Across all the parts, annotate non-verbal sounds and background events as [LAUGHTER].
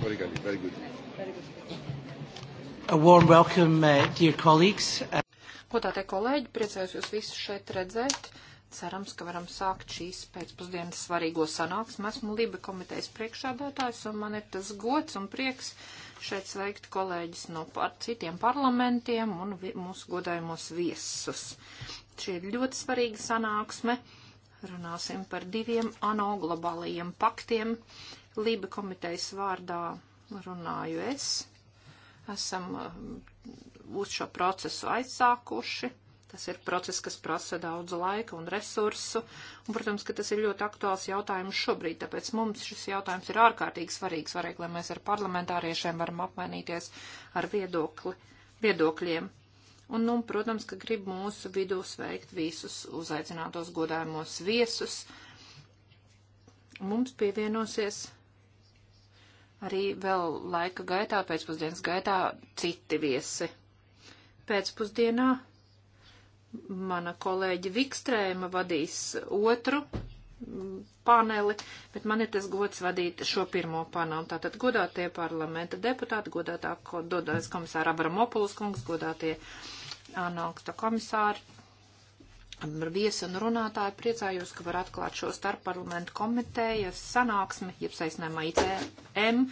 Very good. Very good. A warm welcome, uh, dear colleagues. Godātie kolēģi, priecājos jūs visus šeit redzēt. Cerams, ka varam sākt šīs pēcpusdienas svarīgo sanāksmu. Esmu Liba komitejas priekšādātājs un man ir tas gods un prieks šeit sveikt kolēģis no par citiem parlamentiem un vi mūsu godājumos viesus. Šī ir ļoti svarīga sanāksme. Runāsim par diviem ANO globālajiem paktiem Liba komitejas vārdā runāju es. Esam uh, uz šo procesu aizsākuši. Tas ir process, kas prasa daudz laika un resursu, un, protams, ka tas ir ļoti aktuāls jautājums šobrīd, tāpēc mums šis jautājums ir ārkārtīgi svarīgs, svarīgi, lai mēs ar parlamentāriešiem varam apmainīties ar viedokli, viedokļiem. Un, nu, protams, ka grib mūsu vidū sveikt visus uzaicinātos godājumos viesus. Mums pievienosies arī vēl laika gaitā, pēcpusdienas gaitā citi viesi. Pēcpusdienā mana kolēģi Vikstrēma vadīs otru paneli, bet man ir tas gods vadīt šo pirmo panelu. Tātad godātie parlamenta deputāti, godātā dodājas komisāra Abramopulas kungs, godātie analogsta komisāri, viesi un runātāji priecājos, ka var atklāt šo starpparlamentu komitejas sanāksmi, jeb saistnēmā ICM,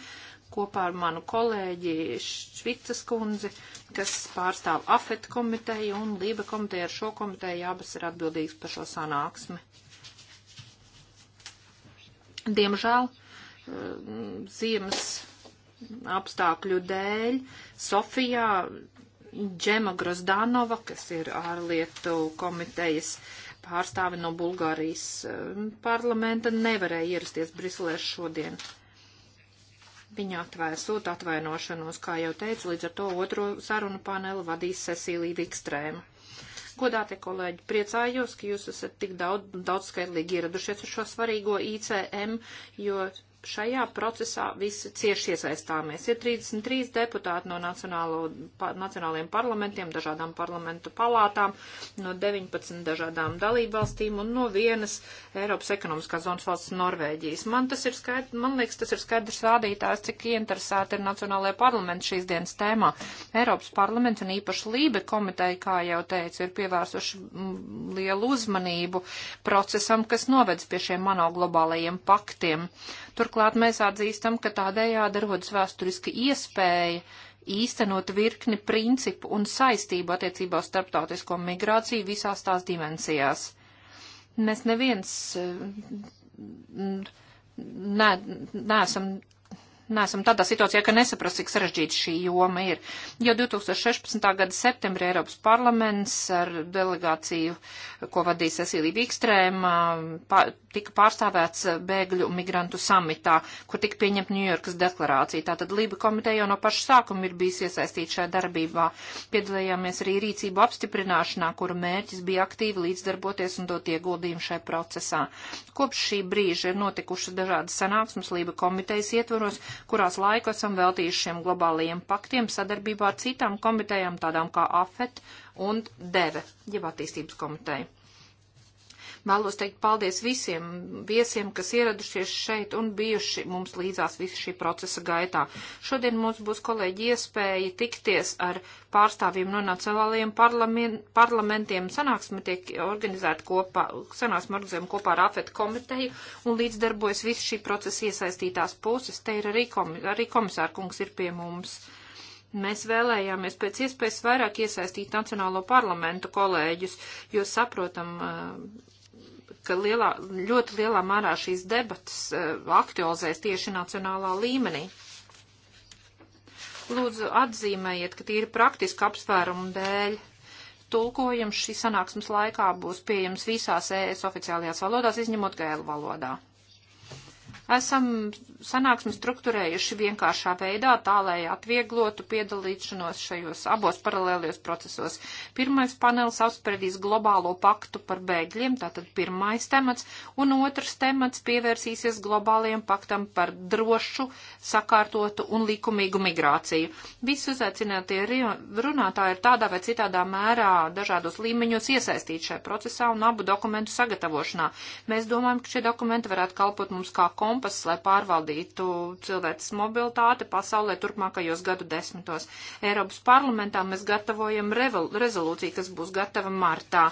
kopā ar manu kolēģi Švicas kundzi, kas pārstāv AFET komiteju un Lība komiteju ar šo komiteju, abas ir atbildīgas par šo sanāksmi. Diemžēl eh, ziemas apstākļu dēļ Sofijā Džema Grozdanova, kas ir ārlietu komitejas pārstāve no Bulgārijas eh, parlamenta, nevarēja ierasties Briselē šodien. Viņa atvēsot atvainošanos, kā jau teicu, līdz ar to otro sarunu paneli vadīs Cecīlija Vikstrēma. Godātie kolēģi, priecājos, ka jūs esat tik daudz, daudz skaitlīgi ieradušies uz šo svarīgo ICM, jo šajā procesā visi cieši iesaistāmies. Ir 33 deputāti no pa, nacionāliem parlamentiem, dažādām parlamentu palātām, no 19 dažādām dalībvalstīm un no vienas Eiropas ekonomiskās zonas valsts Norvēģijas. Man, tas ir skaidrs, man liekas, tas ir skaidrs rādītājs, cik interesēti ir nacionālajie parlamenti šīs dienas tēmā. Eiropas parlaments un īpaši Lībe komiteja, kā jau teicu, ir pievērsuši lielu uzmanību procesam, kas novedz pie šiem mano globālajiem paktiem. Turklāt mēs atzīstam, ka tādējādi rodas vēsturiska iespēja īstenot virkni principu un saistību attiecībā uz starptautisko migrāciju visās tās dimensijās. Mēs neviens eh, ne, neesam neesam tādā situācijā, ka nesaprast, cik sarežģīta šī joma ir. Jau 2016. gada septembrī Eiropas parlaments ar delegāciju, ko vadīja Cecīlija Vikstrēma, tika pārstāvēts eh, bēgļu migrantu samitā, kur tika pieņemta Ņujorkas deklarācija. Tātad Lība komiteja jau no paša sākuma ir bijis iesaistīta šajā darbībā. Piedalījāmies arī rīcību apstiprināšanā, kuru mērķis bija aktīvi līdzdarboties un dot ieguldījumu šajā procesā. Kopš šī brīža ir notikušas dažādas sanāksmes Lība komitejas ietvaros, kurās laiku esam veltījuši šiem globālajiem paktiem sadarbībā ar citām komitejām, tādām kā AFET un DEVE, jeb attīstības komiteja. Vēlos teikt paldies visiem viesiem, kas ieradušies šeit un bijuši mums līdzās visu šī procesa gaitā. Šodien mums būs kolēģi iespēja tikties ar pārstāvjiem no nacionālajiem parlamentiem. Sanāksme tiek organizēta kopā, sanāksme organizējam kopā ar AFET komiteju un līdzdarbojas visu šī procesa iesaistītās puses. Te ir arī, komis, arī komisārkungs ir pie mums. Mēs vēlējāmies pēc iespējas vairāk iesaistīt Nacionālo parlamentu kolēģus, jo saprotam, ka lielā, ļoti lielā mērā šīs debatas eh, aktualizēs tieši nacionālā līmenī. Lūdzu, atzīmējiet, ka tīri praktiski apsvērumu dēļ tulkojums šī sanāksmes laikā būs pieejams visās ES oficiālajās valodās, izņemot gēlu valodā. Esam sanāksmi struktūrējuši vienkāršā veidā, tā lai atvieglotu piedalīšanos šajos abos paralēlajos procesos. Pirmais panelis apspredīs globālo paktu par bēgļiem, tātad pirmais temats, un otrs temats pievērsīsies globālajiem paktam par drošu, sakārtotu un likumīgu migrāciju. Visi uzaicinātie runātāji ir tādā vai citādā mērā dažādos līmeņos iesaistīti šajā procesā un abu dokumentu sagatavošanā. Mēs domājam, ka šie dokumenti varētu kalpot mums kā kompass, lai pārvaldītu pildītu cilvēces mobilitāte pasaulē turpmākajos gadu desmitos. Eiropas parlamentā mēs gatavojam rezolūciju, kas būs gatava martā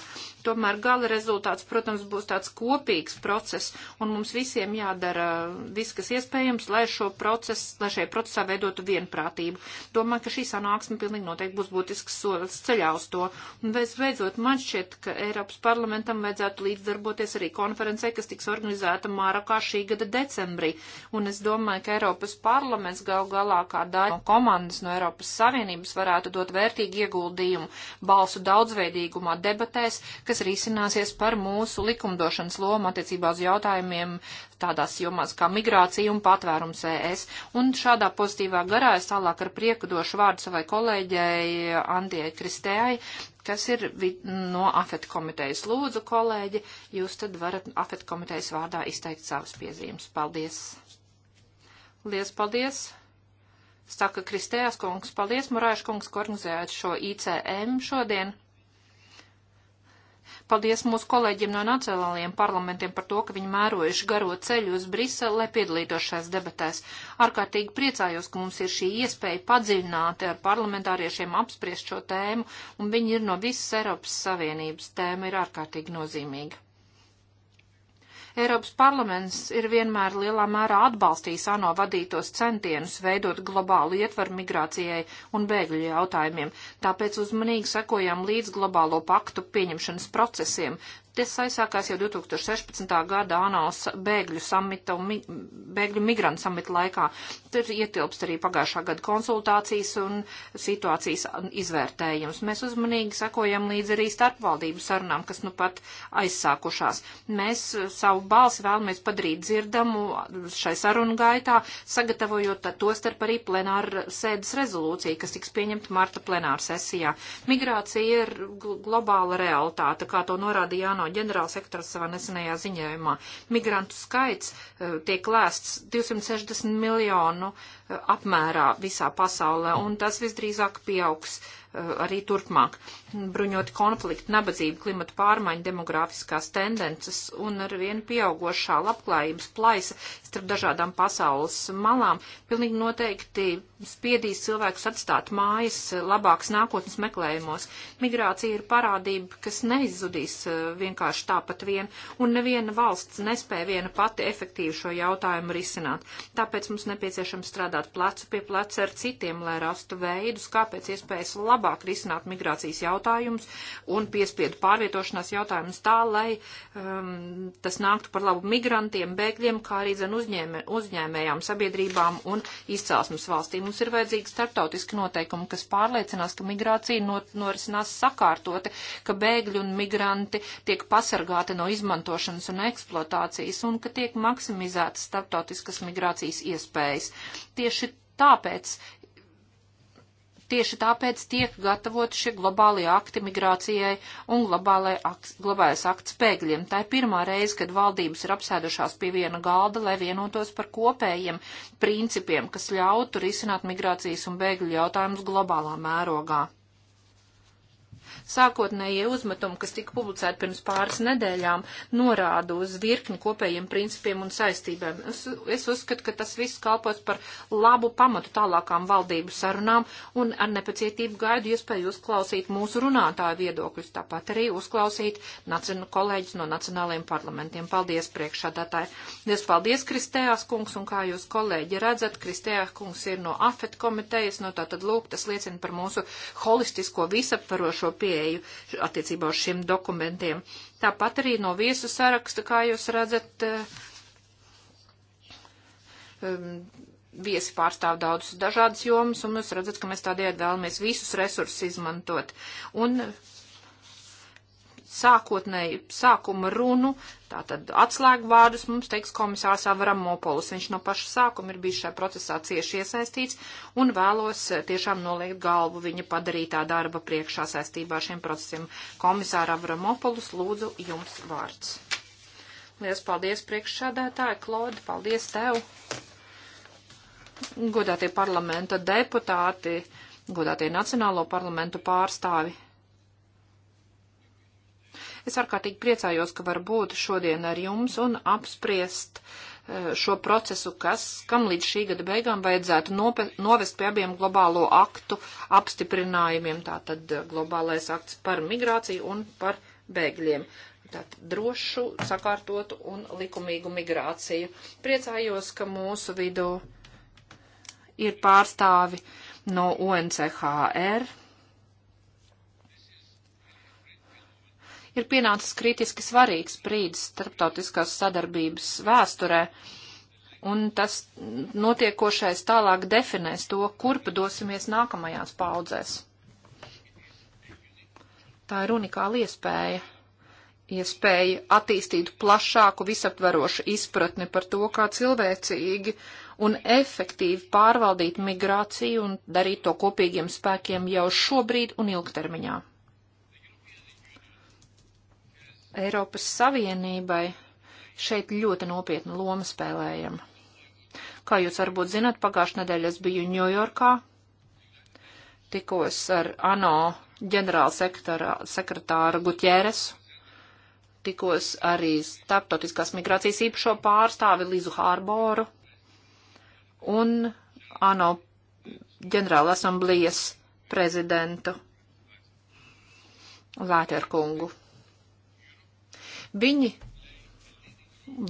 tomēr gala rezultāts, protams, būs tāds kopīgs process, un mums visiem jādara viss, kas iespējams, lai šo procesu, lai šajā procesā veidotu vienprātību. Domāju, ka šī sanāksme pilnīgi noteikti būs būtisks solis ceļā uz to. Un visbeidzot, man šķiet, ka Eiropas parlamentam vajadzētu līdzdarboties arī konferencē, kas tiks organizēta Mārakā šī gada decembrī. Un es domāju, ka Eiropas parlaments gal galā kā daļa no komandas no Eiropas Savienības varētu dot vērtīgu ieguldījumu balsu daudzveidīgumā debatēs, kas kas arī sināsies par mūsu likumdošanas lomu attiecībā uz jautājumiem tādās jomās kā migrācija un patvērums ES. Un šādā pozitīvā garā es tālāk ar prieku došu vārdu savai kolēģei Andijai Kristējai, kas ir no AFET komitejas. Lūdzu, kolēģi, jūs tad varat AFET komitejas vārdā izteikt savas piezīmes. Paldies! Lies paldies! Saka Kristējās kungs, paldies, Murāš kungs, ka organizējāt šo ICM šodien. Paldies mūsu kolēģiem no nacionālajiem parlamentiem par to, ka viņi mērojuši garo ceļu uz Briseli, lai piedalītos šajās debatēs. Ārkārtīgi priecājos, ka mums ir šī iespēja padziļināti ar parlamentāriešiem apspriest šo tēmu, un viņi ir no visas Eiropas Savienības. Tēma ir ārkārtīgi nozīmīga. Eiropas parlaments ir vienmēr lielā mērā atbalstījis ANO vadītos centienus veidot globālu ietvaru migrācijai un bēgļu jautājumiem, tāpēc uzmanīgi sekojam līdz globālo paktu pieņemšanas procesiem, Tas aizsākās jau 2016. gada ANO bēgļu samita un mi, bēgļu migrantu samita laikā. Tur ietilpst arī pagājušā gada konsultācijas un situācijas izvērtējums. Mēs uzmanīgi sakojam līdz arī starpvaldību sarunām, kas nu pat aizsākušās. Mēs savu balsi vēlamies padarīt dzirdamu šai sarunu gaitā, sagatavojot to starp arī plenāru sēdes rezolūciju, kas tiks pieņemta marta plenāru sesijā. Migrācija ir globāla realitāte, kā to norādīja ANO ģenerālsektors savā nesenajā ziņojumā. Migrantu skaits eh, tiek lēsts 260 miljonu uh, apmērā visā pasaulē, un tas visdrīzāk pieaugs uh, arī turpmāk. Bruņoti konflikti, nabadzība, klimata pārmaiņa, demogrāfiskās tendences un ar vienu pieaugošā labklājības plaisa starp dažādām pasaules malām pilnīgi noteikti spiedīs cilvēkus atstāt mājas labāks nākotnes meklējumos. Migrācija ir parādība, kas neizzudīs uh, vienkārši tāpat vien, un neviena valsts nespēja viena pati efektīvi šo jautājumu risināt. Tāpēc mums nepieciešams strādāt strādāt plecu pie pleca ar citiem, lai rastu veidus, kāpēc iespējas labāk risināt migrācijas jautājumus un piespiedu pārvietošanās jautājumus tā, lai um, tas nāktu par labu migrantiem, bēgļiem, kā arī zin uzņēmē, uzņēmējām, sabiedrībām un izcelsmes valstīm. Mums ir vajadzīgi startautiski noteikumi, kas pārliecinās, ka migrācija not, norisinās sakārtoti, ka bēgļi un migranti tiek pasargāti no izmantošanas un eksploatācijas un ka tiek maksimizētas starptautiskas migrācijas iespējas. Tieši tieši tāpēc. Tieši tāpēc tiek gatavoti šie globālie akti migrācijai un akts, globālais akts spēgļiem. Tā ir pirmā reize, kad valdības ir apsēdušās pie viena galda, lai vienotos par kopējiem principiem, kas ļautu risināt migrācijas un bēgļu jautājumus globālā mērogā. Sākotnējie uzmetumi, kas tika publicēti pirms pāris nedēļām, norāda uz virkni kopējiem principiem un saistībēm. Es, es uzskatu, ka tas viss kalpos par labu pamatu tālākām valdību sarunām un ar nepacietību gaidu iespēju uzklausīt mūsu runātāju viedokļus, tāpat arī uzklausīt kolēģis no nacionālajiem parlamentiem. Paldies priekšādātāji. Es paldies Kristējās kungs un kā jūs kolēģi redzat, Kristējās kungs ir no AFET komitejas, no tātad lūk, tas liecina par mūsu holistisko visaptvarošo pieeju pieeju attiecībā uz šiem dokumentiem. Tāpat arī no viesu saraksta, kā jūs redzat, eh, um, viesi pārstāv daudzas dažādas jomas, un jūs redzat, ka mēs tādējādi vēlamies visus resursus izmantot. Un sākotnēji sākuma runu, tātad atslēgu vārdus mums teiks komisārs Avaram Mopolis. Viņš no paša sākuma ir bijis šajā procesā cieši iesaistīts un vēlos eh, tiešām noliekt galvu viņa padarītā darba priekšā saistībā ar šiem procesiem. Komisāra Avaram Mopolis, lūdzu, jums vārds. Lielas paldies priekšsādētāji, Klodi, paldies tev. Godātie parlamenta deputāti, godātie Nacionālo parlamentu pārstāvi. Es ārkārtīgi priecājos, ka var būt šodien ar jums un apspriest e, šo procesu, kas, kam līdz šī gada beigām vajadzētu nope, novest pie abiem globālo aktu apstiprinājumiem, tātad e, globālais akts par migrāciju un par bēgļiem. Tātad drošu, sakārtotu un likumīgu migrāciju. Priecājos, ka mūsu vidū ir pārstāvi no UNCHR, ir pienācis kritiski svarīgs brīdis starptautiskās sadarbības vēsturē, un tas notiekošais tālāk definēs to, kurp dosimies nākamajās paudzēs. Tā ir unikāla iespēja. Iespēja attīstīt plašāku, visaptverošu izpratni par to, kā cilvēcīgi un efektīvi pārvaldīt migrāciju un darīt to kopīgiem spēkiem jau šobrīd un ilgtermiņā. Eiropas Savienībai šeit ļoti nopietnu lomu spēlējam. Kā jūs varbūt zinat, pagājušajā nedēļā es biju Ņujorkā, tikos ar ANO ģenerāla sekretāra Gutjēresu, tikos arī starptautiskās migrācijas īpašo pārstāvi Lizu Hārboru un ANO ģenerāla asamblijas prezidentu Lēterkungu. Viņi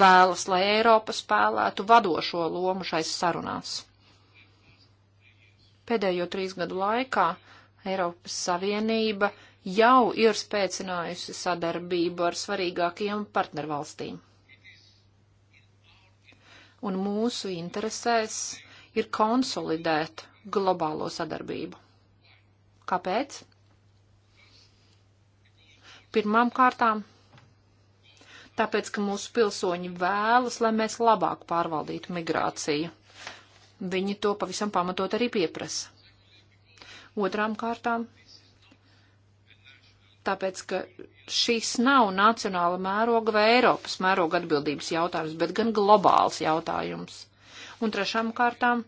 vēlas, lai Eiropa spēlētu vadošo lomu šais sarunās. Pēdējo trīs gadu laikā Eiropas Savienība jau ir spēcinājusi sadarbību ar svarīgākajiem partnervalstīm. Un mūsu interesēs ir konsolidēt globālo sadarbību. Kāpēc? Pirmām kārtām tāpēc, ka mūsu pilsoņi vēlas, lai mēs labāk pārvaldītu migrāciju. Viņi to pavisam pamatot arī pieprasa. Otrām kārtām, tāpēc, ka šis nav nacionāla mēroga vai Eiropas mēroga atbildības jautājums, bet gan globāls jautājums. Un trešām kārtām,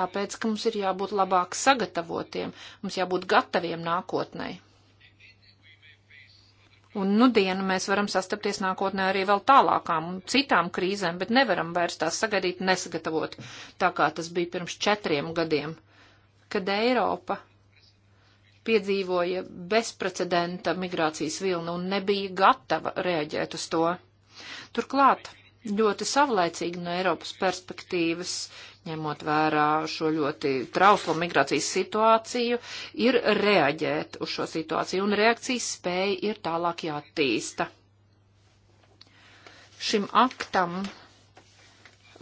tāpēc, ka mums ir jābūt labāk sagatavotiem, mums jābūt gataviem nākotnēji. Un nudien mēs varam sastapties nākotnē arī vēl tālākām un citām krīzēm, bet nevaram vairs tās sagaidīt nesagatavot, tā kā tas bija pirms četriem gadiem, kad Eiropa piedzīvoja bezprecedenta migrācijas vilnu un nebija gatava reaģēt uz to. Turklāt ļoti savlaicīgi no Eiropas perspektīvas, ņemot vērā šo ļoti trauslo migrācijas situāciju, ir reaģēt uz šo situāciju, un reakcijas spēja ir tālāk jātīsta. Šim aktam,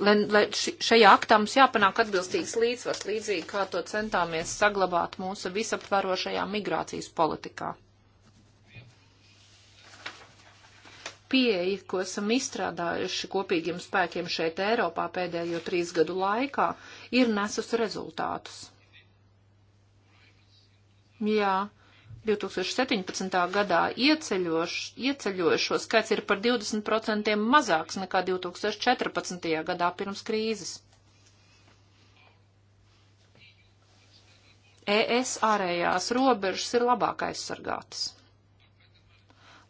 lai, lai šajā aktā mums jāpanāk atbilstīgs līdzsvars, līdzīgi kā to centāmies saglabāt mūsu visaptvarošajā migrācijas politikā. pieeja, ko esam izstrādājuši kopīgiem spēkiem šeit Eiropā pēdējo trīs gadu laikā, ir nesusi rezultātus. Jā, 2017. gadā ieceļoš, ieceļojošo skaits ir par 20% mazāks nekā 2014. gadā pirms krīzes. ES ārējās robežas ir labāk aizsargātas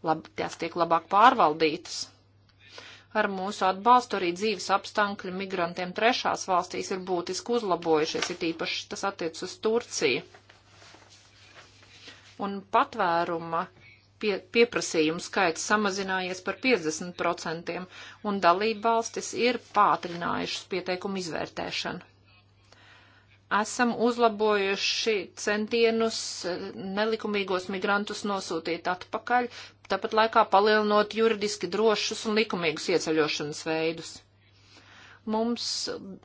lab, tās tiek labāk pārvaldītas. Ar mūsu atbalstu arī dzīves apstākļi migrantiem trešās valstīs ir būtiski uzlabojušies, ir īpaši tas attiec uz Turciju. Un patvēruma pie, pieprasījumu skaits samazinājies par 50%, un dalība valstis ir pātrinājušas pieteikumu izvērtēšanu esam uzlabojuši centienus eh, nelikumīgos migrantus nosūtīt atpakaļ, tāpat laikā palielinot juridiski drošus un likumīgus ieceļošanas veidus. Mums,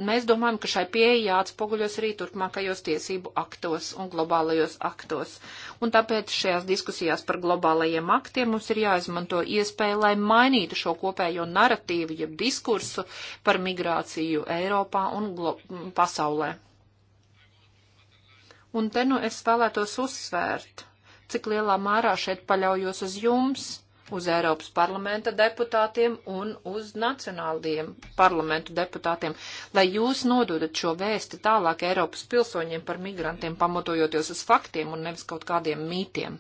mēs domājam, ka šai pieeja jāatspoguļos arī turpmākajos tiesību aktos un globālajos aktos. Un tāpēc šajās diskusijās par globālajiem aktiem mums ir jāizmanto iespēja, lai mainītu šo kopējo narratīvu, jeb diskursu par migrāciju Eiropā un pasaulē. Un te nu es vēlētos uzsvērt, cik lielā mērā šeit paļaujos uz jums, uz Eiropas parlamenta deputātiem un uz nacionālajiem parlamentu deputātiem, lai jūs nododat šo vēsti tālāk Eiropas pilsoņiem par migrantiem, pamatojoties uz faktiem un nevis kaut kādiem mītiem.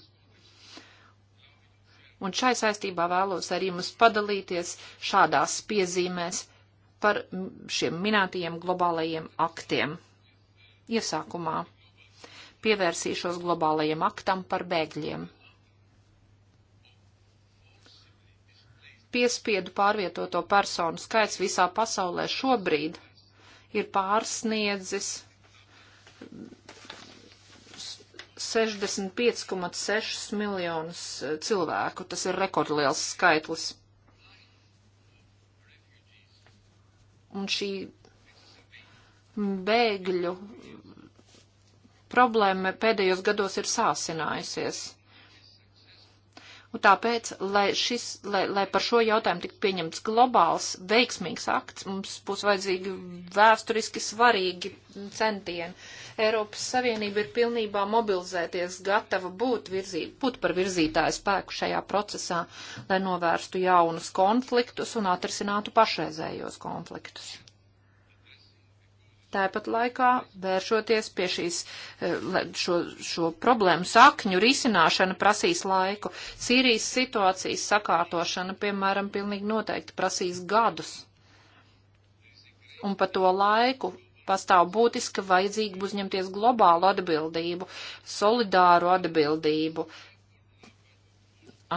Un šai saistībā vēlos arī jums padalīties šādās piezīmēs par šiem minētajiem globālajiem aktiem. Iesākumā pievērsīšos globālajiem aktam par bēgļiem. Piespiedu pārvietoto personu skaits visā pasaulē šobrīd ir pārsniedzis 65,6 miljonus cilvēku. Tas ir rekordliels skaitlis. Un šī bēgļu problēma pēdējos gados ir sāsinājusies. Un tāpēc, lai, šis, lai, lai par šo jautājumu tiktu pieņemts globāls, veiksmīgs akts, mums būs vajadzīgi vēsturiski svarīgi centieni. Eiropas Savienība ir pilnībā mobilizēties, gatava būt, virzī, būt par virzītāju spēku šajā procesā, lai novērstu jaunus konfliktus un atrisinātu pašreizējos konfliktus. Tāpat laikā vēršoties pie šīs, eh, šo, šo problēmu sakņu risināšana prasīs laiku. Sīrijas situācijas sakārtošana, piemēram, pilnīgi noteikti prasīs gadus. Un pa to laiku pastāv būtiska vajadzība uzņemties globālu atbildību, solidāru atbildību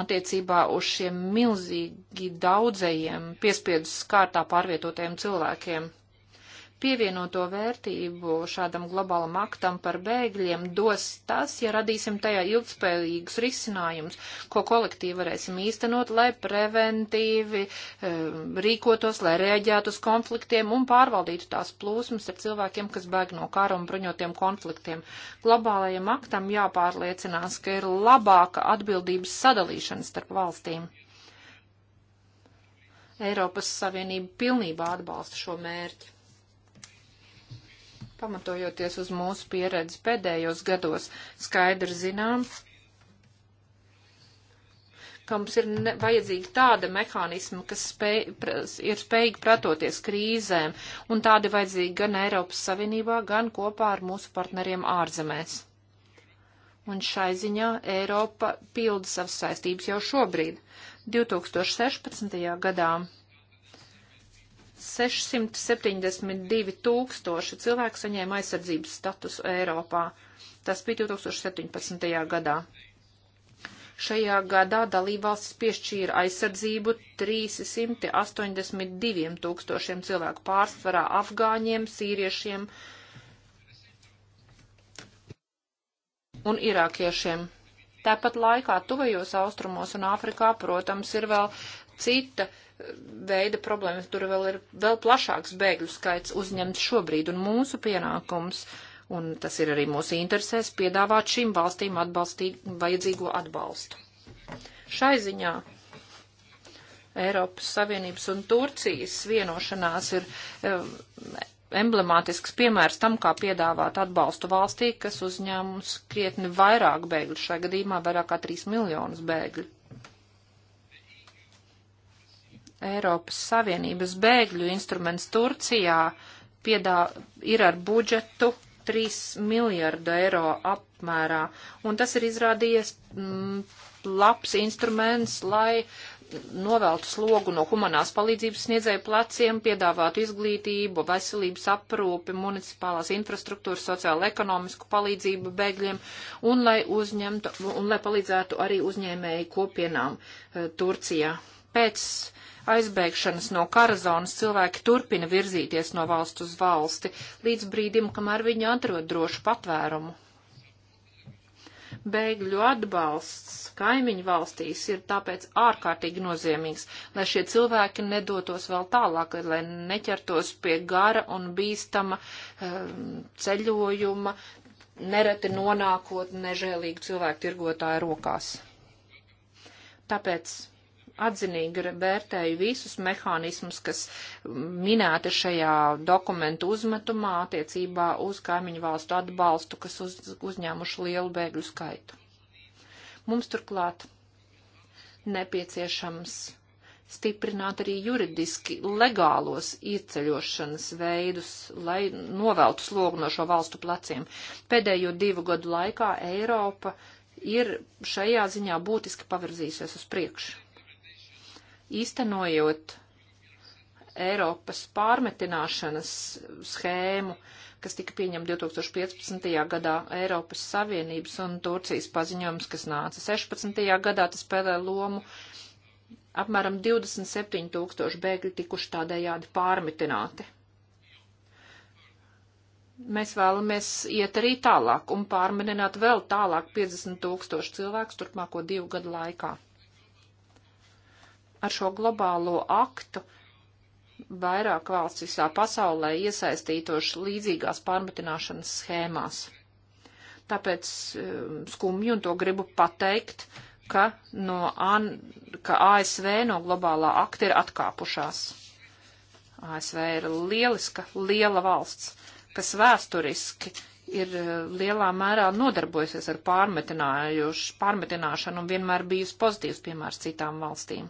attiecībā uz šiem milzīgi daudzajiem piespiedu skārtā pārvietotajiem cilvēkiem Pievienoto vērtību šādam globālam aktam par bēgļiem dos tas, ja radīsim tajā ilgspējīgus risinājumus, ko kolektīvi varēsim īstenot, lai preventīvi eh, rīkotos, lai reaģētu uz konfliktiem un pārvaldītu tās plūsmas ar cilvēkiem, kas bēg no kara un bruņotiem konfliktiem. Globālajiem aktam jāpārliecinās, ka ir labāka atbildības sadalīšana starp valstīm. Eiropas Savienība pilnībā atbalsta šo mērķi pamatojoties uz mūsu pieredzi pēdējos gados, skaidri zinām, ka mums ir ne, vajadzīga tāda mehānisma, kas spēj, pra, ir spējīga pretoties krīzēm, un tādi vajadzīgi gan Eiropas Savienībā, gan kopā ar mūsu partneriem ārzemēs. Un šai ziņā Eiropa pilda savas saistības jau šobrīd. 2016. gadā 672 tūkstoši cilvēku saņēma aizsardzības statusu Eiropā. Tas bija 2017. gadā. Šajā gadā dalībvalstis piešķīra aizsardzību 382 tūkstošiem cilvēku pārsvarā afgāņiem, sīriešiem un irākiešiem. Tāpat laikā tuvajos austrumos un Āfrikā, protams, ir vēl cita uh, veida problēmas. Tur vēl ir vēl plašāks bēgļu skaits uzņemts šobrīd, un mūsu pienākums, un tas ir arī mūsu interesēs, piedāvāt šīm valstīm atbalstīt vajadzīgo atbalstu. Šai ziņā Eiropas Savienības un Turcijas vienošanās ir um, emblemātisks piemērs tam, kā piedāvāt atbalstu valstī, kas uzņēmums krietni vairāk bēgļu, šajā gadījumā vairāk kā 3 miljonus bēgļu. Eiropas Savienības bēgļu instruments Turcijā piedā, ir ar budžetu 3 miljardu eiro apmērā, un tas ir izrādījies mm, labs instruments, lai noveltu slogu no humanās palīdzības sniedzēju pleciem, piedāvātu izglītību, veselības aprūpi, municipālās infrastruktūras, sociālo ekonomisku palīdzību bēgļiem un lai, uzņemtu, un lai palīdzētu arī uzņēmēju kopienām e, Turcijā. Pēc uh, aizbēgšanas no kara zonas cilvēki turpina virzīties no valsts uz valsti, līdz brīdim, kamēr viņi atrod drošu patvērumu. Bēgļu atbalsts kaimiņu valstīs ir tāpēc ārkārtīgi nozīmīgs, lai šie cilvēki nedotos vēl tālāk, lai neķertos pie gara un bīstama um, ceļojuma, nereti nonākot nežēlīgu cilvēku tirgotāju rokās. Tāpēc atzinīgi vērtēju visus mehānismus, kas minēti šajā dokumentu uzmetumā attiecībā uz kaimiņu valstu atbalstu, kas uz, uzņēmuši lielu bēgļu skaitu. Mums turklāt nepieciešams stiprināt arī juridiski legālos ieceļošanas veidus, lai noveltu slogu no šo valstu pleciem. Pēdējo divu gadu laikā Eiropa ir šajā ziņā būtiski pavirzīsies uz priekšu īstenojot Eiropas pārmetināšanas schēmu, kas tika pieņemta 2015. gadā Eiropas Savienības un Turcijas paziņojums, kas nāca 16. gadā, tas spēlē lomu. Apmēram 27 tūkstoši bēgļi tikuši tādējādi pārmitināti. Mēs vēlamies iet arī tālāk un pārmitināt vēl tālāk 50 tūkstoši cilvēku turpmāko divu gadu laikā ar šo globālo aktu vairāk valsts visā pasaulē iesaistītoši līdzīgās pārmetināšanas schēmās. Tāpēc um, skumji, un to gribu pateikt, ka, no AN, ka ASV no globālā akta ir atkāpušās. ASV ir lieliska, liela valsts, kas vēsturiski ir uh, lielā mērā nodarbojusies ar pārmetināšanu un vienmēr bijusi pozitīvs piemērs citām valstīm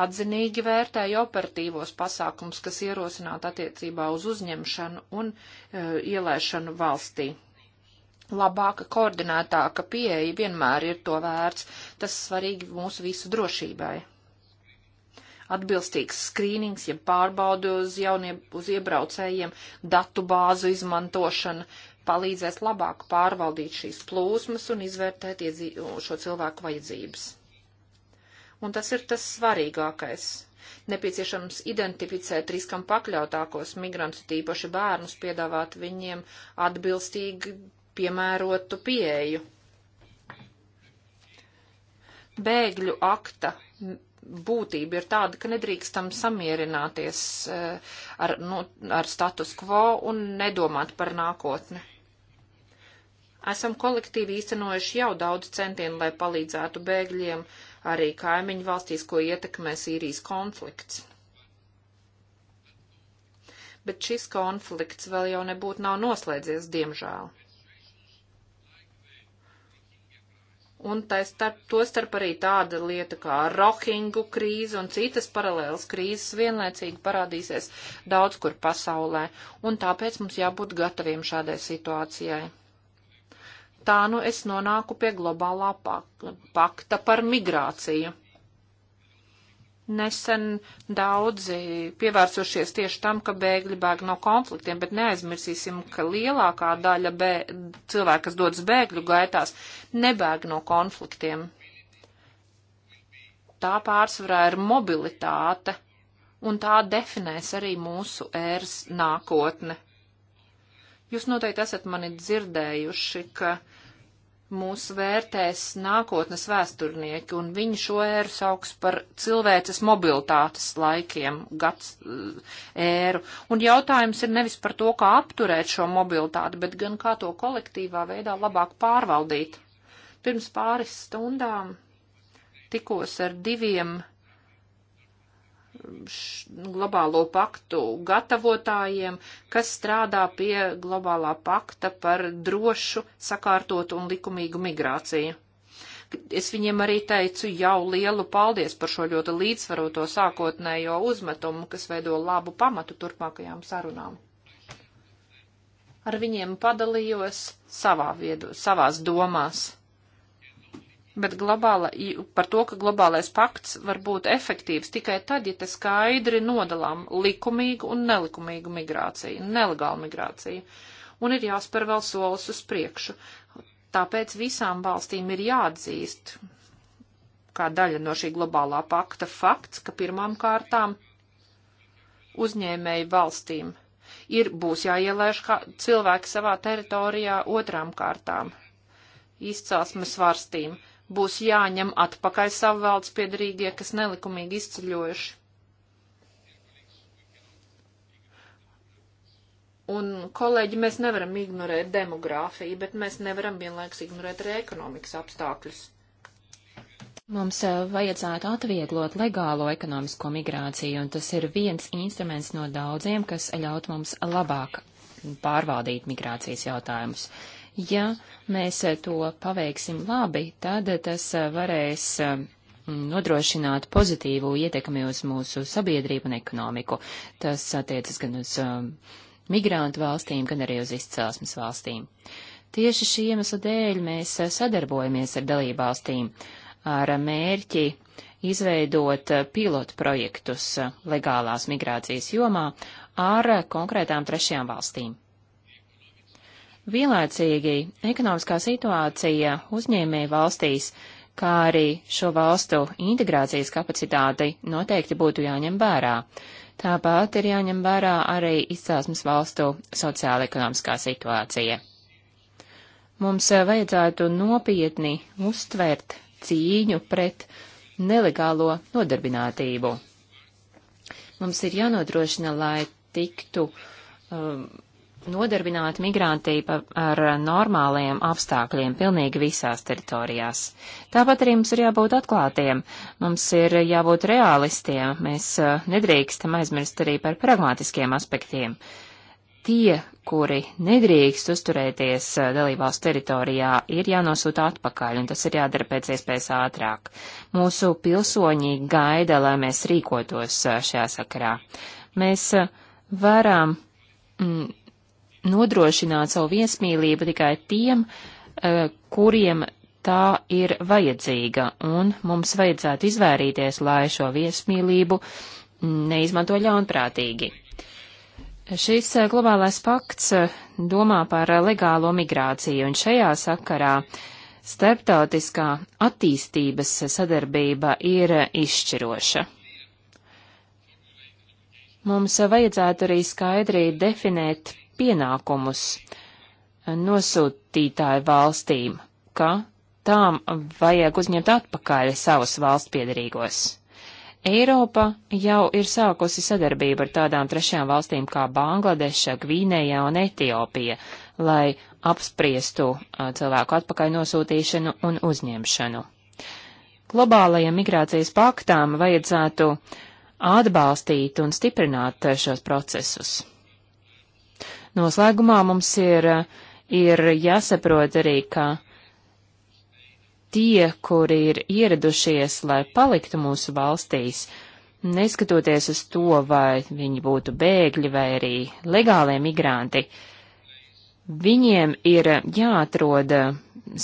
atzinīgi vērtēja operatīvos pasākums, kas ierosināt attiecībā uz uzņemšanu un e, ielēšanu valstī. Labāka, koordinētāka pieeja vienmēr ir to vērts, tas svarīgi mūsu visu drošībai. Atbilstīgs skrīnings, ja pārbaudu uz jauniem, uz iebraucējiem, datu bāzu izmantošana, palīdzēs labāk pārvaldīt šīs plūsmas un izvērtēt šo cilvēku vajadzības un tas ir tas svarīgākais. Nepieciešams identificēt riskam pakļautākos migrantus, tīpaši bērnus, piedāvāt viņiem atbilstīgi piemērotu pieeju. Bēgļu akta būtība ir tāda, ka nedrīkstam samierināties eh, ar, nu, ar status quo un nedomāt par nākotni esam kolektīvi īstenojuši jau daudz centienu, lai palīdzētu bēgļiem arī kaimiņu valstīs, ko ietekmē Sīrijas konflikts. Bet šis konflikts vēl jau nebūtu nav noslēdzies, diemžēl. un starp, to starp arī tāda lieta kā rohingu krīze un citas paralēlas krīzes vienlaicīgi parādīsies daudz kur pasaulē, un tāpēc mums jābūt gataviem šādai situācijai tā nu es nonāku pie globālā pakta par migrāciju. Nesen daudzi pievērsušies tieši tam, ka bēgļi bēg no konfliktiem, bet neaizmirsīsim, ka lielākā daļa bē... cilvēku, kas dodas bēgļu gaitās, nebēg no konfliktiem. Tā pārsvarā ir mobilitāte, un tā definēs arī mūsu ēras nākotne. Jūs noteikti esat mani dzirdējuši, ka uh, mūs vērtēs nākotnes vēsturnieki, un viņi šo ēru sauks par cilvēces mobilitātes laikiem, gads eh, ēru. Un jautājums ir nevis par to, kā apturēt šo mobilitāti, bet gan kā to kolektīvā veidā labāk pārvaldīt. Pirms pāris stundām tikos ar diviem globālo paktu gatavotājiem, kas strādā pie globālā pakta par drošu, sakārtotu un likumīgu migrāciju. Es viņiem arī teicu jau lielu paldies par šo ļoti līdzsvaroto sākotnējo uzmetumu, kas veido labu pamatu turpmākajām sarunām. Ar viņiem padalījos savā viedu, savās domās bet globāla, par to, ka globālais pakts var būt efektīvs tikai tad, ja te skaidri nodalām likumīgu un nelikumīgu migrāciju, nelegālu migrāciju. Un ir jāspēr vēl solis uz priekšu. Tāpēc visām valstīm ir jāatzīst, kā daļa no šī globālā pakta fakts, ka pirmām kārtām uzņēmēju valstīm ir būs jāielaiž cilvēki savā teritorijā otrām kārtām izcelsmes varstīm būs jāņem atpakaļ savu valdes piedarīgie, kas nelikumīgi izceļojuši. Un, kolēģi, mēs nevaram ignorēt demogrāfiju, bet mēs nevaram vienlaikus ignorēt arī ekonomikas apstākļus. Mums eh, vajadzētu atvieglot legālo ekonomisko migrāciju, un tas ir viens instruments no daudziem, kas ļaut mums labāk pārvaldīt migrācijas jautājumus. Uh, Ja mēs eh, to paveiksim labi, tad eh, tas eh, varēs nodrošināt pozitīvu ietekmi uz mūsu sabiedrību un ekonomiku. Tas attiecas gan uz um, migrantu valstīm, gan arī uz izcelsmes valstīm. Tieši šī iemesla dēļ mēs sadarbojamies ar dalībvalstīm ar mērķi izveidot pilotu projektus legālās migrācijas jomā ar konkrētām trešajām valstīm. Vienlaicīgi ekonomiskā situācija uzņēmēja valstīs, kā arī šo valstu integrācijas kapacitāti noteikti būtu jāņem vērā. Tāpat ir jāņem vērā arī izcelsmes valstu sociāla-ekonomiskā situācija. Mums vajadzētu nopietni uztvert cīņu pret nelegālo nodarbinātību. Mums ir jānodrošina, lai tiktu um, nodarbināt migrantī ar normāliem apstākļiem pilnīgi visās teritorijās. Tāpat arī mums ir jābūt atklātiem, mums ir jābūt realistiem, mēs nedrīkstam aizmirst arī par pragmatiskiem aspektiem. Tie, kuri nedrīkst uzturēties dalībās teritorijā, ir jānosūta atpakaļ, un tas ir jādara pēc iespējas ātrāk. Mūsu pilsoņi gaida, lai mēs rīkotos šajā sakarā. Mēs varam mm, nodrošināt savu viesmīlību tikai tiem, eh, kuriem tā ir vajadzīga, un mums vajadzētu izvairīties, lai šo viesmīlību neizmanto ļaunprātīgi. Šis eh, globālais pakts eh, domā par legālo migrāciju, un šajā sakarā starptautiskā attīstības sadarbība ir izšķiroša. Mums vajadzētu arī skaidri definēt pienākumus nosūtītāju valstīm, ka tām vajag uzņemt atpakaļ savus valsts piedarīgos. Eiropa jau ir sākusi sadarbību ar tādām trešajām valstīm kā Bangladeša, Gvīnējā un Etiopija, lai apspriestu cilvēku atpakaļ nosūtīšanu un uzņemšanu. Globālajiem migrācijas paktām vajadzētu atbalstīt un stiprināt šos procesus. Noslēgumā mums ir, ir jāsaprot arī, ka tie, kuri ir ieradušies, lai paliktu mūsu valstīs, neskatoties uz to, vai viņi būtu bēgļi vai arī legālie migranti, viņiem ir jāatrod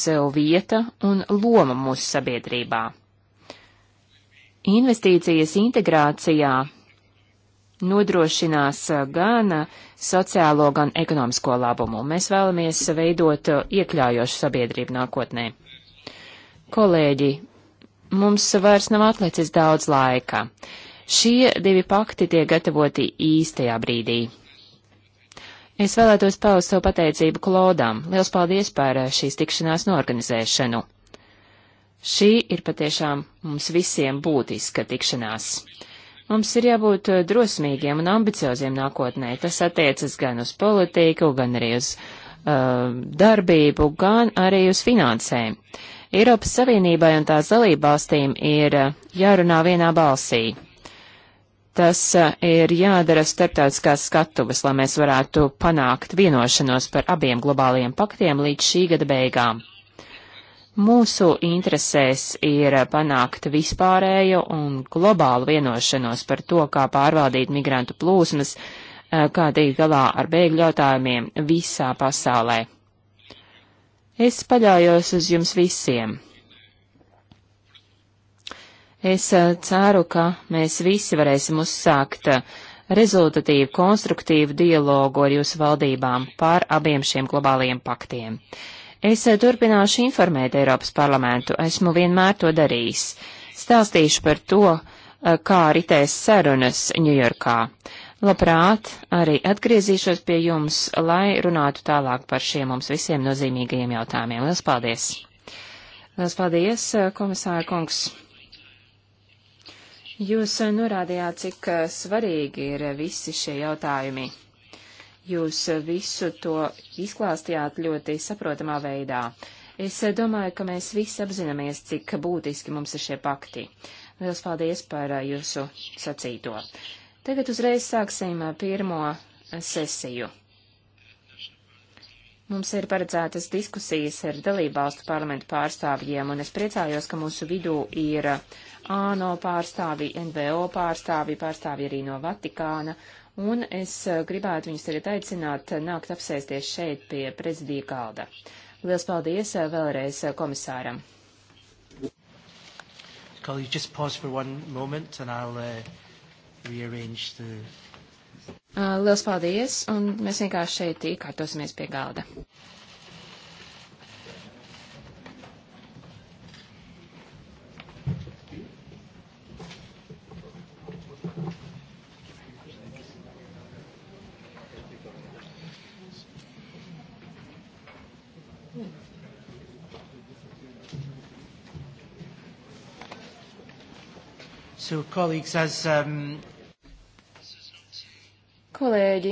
sev vieta un loma mūsu sabiedrībā. Investīcijas integrācijā nodrošinās eh, gan eh, sociālo, gan ekonomisko labumu. Mēs vēlamies veidot eh, iekļaujošu sabiedrību nākotnē. Kolēģi, mums vairs nav atlicis daudz laika. Šie divi pakti tiek gatavoti īstajā brīdī. Es vēlētos paust savu pateicību Klodam. Liels paldies par šīs tikšanās norganizēšanu. Šī ir patiešām mums visiem būtiska tikšanās. Mums ir jābūt eh, drosmīgiem un ambicioziem nākotnē. Tas attiecas gan uz politiku, gan arī uz uh, darbību, gan arī uz finansēm. Eiropas Savienībai un tās dalībvalstīm ir eh, jārunā vienā balsī. Tas ir jādara starptautiskās skatuves, lai mēs varētu panākt vienošanos par abiem globālajiem paktiem līdz šī gada beigām. Mūsu interesēs ir panākt vispārēju un globālu vienošanos par to, kā pārvaldīt migrantu plūsmas, eh, kā tikt galā ar bēgļu jautājumiem visā pasaulē. Es paļaujos uz jums visiem. Es eh, ceru, ka mēs visi varēsim uzsākt eh, rezultatīvu, konstruktīvu dialogu ar jūsu valdībām par abiem šiem globālajiem paktiem. Uh, Es eh, turpināšu informēt Eiropas parlamentu, esmu vienmēr to darījis. Stāstīšu par to, eh, kā ritēs sarunas Ņujorkā. Labprāt, arī atgriezīšos pie jums, lai runātu tālāk par šiem mums visiem nozīmīgajiem jautājumiem. Lielas paldies! Lielas paldies, eh, komisāra kungs! Jūs norādījāt, cik svarīgi ir visi šie jautājumi. Jūs eh, visu to izklāstījāt ļoti saprotamā veidā. Es eh, domāju, ka mēs visi apzināmies, cik būtiski mums ir šie pakti. Liels paldies par eh, jūsu sacīto. Tagad uzreiz sāksim pirmo sesiju. Mums ir paredzētas diskusijas ar dalībvalstu parlamentu pārstāvjiem, un es priecājos, ka mūsu vidū ir ANO pārstāvi, NVO pārstāvi, pārstāvi arī no Vatikāna un es eh, gribētu viņus tagad aicināt eh, nākt apsēsties šeit pie prezidija galda. Liels paldies eh, vēlreiz komisāram. Colleagues, just pause for one moment and I'll uh, rearrange the. Uh, liels paldies, un mēs vienkārši šeit iekārtosimies pie galda. So, colleagues, as, um... Kolēģi,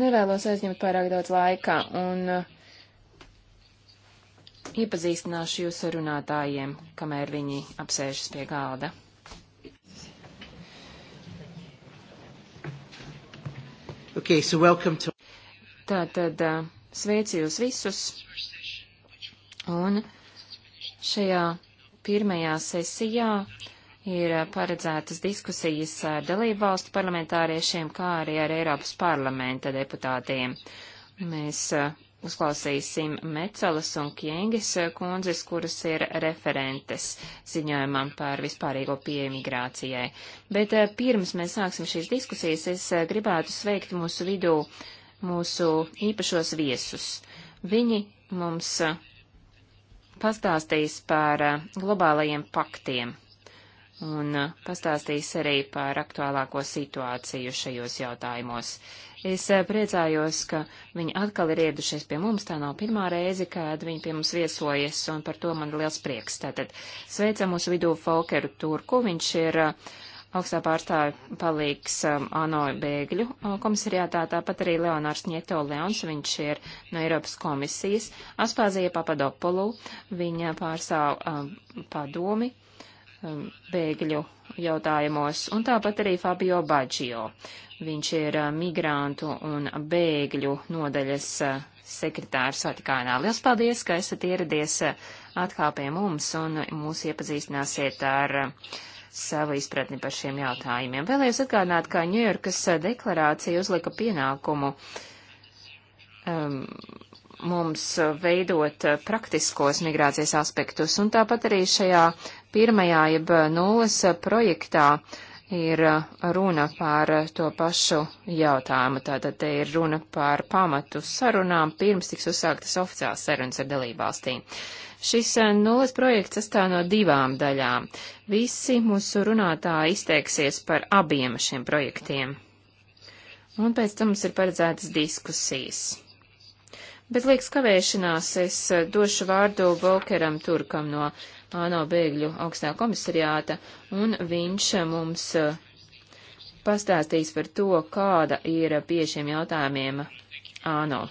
nevēlos aizņemt pārāk daudz laika un uh, iepazīstināšu jūs ar runātājiem, kamēr viņi apsēžas pie galda. Okay, so welcome to... Tātad uh, sveicu jūs visus un šajā pirmajā sesijā ir paredzētas diskusijas ar dalību valstu parlamentāriešiem, kā arī ar Eiropas parlamenta deputātiem. Mēs uh, uzklausīsim Mecelas un Kiengis kundzes, kuras ir referentes ziņojumam par vispārīgo pieeju migrācijai. Bet uh, pirms mēs sāksim šīs diskusijas, es uh, gribētu sveikt mūsu vidū mūsu īpašos viesus. Viņi mums pastāstīs par eh, globālajiem paktiem un eh, pastāstīs arī par aktuālāko situāciju šajos jautājumos. Es eh, priecājos, ka viņi atkal ir ieradušies pie mums. Tā nav pirmā reize, kad viņi pie mums viesojas, un par to man ir liels prieks. Tātad sveicam mūsu vidū Folkeru Turku. Viņš ir uh, augstā pārstāve palīgs um, ANO bēgļu uh, komisariātā, tāpat arī Leonārs Ņeto Leons, viņš ir no Eiropas komisijas, Aspāzija Papadopolu, viņa pārstāv um, padomi um, bēgļu jautājumos, un tāpat arī Fabio Baggio, viņš ir uh, migrantu un bēgļu nodaļas uh, sekretārs Vatikānā. Liels paldies, ka esat ieradies uh, atkal pie mums un mūs iepazīstināsiet ar uh, savu izpratni par šiem jautājumiem. Vēlējos atgādināt, ka Ņujorkas eh, deklarācija uzlika pienākumu um, mums eh, veidot eh, praktiskos migrācijas aspektus, un tāpat arī šajā pirmajā jeb nulles projektā ir runa par to pašu jautājumu. Tātad te ir runa par pamatu sarunām, pirms tiks uzsāktas oficiāls sarunas ar dalībvalstīm. Šis eh, nulles projekts sastāv no divām daļām. Visi mūsu runātāji izteiksies par abiem šiem projektiem. Un pēc tam mums ir paredzētas diskusijas. Bez liekas kavēšanās es eh, došu vārdu Volkeram Turkam no ANO bēgļu augstā komisariāta, un viņš eh, mums pastāstīs par to, kāda ir pie šiem jautājumiem ANO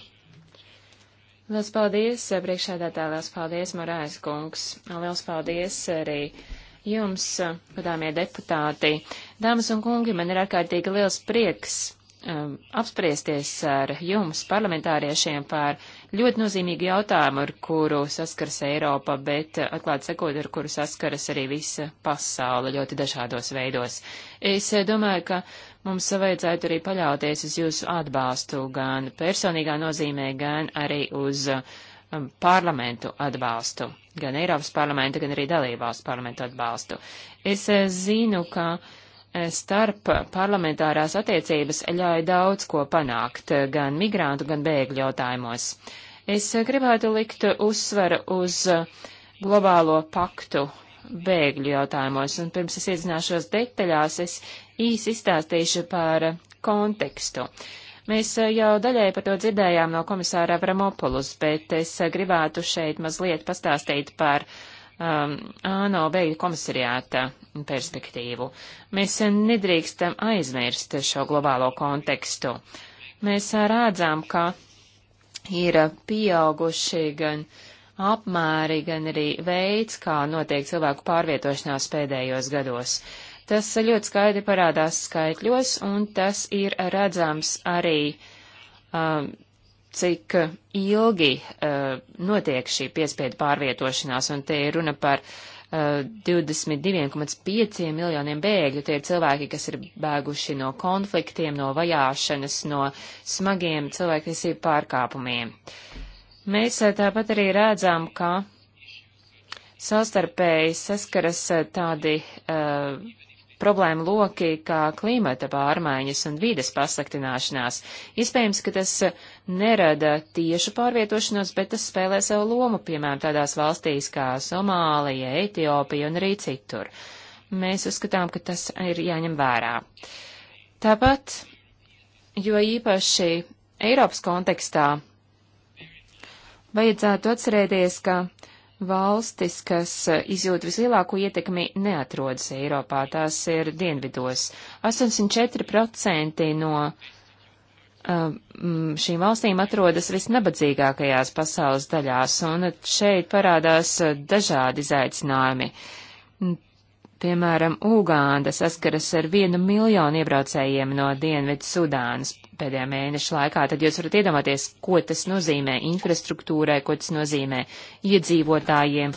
Liels paldies, eh, priekšēdētā, liels paldies, Morājas kungs. Liels paldies arī jums, eh, godāmie deputāti. Dāmas un kungi, man ir ārkārtīgi liels prieks um, apspriesties ar jums, parlamentāriešiem, par ļoti nozīmīgu jautājumu, ar kuru saskaras Eiropa, bet uh, atklāt sekot, ar kuru saskaras arī visa pasaule ļoti dažādos veidos. Es uh, domāju, ka mums vajadzētu arī paļauties uz jūsu atbalstu gan personīgā nozīmē, gan arī uz uh, um, parlamentu atbalstu, gan Eiropas parlamenta, gan arī dalībvalstu parlamentu atbalstu. Es zinu, ka uh, starp parlamentārās attiecības ļauj daudz ko panākt, gan migrantu, gan bēgļu jautājumos. Es gribētu likt uzsveru uz globālo paktu bēgļu jautājumos, un pirms es iedzināšos detaļās, es īsi izstāstīšu par kontekstu. Mēs jau daļai par to dzirdējām no komisāra Avramopulus, bet es gribētu šeit mazliet pastāstīt par uh, um, ANO beigu komisariāta perspektīvu. Mēs nedrīkstam aizmirst šo globālo kontekstu. Mēs rādzām, ka ir pieauguši gan apmēri, gan arī veids, kā notiek cilvēku pārvietošanās pēdējos gados. Tas ļoti skaidri parādās skaitļos, un tas ir redzams arī um, cik ilgi uh, notiek šī piespiedu pārvietošanās, un te ir runa par uh, eh, 22,5 miljoniem bēgļu. Tie ir cilvēki, kas ir bēguši no konfliktiem, no vajāšanas, no smagiem cilvēktiesību pārkāpumiem. Mēs uh, tāpat arī redzam, ka savstarpēji saskaras tādi uh, problēma loki kā klimata pārmaiņas un vides pasliktināšanās. Iespējams, ka tas nerada tiešu pārvietošanos, bet tas spēlē savu lomu, piemēram, tādās valstīs kā Somālija, Etiopija un arī citur. Mēs uzskatām, ka tas ir jāņem vērā. Tāpat, jo īpaši Eiropas kontekstā, vajadzētu atcerēties, ka valstis, kas eh, izjūt vislielāko ietekmi, neatrodas Eiropā, tās ir dienvidos. 84% no eh, šīm valstīm atrodas visnabadzīgākajās pasaules daļās, un šeit parādās eh, dažādi izaicinājumi. Piemēram, Ugānda saskaras ar vienu miljonu iebraucējiem no Dienvidu Sudānas, pēdējā mēneša laikā, tad jūs varat iedomāties, ko tas nozīmē infrastruktūrai, ko tas nozīmē iedzīvotājiem,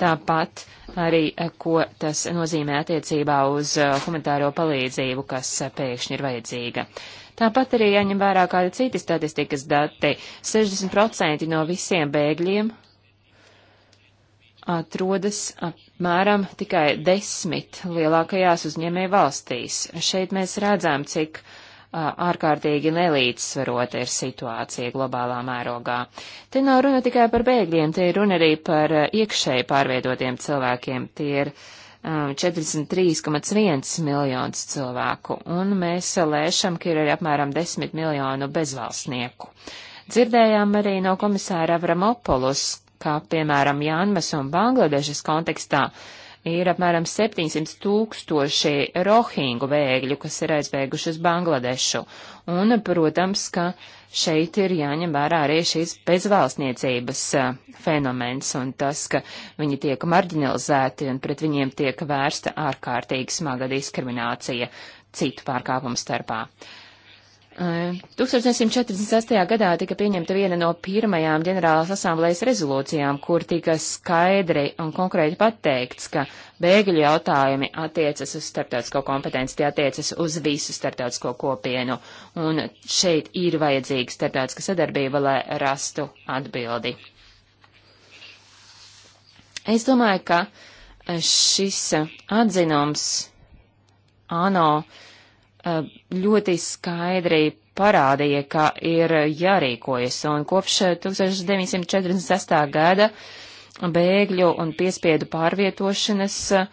tāpat arī, eh, ko tas nozīmē attiecībā uz eh, humanitāro palīdzību, kas eh, pēkšņi ir vajadzīga. Tāpat arī jāņem vērā kādi citi statistikas dati. 60% no visiem bēgļiem atrodas apmēram tikai desmit lielākajās uzņēmē valstīs. Šeit mēs redzam, cik uh, ārkārtīgi nelīdzsvarota ir situācija globālā mērogā. Te nav runa tikai par bēgļiem, te ir runa arī par iekšēji pārviedotiem cilvēkiem. Tie ir 43,1 miljonus cilvēku, un mēs lēšam, ka ir arī apmēram 10 miljonu bezvalstnieku. Dzirdējām arī no komisāra Avramopolus, kā piemēram Jānmas un Bangladešas kontekstā ir apmēram 700 tūkstoši rohingu bēgļu, kas ir aizbēguši uz Bangladešu. Un, protams, ka šeit ir jāņem vērā arī šīs bezvalstniecības fenomens un tas, ka viņi tiek marginalizēti un pret viņiem tiek vērsta ārkārtīgi smaga diskriminācija citu pārkāpumu starpā. Uh, 1946. gadā tika pieņemta viena no pirmajām ģenerālās asamblējas rezolūcijām, kur tika skaidri un konkrēti pateikts, ka bēgļu jautājumi attiecas uz starptautisko kompetenci, tie attiecas uz visu starptautisko kopienu, un šeit ir vajadzīga starptautiska sadarbība, lai rastu atbildi. Es domāju, ka šis atzinums ANO uh, Eh, ļoti skaidri parādīja, ka ir jārīkojas, un kopš 1946. Eh, gada bēgļu un piespiedu pārvietošanas eh,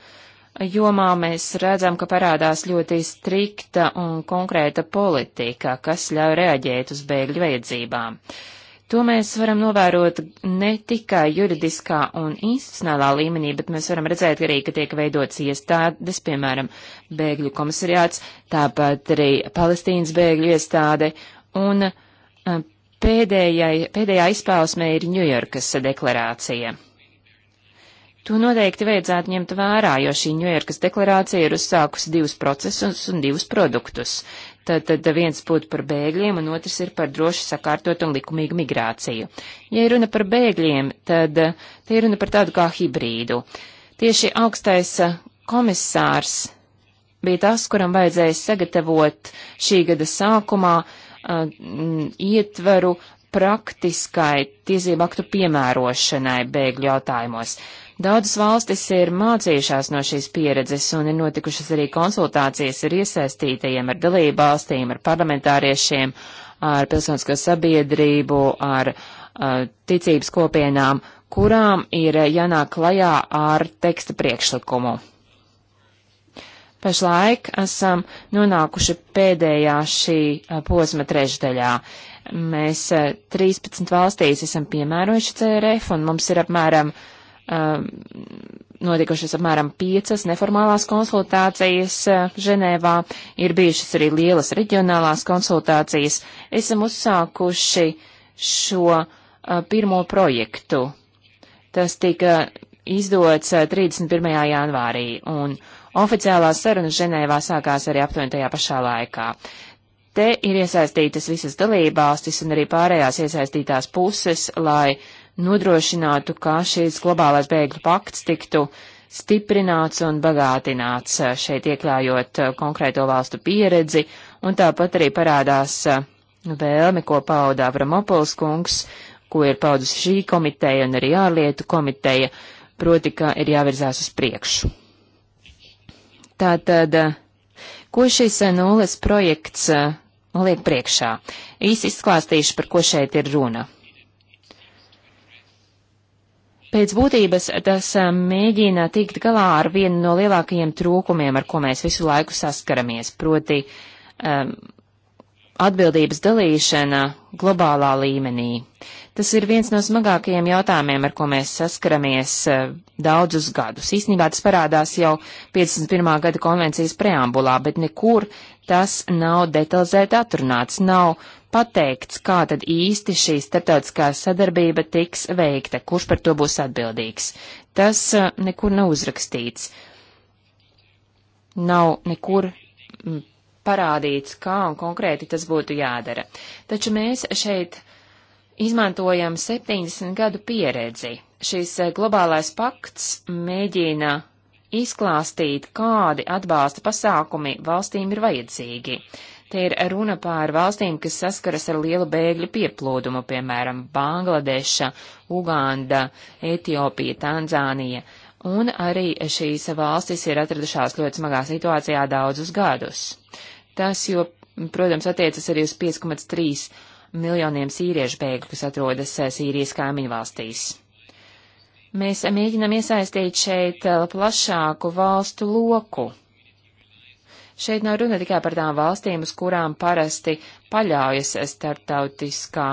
jomā mēs redzam, ka parādās ļoti strikta un konkrēta politika, kas ļauj reaģēt uz bēgļu vajadzībām. Uh, To mēs varam novērot ne tikai juridiskā un institucionālā līmenī, bet mēs varam redzēt arī, ka tiek veidots iestādes, piemēram, bēgļu komisariāts, tāpat arī Palestīnas bēgļu iestāde, un um, pēdējai, pēdējā izpausmē ir Ņujorkas deklarācija. To noteikti vajadzētu ņemt vērā, jo šī Ņujorkas deklarācija ir uzsākusi divus procesus un divus produktus. Tad, tad viens būtu par bēgļiem, un otrs ir par droši sakārtot un likumīgu migrāciju. Ja ir runa par bēgļiem, tad eh, te ir runa par tādu kā hibrīdu. Tieši augstais eh, komisārs bija tas, kuram vajadzēja sagatavot šī gada sākumā uh, eh, ietveru praktiskai tiesību aktu piemērošanai bēgļu jautājumos. Uh, Daudzas valstis ir mācījušās no šīs pieredzes un ir notikušas arī konsultācijas ar iesaistītajiem, ar dalību valstīm, ar parlamentāriešiem, ar pilsonisko sabiedrību, ar uh, ticības kopienām, kurām ir jānāk klajā ar teksta priekšlikumu. Pašlaik esam nonākuši pēdējā šī uh, posma trešdaļā. Mēs 13 uh, valstīs esam piemērojuši CRF un mums ir apmēram uh, um, notikušas apmēram piecas neformālās konsultācijas uh, Ženēvā, ir bijušas arī lielas reģionālās konsultācijas. Esam uzsākuši šo uh, pirmo projektu. Tas tika izdots 31. Uh, janvārī, un oficiālās sarunas Ženēvā sākās arī aptuveni tajā pašā laikā. Te ir iesaistītas visas dalībvalstis un arī pārējās iesaistītās puses, lai nodrošinātu, ka šīs globālais bēgļu pakts tiktu stiprināts un bagātināts, eh, šeit iekļaujot eh, konkrēto valstu pieredzi, un tāpat arī parādās eh, vēlme, ko pauda Avramopols kungs, ko ir paudusi šī komiteja un arī ārlietu komiteja, proti, ka ir jāvirzās uz priekšu. Tātad, ko šis nulles projekts liek priekšā? Īsi izklāstīšu, par ko šeit ir runa. Pēc būtības tas um, mēģina tikt galā ar vienu no lielākajiem trūkumiem, ar ko mēs visu laiku saskaramies, proti um, atbildības dalīšana globālā līmenī. Tas ir viens no smagākajiem jautājumiem, ar ko mēs saskaramies uh, daudzus gadus. Īsnībā tas parādās jau 51. gada konvencijas preambulā, bet nekur tas nav detalizēti atrunāts, nav pateikts, kā tad īsti šī starptautiskā sadarbība tiks veikta, kurš par to būs atbildīgs. Tas uh, nekur nav uzrakstīts. Nav nekur mm, parādīts, kā un konkrēti tas būtu jādara. Taču mēs šeit izmantojam 70 gadu pieredzi. Šis uh, globālais pakts mēģina izklāstīt, kādi atbalsta pasākumi valstīm ir vajadzīgi. Te ir runa pār valstīm, kas saskaras ar lielu bēgļu pieplūdumu, piemēram, Bangladeša, Uganda, Etiopija, Tanzānija, un arī šīs valstis ir atradušās ļoti smagā situācijā daudzus gadus. Tas, jo, protams, attiecas arī uz 5,3 miljoniem sīriešu bēgļu, kas atrodas eh, Sīrijas kaimiņu valstīs. Mēs mēģinam iesaistīt šeit eh, plašāku valstu loku. Šeit nav runa tikai par tām valstīm, uz kurām parasti paļaujas starptautiskā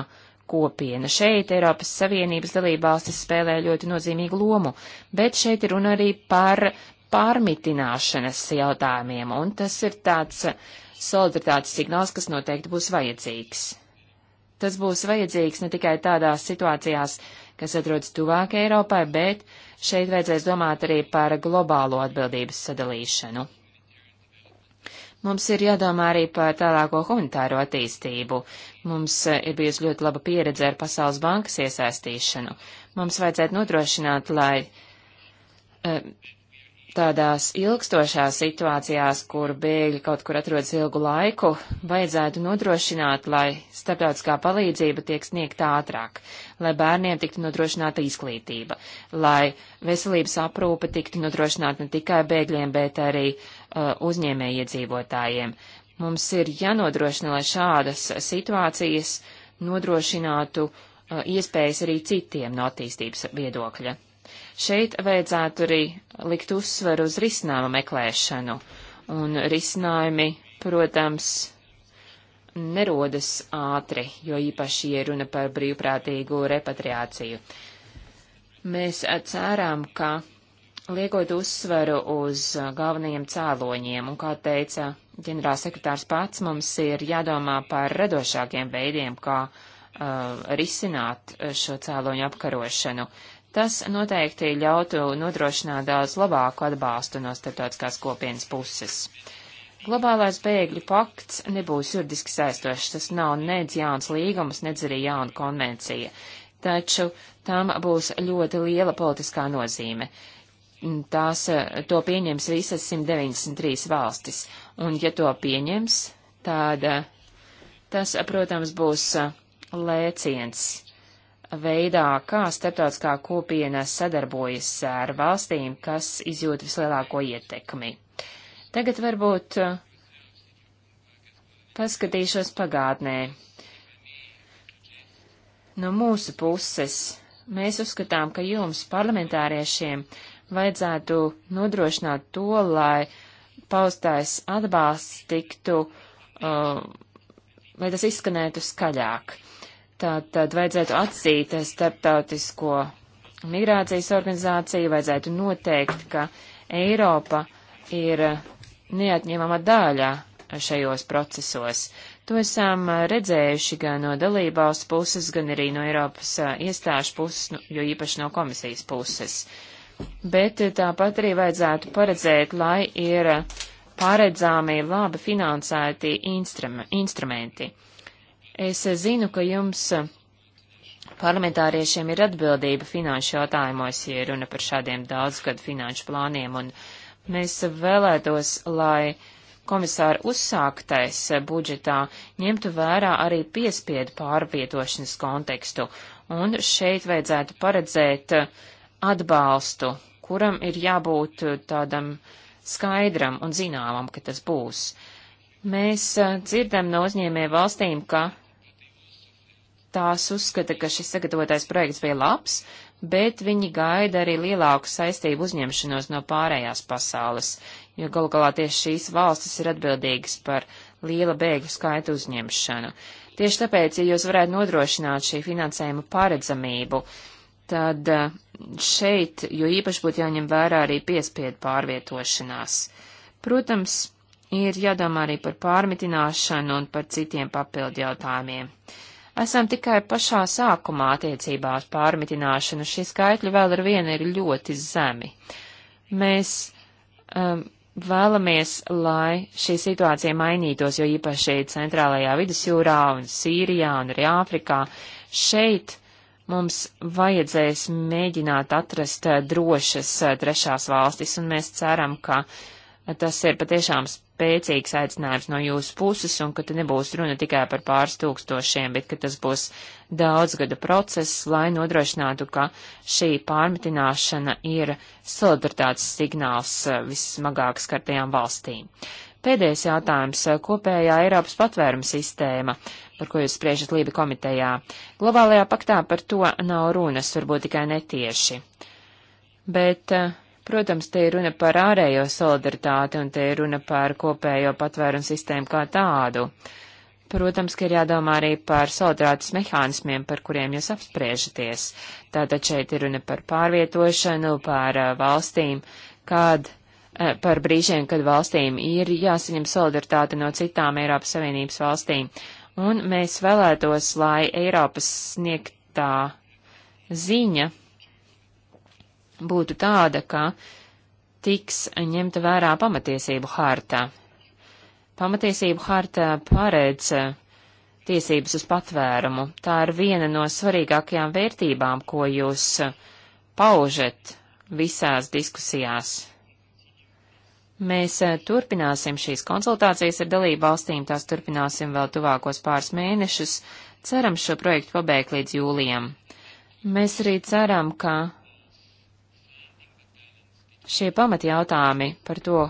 kopiena. Šeit Eiropas Savienības dalībvalstis spēlē ļoti nozīmīgu lomu, bet šeit ir runa arī par pārmitināšanas jautājumiem, un tas ir tāds solidaritātes signāls, kas noteikti būs vajadzīgs. Tas būs vajadzīgs ne tikai tādās situācijās, kas atrodas tuvāk Eiropai, bet šeit vajadzēs domāt arī par globālo atbildības sadalīšanu. Mums ir jādomā arī par tālāko humanitāro attīstību. Mums eh, ir bijusi ļoti laba pieredze ar Pasaules bankas iesaistīšanu. Mums vajadzētu nodrošināt, lai eh, tādās ilgstošās situācijās, kur bēgļi kaut kur atrodas ilgu laiku, vajadzētu nodrošināt, lai starptautiskā palīdzība tiek sniegta ātrāk, lai bērniem tiktu nodrošināta izglītība, lai veselības aprūpe tiktu nodrošināta ne tikai bēgļiem, bet arī Uh, uzņēmēji iedzīvotājiem. Mums ir jānodrošina, lai šādas situācijas nodrošinātu uh, iespējas arī citiem no attīstības viedokļa. Šeit vajadzētu arī likt uzsveru uz risinājumu meklēšanu, un risinājumi, protams, nerodas ātri, jo īpaši ir runa par brīvprātīgu repatriāciju. Mēs uh, cerām, ka liekot uzsveru uz galvenajiem cēloņiem, un, kā teica ģenerālsekretārs pats, mums ir jādomā par radošākiem veidiem, kā uh, risināt šo cēloņu apkarošanu. Tas noteikti ļautu nodrošināt daudz labāku atbalstu no starptautiskās kopienas puses. Globālais bēgļu pakts nebūs juridiski saistošs, tas nav nedz jauns līgums, nedz arī jauna konvencija taču tam būs ļoti liela politiskā nozīme tās eh, to pieņems visas 193 valstis. Un, ja to pieņems, tad eh, tas, eh, protams, būs lēciens veidā, kā starptautiskā kopiena sadarbojas ar valstīm, kas izjūt vislielāko ietekmi. Tagad varbūt paskatīšos pagātnē. No mūsu puses mēs uzskatām, ka jums, parlamentāriešiem, uh, vajadzētu nodrošināt to, lai paustais atbalsts tiktu, uh, lai tas izskanētu skaļāk. Tātad vajadzētu atzīt starptautisko migrācijas organizāciju, vajadzētu noteikt, ka Eiropa ir neatņemama daļa šajos procesos. To esam redzējuši gan no dalībvalsts puses, gan arī no Eiropas iestāžu puses, nu, jo īpaši no komisijas puses. Uh, bet tāpat arī vajadzētu paredzēt, lai ir paredzāmi labi finansēti instrumenti. Es zinu, ka jums parlamentāriešiem ir atbildība finanšu jautājumos, ja runa par šādiem daudzgadu finanšu plāniem, un mēs vēlētos, lai komisāra uzsāktais budžetā ņemtu vērā arī piespiedu pārvietošanas kontekstu, un šeit vajadzētu paredzēt uh, atbalstu, kuram ir jābūt uh, tādam skaidram un zināmam, ka tas būs. Mēs uh, dzirdam no uzņēmē valstīm, ka tās uzskata, ka šis sagatavotais projekts bija labs, bet viņi gaida arī lielāku saistību uzņemšanos no pārējās pasaules, jo galu galā tieši šīs valstis ir atbildīgas par liela bēgļu skaitu uzņemšanu. Tieši tāpēc, ja jūs varētu nodrošināt šī finansējuma paredzamību, uh, tad eh, šeit, jo īpaši būtu jāņem vērā arī piespiedu pārvietošanās. Protams, ir jādomā arī par pārmitināšanu un par citiem papildu jautājumiem. Esam tikai pašā sākumā attiecībā uz pārmitināšanu, šie skaitļi vēl ar vienu ir ļoti zemi. Mēs um, vēlamies, lai šī situācija mainītos, jo īpaši šeit centrālajā vidusjūrā un Sīrijā un arī Āfrikā šeit mums vajadzēs mēģināt atrast eh, drošas eh, trešās valstis, un mēs ceram, ka tas ir patiešām spēcīgs aicinājums no jūsu puses, un ka te nebūs runa tikai par pāris tūkstošiem, bet ka tas būs daudzgada process, lai nodrošinātu, ka šī pārmetināšana ir solidaritātes signāls eh, vismagāk skartajām valstīm. Pēdējais jautājums - kopējā Eiropas patvēruma sistēma par ko jūs spriežat Lība komitejā. Globālajā paktā par to nav runas, varbūt tikai netieši. Bet, eh, protams, te ir runa par ārējo solidaritāti un te ir runa par kopējo patvērumu sistēmu kā tādu. Protams, ka ir jādomā arī par solidaritātes mehānismiem, par kuriem jūs apspriežaties. Tātad šeit ir runa par pārvietošanu, par eh, valstīm, kad eh, par brīžiem, kad valstīm ir jāsaņem solidaritāte no citām Eiropas Savienības valstīm un mēs vēlētos, lai Eiropas sniegtā ziņa būtu tāda, ka tiks ņemta vērā pamatiesību hartā. Pamatiesību hartā paredz tiesības uz patvērumu. Tā ir viena no svarīgākajām vērtībām, ko jūs paužat visās diskusijās. Mēs eh, turpināsim šīs konsultācijas ar dalību valstīm, tās turpināsim vēl tuvākos pāris mēnešus, ceram šo projektu pabeigt līdz jūlijam. Mēs arī ceram, ka šie pamatjautājumi par to,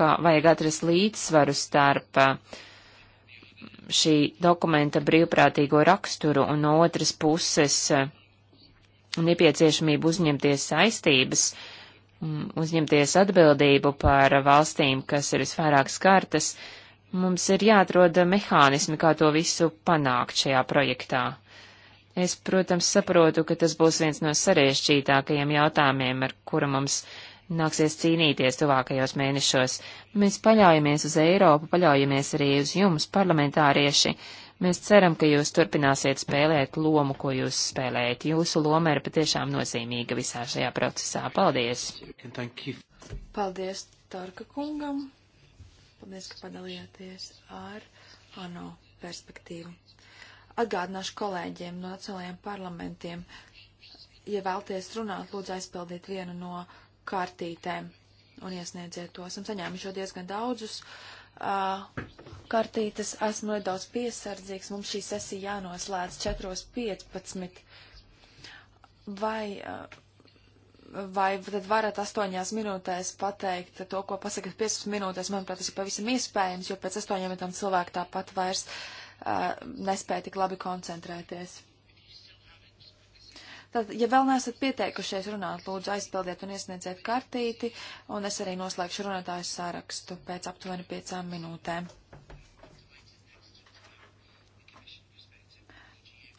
ka vajag atrast līdzsvaru starp eh, šī dokumenta brīvprātīgo raksturu un no otras puses eh, nepieciešamību uzņemties saistības, uh, Mm, uzņemties atbildību par valstīm, kas ir visvairāk skartas, mums ir jāatrod mehānismi, kā to visu panākt šajā projektā. Es, protams, saprotu, ka tas būs viens no sarežģītākajiem jautājumiem, ar kuru mums nāksies cīnīties tuvākajos mēnešos. Mēs paļaujamies uz Eiropu, paļaujamies arī uz jums, parlamentārieši, uh, Mēs ceram, ka jūs turpināsiet spēlēt lomu, ko jūs spēlējat. Jūsu loma ir patiešām nozīmīga visā šajā procesā. Paldies! Paldies Tarka kungam! Paldies, ka padalījāties ar ANO perspektīvu. Atgādināšu kolēģiem no nacionālajiem parlamentiem, ja vēlties runāt, lūdzu aizpildīt vienu no kartītēm un iesniedziet to. Esam saņēmuši jau diezgan daudzus kartītes. Esmu nedaudz piesardzīgs. Mums šī sesija jānoslēdz 4.15. Vai, vai tad varat 8 minūtēs pateikt to, ko pasakat 15 minūtēs? Manuprāt, tas ir pavisam iespējams, jo pēc 8 minūtēm cilvēki tāpat vairs uh, nespēja tik labi koncentrēties. Tad, ja vēl neesat pieteikušies runāt, lūdzu aizpildiet un iesniedziet kartīti, un es arī noslēgšu runātāju sārakstu pēc aptuveni piecām minūtēm.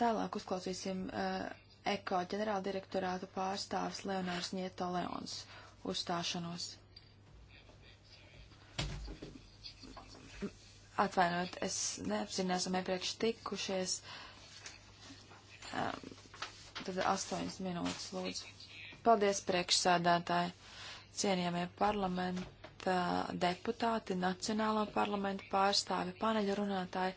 Tālāk uzklausīsim uh, eh, ECO ģenerāldirektorātu pārstāvis Leonārs Nieto Leons uzstāšanos. Atvainojiet, es neapzinās, esam iepriekš tikušies. Um, Tad astoņas minūtes, lūdzu. Paldies, priekšsēdētāji, cienījamie parlamenta deputāti, Nacionālo parlamentu pārstāvi, paneļu runātāji.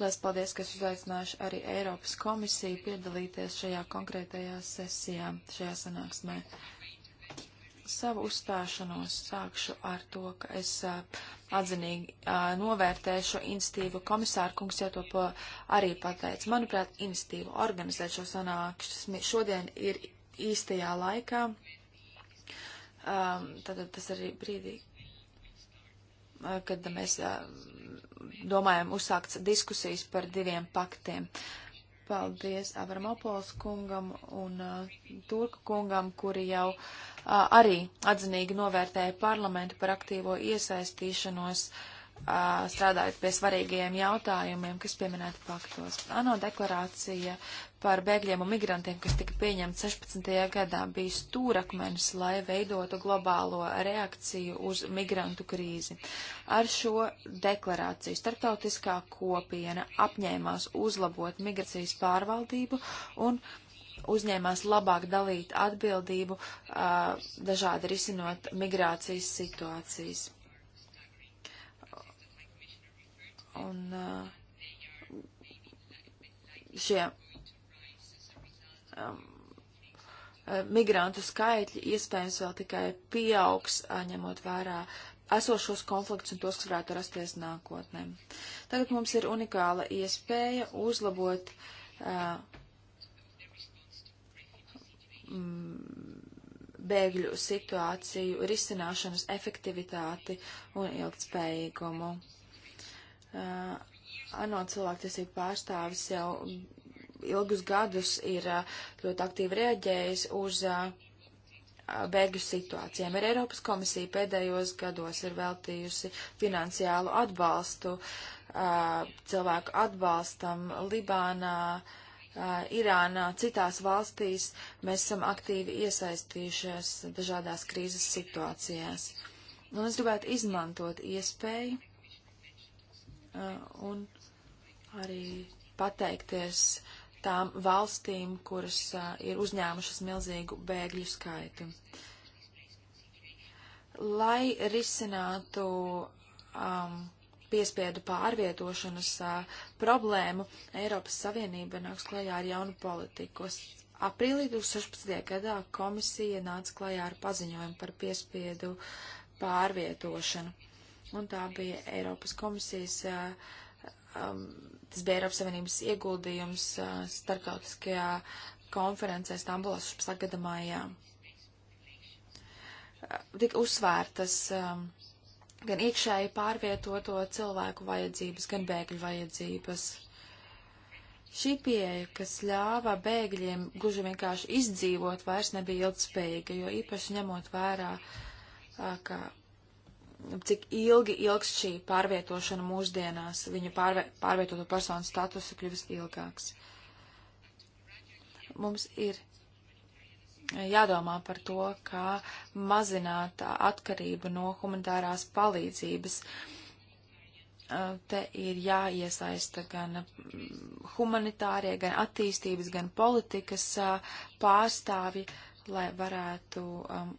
Liels paldies, ka es uzaicināšu arī Eiropas komisiju piedalīties šajā konkrētajā sesijā, šajā sanāksmē. Uh, savu uzstāšanos sākšu ar to, ka es a, atzinīgi a, novērtēšu institīvu. Komisāra kungs jau to pa, arī pateica. Manuprāt, institīvu organizēt šo sanākšu šodien ir īstajā laikā. Um, tad tas arī brīdī, a, kad mēs domājam uzsākt diskusijas par diviem paktiem. Paldies Avramopols kungam un uh, Turku kungam, kuri jau uh, arī atzinīgi novērtēja parlamentu par aktīvo iesaistīšanos, strādājot pie svarīgajiem jautājumiem, kas pieminēti paktos. ANO deklarācija par bēgļiem un migrantiem, kas tika pieņemta 16. gadā, bija stūrakmenis, lai veidotu globālo reakciju uz migrantu krīzi. Ar šo deklarāciju starptautiskā kopiena apņēmās uzlabot migrācijas pārvaldību un uzņēmās labāk dalīt atbildību, dažādi risinot migrācijas situācijas. Un šie migrantu skaitļi iespējams vēl tikai pieaugs, ņemot vērā esošos konfliktus un tos, kas varētu rasties nākotnē. Tagad mums ir unikāla iespēja uzlabot uh, Mm, bēgļu situāciju, risināšanas efektivitāti un ilgtspējīgumu. Uh, ANO cilvēktiesību pārstāvis jau ilgus gadus ir uh, ļoti aktīvi reaģējis uz uh, bēgļu situācijām. Ir Eiropas komisija pēdējos gados ir veltījusi finansiālu atbalstu uh, cilvēku atbalstam Libānā, uh, Irānā, citās valstīs mēs esam aktīvi iesaistījušies dažādās krīzes situācijās. Un es gribētu izmantot iespēju un arī pateikties tām valstīm, kuras ir uzņēmušas milzīgu bēgļu skaitu. Lai risinātu um, piespiedu pārvietošanas uh, problēmu, Eiropas Savienība nāks klajā ar jaunu politiku. Aprīlī 2016. gadā komisija nāca klajā ar paziņojumu par piespiedu pārvietošanu. Un tā bija Eiropas komisijas, uh, um, tas bija Eiropas Savienības ieguldījums uh, starptautiskajā konferencē Stambulā 16. gada maijā. Tika uzsvērtas um, gan iekšēji pārvietoto cilvēku vajadzības, gan bēgļu vajadzības. Šī pieeja, kas ļāva bēgļiem gluži vienkārši izdzīvot, vairs nebija ilgspējīga, jo īpaši ņemot vērā, ka cik ilgi ilgs šī pārvietošana mūsdienās, viņu pārvie, pārvietoto personu statusu kļuvis ilgāks. Mums ir jādomā par to, kā mazināt atkarību no humanitārās palīdzības. Uh, te ir jāiesaista gan mm, humanitārie, gan attīstības, gan politikas uh, pārstāvi, lai varētu um,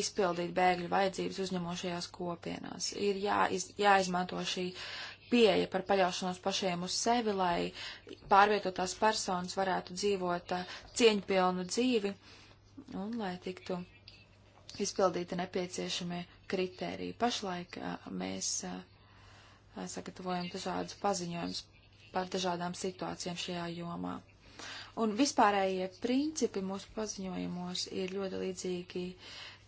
izpildīt bēgļu vajadzības uzņemošajās kopienās. Ir jāiz, jāizmanto šī uh, pieeja par paļaušanos pašiem uz sevi, lai pārvietotās personas varētu dzīvot eh, cieņpilnu dzīvi un lai tiktu izpildīti nepieciešamie kritēriji. Pašlaik a, eh, mēs a, eh, sagatavojam dažādus paziņojumus par dažādām situācijām šajā jomā. Un vispārējie principi mūsu paziņojumos ir ļoti līdzīgi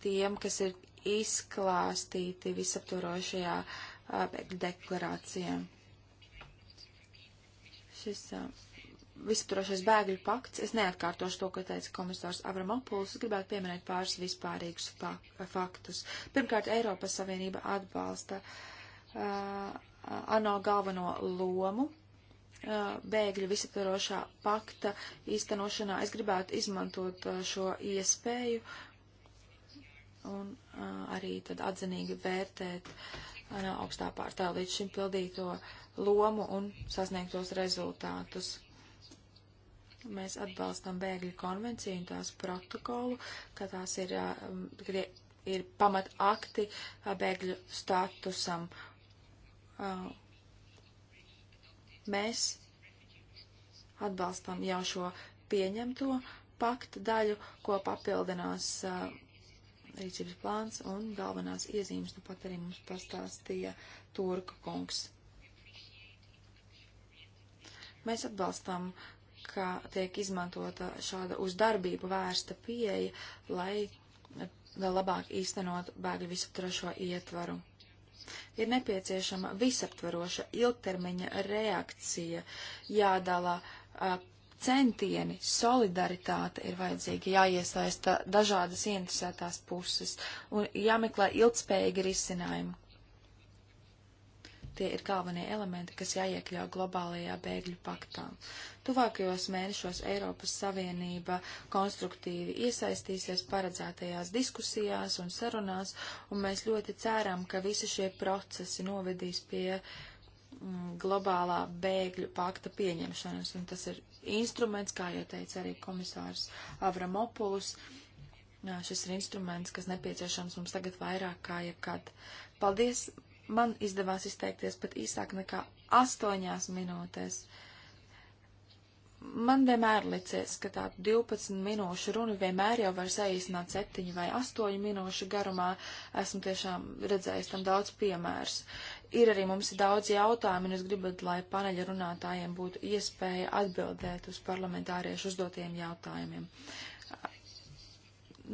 tiem, kas ir izklāstīti visaptvarošajā uh, bēgļu deklarācijām. Šis visaptrošais bēgļu pakts, es neatkārtošu to, ko teica komisārs Avramopuls, gribētu pieminēt pāris vispārīgus faktus. Pirmkārt, Eiropas Savienība atbalsta uh, ANO galveno lomu uh, bēgļu visaptvarošā pakta īstenošanā. Es gribētu izmantot uh, šo iespēju un uh, arī tad atzinīgi vērtēt uh, no augstā pārstāv līdz šim pildīto lomu un sasniegtos rezultātus. Mēs atbalstam bēgļu konvenciju un tās protokolu, ka tās ir, ir pamat akti bēgļu statusam. Mēs atbalstam jau šo pieņemto paktu daļu, ko papildinās rīcības plāns un galvenās iezīmes, nu pat arī mums pastāstīja Turka kungs. Mēs atbalstam, ka tiek izmantota šāda uz darbību vērsta pieeja, lai vēl labāk īstenot bēgļu visaptvarošo ietvaru. Ir nepieciešama visaptvaroša ilgtermiņa reakcija, jādala centieni, solidaritāte ir vajadzīga, jāiesaista dažādas interesētās puses un jāmeklē ilgspējīgi risinājumi. Tie ir galvenie elementi, kas jāiekļau globālajā bēgļu paktā. Tuvākajos mēnešos Eiropas Savienība konstruktīvi iesaistīsies paredzētajās diskusijās un sarunās, un mēs ļoti ceram, ka visi šie procesi novedīs pie mm, globālā bēgļu pakta pieņemšanas, un tas ir instruments, kā jau teica arī komisārs Avramopulus. Šis ir instruments, kas nepieciešams mums tagad vairāk kā jebkad. Paldies! Man izdevās izteikties pat īsāk nekā astoņās minūtēs. Man vienmēr licies, ka tādu 12 minūšu runu vienmēr jau var saīsināt 7 vai 8 minūšu garumā. Esmu tiešām redzējis tam daudz piemērs ir arī mums daudz jautājumu, un es gribu, lai paneļa runātājiem būtu iespēja atbildēt uz parlamentāriešu uzdotiem jautājumiem.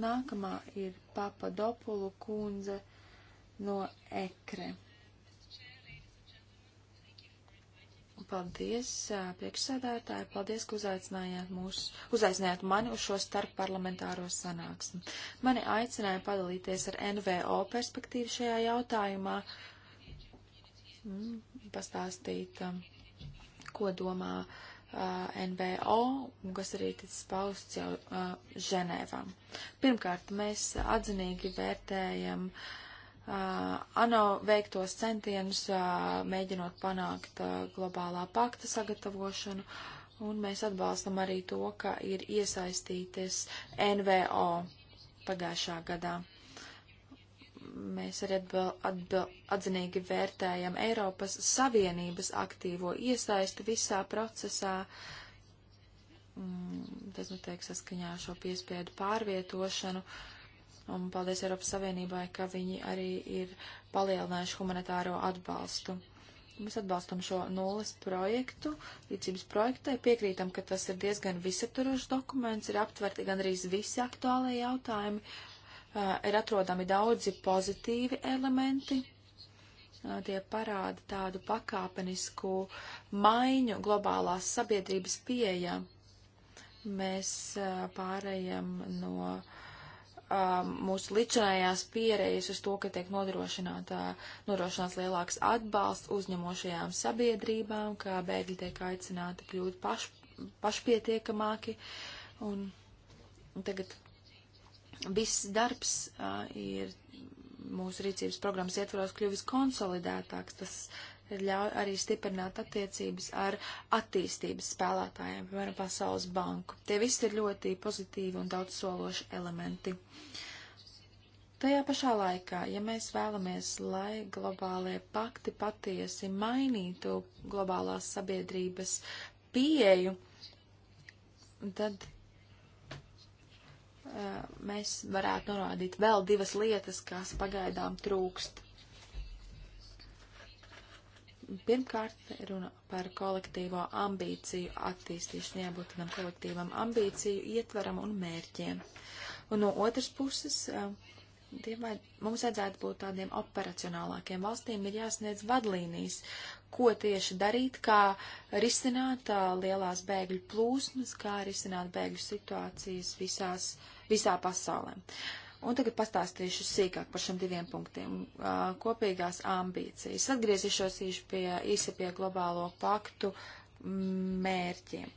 Nākamā ir Papa Dopulu kundze no Ekre. Paldies, priekšsēdētāji, paldies, ka uzaicinājāt, mūs, uzaicinājāt mani uz šo starpparlamentāro sanāksmi. Mani aicināja padalīties ar NVO perspektīvu šajā jautājumā. Uh, pastāstīt, um, ko domā uh, NVO un kas arī ticis pausts jau uh, Ženēvā. Pirmkārt, mēs atzinīgi vērtējam uh, ANO veiktos centienus, uh, mēģinot panākt uh, globālā pakta sagatavošanu, un mēs atbalstam arī to, ka ir iesaistīties NVO pagājušā gadā. Uh, mēs arī atbal, atbal, atzinīgi vērtējam Eiropas Savienības aktīvo iesaisti visā procesā. Mm, tas notiek saskaņā ar šo piespiedu pārvietošanu. Un paldies Eiropas Savienībai, ka viņi arī ir palielinājuši humanitāro atbalstu. Mēs atbalstam šo nulles projektu, rīcības projektai, piekrītam, ka tas ir diezgan visaturošs dokuments, ir aptverti gandrīz visi aktuālai jautājumi, uh, ir atrodami daudzi pozitīvi elementi. Tie parāda tādu pakāpenisku maiņu globālās sabiedrības pieejā. Mēs pārējām no mūsu ličinājās pierējas uz to, ka tiek nodrošināts lielāks atbalsts uzņemošajām sabiedrībām, kā bēgļi tiek aicināti kļūt paš, pašpietiekamāki. Un tagad Viss darbs uh, ir mūsu rīcības programmas ietvaros kļuvis konsolidētāks. Tas ļauj arī stiprināt attiecības ar attīstības spēlētājiem, piemēram, Pasaules banku. Tie visi ir ļoti pozitīvi un daudz sološi elementi. Tajā pašā laikā, ja mēs vēlamies, lai globālie pakti patiesi mainītu globālās sabiedrības pieeju, tad Eh, mēs varētu norādīt vēl divas lietas, kas pagaidām trūkst. Pirmkārt, runa par kolektīvo ambīciju attīstīšanu, jābūt tam kolektīvam ambīciju ietvaram un mērķiem. Un no otras puses, eh, vajad, mums vajadzētu būt tādiem operacionālākiem. Valstīm ir jāsniedz vadlīnijas, ko tieši darīt, kā risināt eh, lielās bēgļu plūsmas, kā risināt bēgļu situācijas visās uh, visā pasaulē. Un tagad pastāstīšu sīkāk par šiem diviem punktiem. Uh, kopīgās ambīcijas. Atgriezīšos īsi pie, īsi pie globālo paktu mērķiem.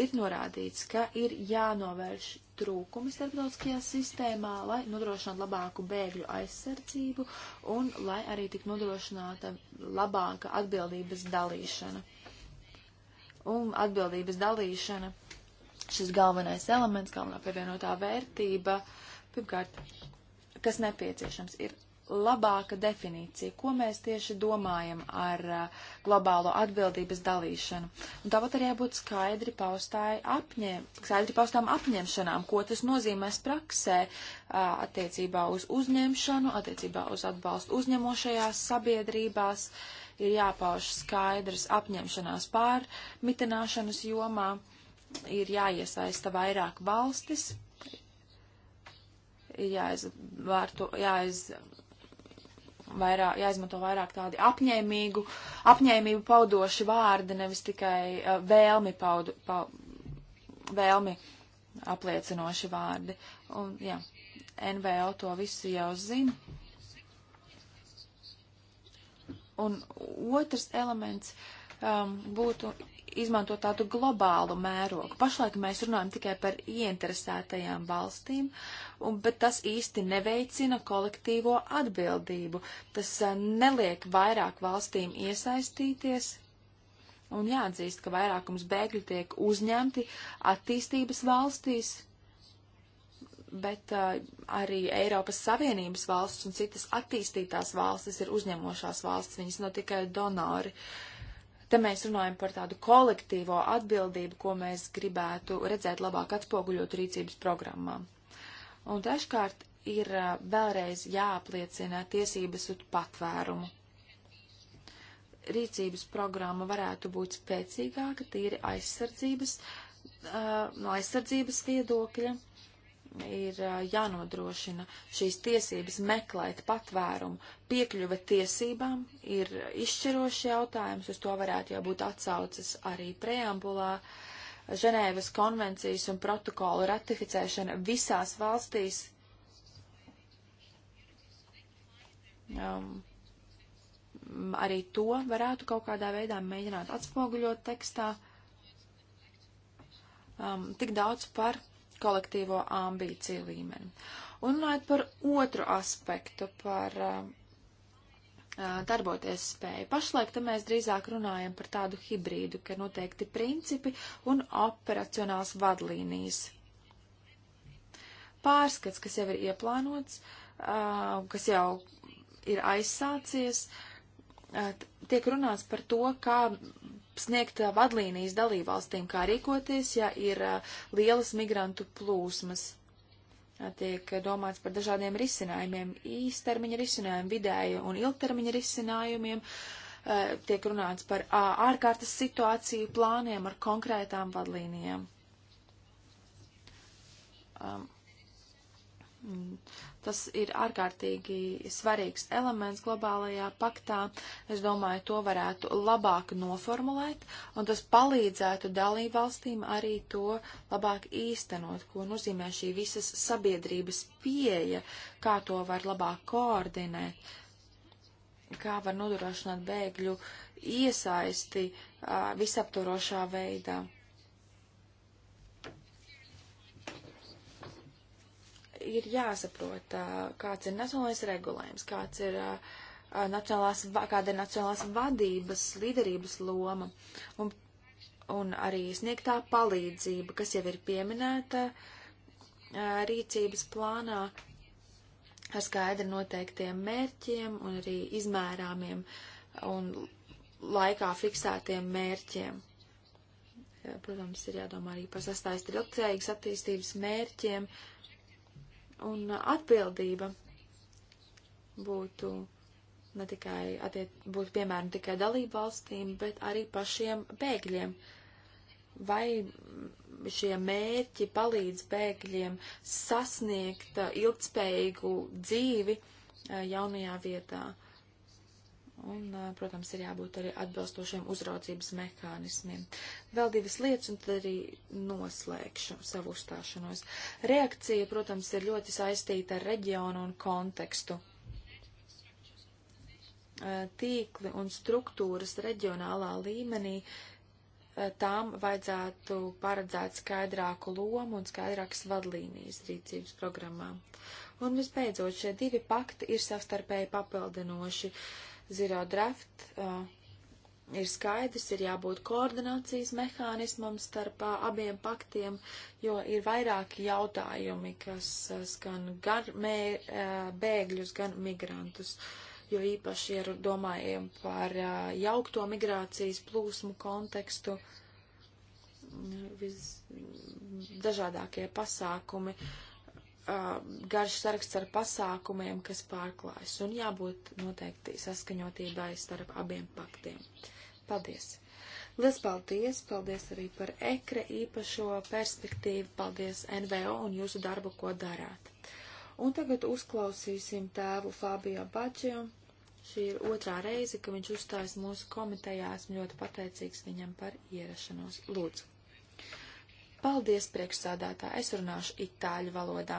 Ir norādīts, ka ir jānovērš trūkumi starptautiskajā sistēmā, lai nodrošinātu labāku bēgļu aizsardzību un lai arī tik nodrošināta labāka atbildības dalīšana. Un atbildības dalīšana šis galvenais elements, galvenā pievienotā vērtība, pirmkārt, kas nepieciešams, ir labāka definīcija, ko mēs tieši domājam ar uh, globālo atbildības dalīšanu. Un tāpat arī jābūt skaidri, apņem, skaidri paustām apņemšanām, ko tas nozīmēs praksē uh, attiecībā uz uzņemšanu, attiecībā uz atbalstu uzņemošajās sabiedrībās, ir jāpauž skaidras apņemšanās pārmitināšanas jomā ir jāiesaista vairāk valstis, ir jāizvārto, jāiz, vairāk, jāizmanto vairāk tādi apņēmīgu, apņēmību paudoši vārdi, nevis tikai uh, vēlmi, paudu, pa, vēlmi apliecinoši vārdi. Un, jā, NVO to visu jau zina. Un otrs elements um, būtu izmantot tādu globālu mērogu. Pašlaik mēs runājam tikai par ieinteresētajām valstīm, un, bet tas īsti neveicina kolektīvo atbildību. Tas e, neliek vairāk valstīm iesaistīties. Un jāatzīst, ka vairākums bēgļu tiek uzņemti attīstības valstīs, bet uh, arī Eiropas Savienības valsts un citas attīstītās valstis ir uzņemošās valsts, viņas nav tikai donori. Uh, Te mēs runājam par tādu kolektīvo atbildību, ko mēs gribētu redzēt labāk atspoguļot rīcības programmā. Un dažkārt ir vēlreiz jāapliecina tiesības uz patvērumu. Rīcības programma varētu būt spēcīgāka tīri aizsardzības, no aizsardzības viedokļa ir jānodrošina šīs tiesības meklēt patvērumu. Piekļuve tiesībām ir izšķirošs jautājums, uz to varētu jau būt atsaucas arī preambulā. Ženēvas konvencijas un protokolu ratificēšana visās valstīs. Um, arī to varētu kaut kādā veidā mēģināt atspoguļot tekstā. Um, tik daudz par kolektīvo ambīciju līmeni. Un runājot par otru aspektu, par uh, darboties spēju. Pašlaik te mēs drīzāk runājam par tādu hibrīdu, ka ir noteikti principi un operacionāls vadlīnijas. Pārskats, kas jau ir ieplānots, uh, kas jau ir aizsācies, uh, tiek runāts par to, kā sniegt vadlīnijas dalībvalstīm, kā rīkoties, ja ir lielas migrantu plūsmas. Tiek domāts par dažādiem risinājumiem, īstermiņa risinājumiem, vidēja un ilgtermiņa risinājumiem. Tiek runāts par ārkārtas situāciju plāniem ar konkrētām vadlīnijām. Tas ir ārkārtīgi svarīgs elements globālajā paktā. Es domāju, to varētu labāk noformulēt, un tas palīdzētu dalībvalstīm arī to labāk īstenot, ko nozīmē šī visas sabiedrības pieeja, kā to var labāk koordinēt, kā var nodrošināt bēgļu iesaisti visaptvarošā veidā. ir jāsaprot, kāds ir nacionālais regulējums, kāds ir nacionālās, kāda ir nacionālās vadības, līderības loma un, un arī sniegtā palīdzība, kas jau ir pieminēta rīcības plānā ar skaidri noteiktiem mērķiem un arī izmērāmiem un laikā fiksētiem mērķiem. Protams, ir jādomā arī par sastāstu ilgtspējīgas attīstības mērķiem, uh, un atbildība būtu ne tikai attiec, būtu piemēram tikai dalību valstīm, bet arī pašiem bēgļiem. Vai šie mērķi palīdz bēgļiem sasniegt ilgtspējīgu dzīvi eh, jaunajā vietā? Un, protams, ir jābūt arī atbilstošiem uzraudzības mehānismiem. Vēl divas lietas, un tad arī noslēgšu savu uzstāšanos. Reakcija, protams, ir ļoti saistīta ar reģionu un kontekstu. Tīkli un struktūras reģionālā līmenī tām vajadzētu paredzēt skaidrāku lomu un skaidrākas vadlīnijas rīcības programmām. Un visbeidzot, šie divi pakti ir savstarpēji papildinoši. Uh, Zero draft uh, ir skaidrs, ir jābūt koordinācijas mehānismam starp uh, abiem paktiem, jo ir vairāki jautājumi, kas uh, skan gan mē, uh, bēgļus, gan migrantus. Jo īpaši, ja domājam par uh, jaukto migrācijas plūsmu kontekstu, mm, visdažādākie pasākumi. Uh, uh, garš saraksts ar pasākumiem, kas pārklājas, un jābūt noteikti saskaņotībai starp abiem paktiem. Paldies! Liels paldies! Paldies arī par ekre īpašo perspektīvu, paldies NVO un jūsu darbu, ko darāt. Un tagad uzklausīsim tēvu Fabio Bačiju. Šī ir otrā reize, ka viņš uzstājas mūsu komitejā. Esmu ļoti pateicīgs viņam par ierašanos. Lūdzu! Paldies, priekšsādātā. Es runāšu itāļu valodā.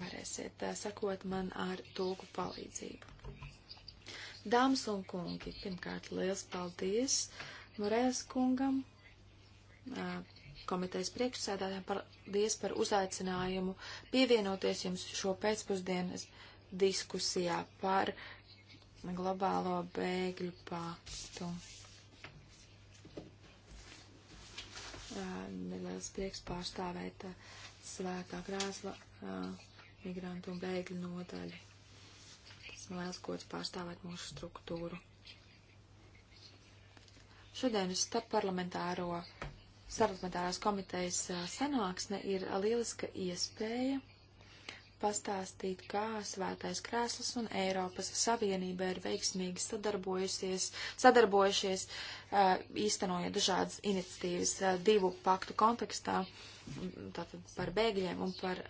Varēsiet uh, sakot man ar tulku palīdzību. Dāmas un kungi, pirmkārt liels paldies Morēlas kungam, uh, komitejas priekšsādātājiem, paldies par uzaicinājumu pievienoties jums šo pēcpusdienas diskusijā par globālo bēgļu paktu. neliels prieks pārstāvēt uh, svētā krēsla uh, migrantu un bēgļu nodaļu. Tas man liels gods pārstāvēt mūsu struktūru. Šodien uz starpparlamentāro starpparlamentārās komitejas uh, sanāksme ir lieliska iespēja pastāstīt, kā svētais krēsls un Eiropas Savienība ir veiksmīgi sadarbojušies, īstenojot dažādas iniciatīvas divu paktu kontekstā, tātad par bēgļiem un par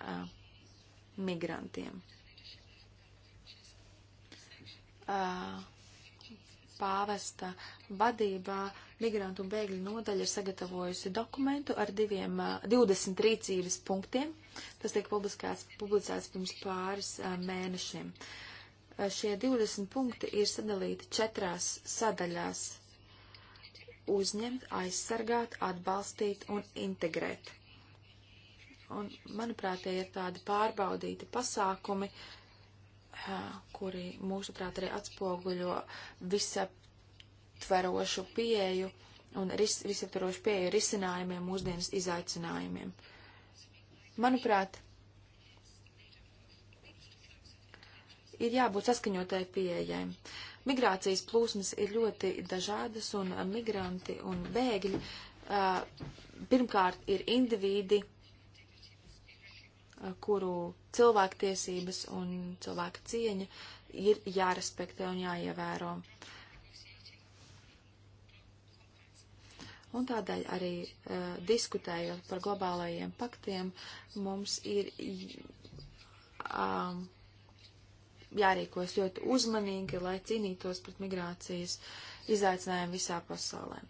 migrantiem pāvesta vadībā migrantu un bēgļu nodaļa ir sagatavojusi dokumentu ar diviem, 20 rīcības punktiem. Tas tiek publicēts, publicēts pirms pāris mēnešiem. Šie 20 punkti ir sadalīti četrās sadaļās - uzņemt, aizsargāt, atbalstīt un integrēt. Un, manuprāt, tie ir tādi pārbaudīti pasākumi, uh, kuri mūsuprāt arī atspoguļo visaptverošu pieeju un ris, visaptverošu pieeju risinājumiem mūsdienas izaicinājumiem. Manuprāt, ir jābūt saskaņotai pieejai. Migrācijas plūsmas ir ļoti dažādas, un migranti un bēgļi pirmkārt ir indivīdi, kuru cilvēktiesības un cilvēka cieņa ir jārespektē un jāievēro. Un tādēļ arī uh, diskutējot par globālajiem paktiem, mums ir um, jārīkojas ļoti uzmanīgi, lai cīnītos pret migrācijas izaicinājumu visā pasaulē.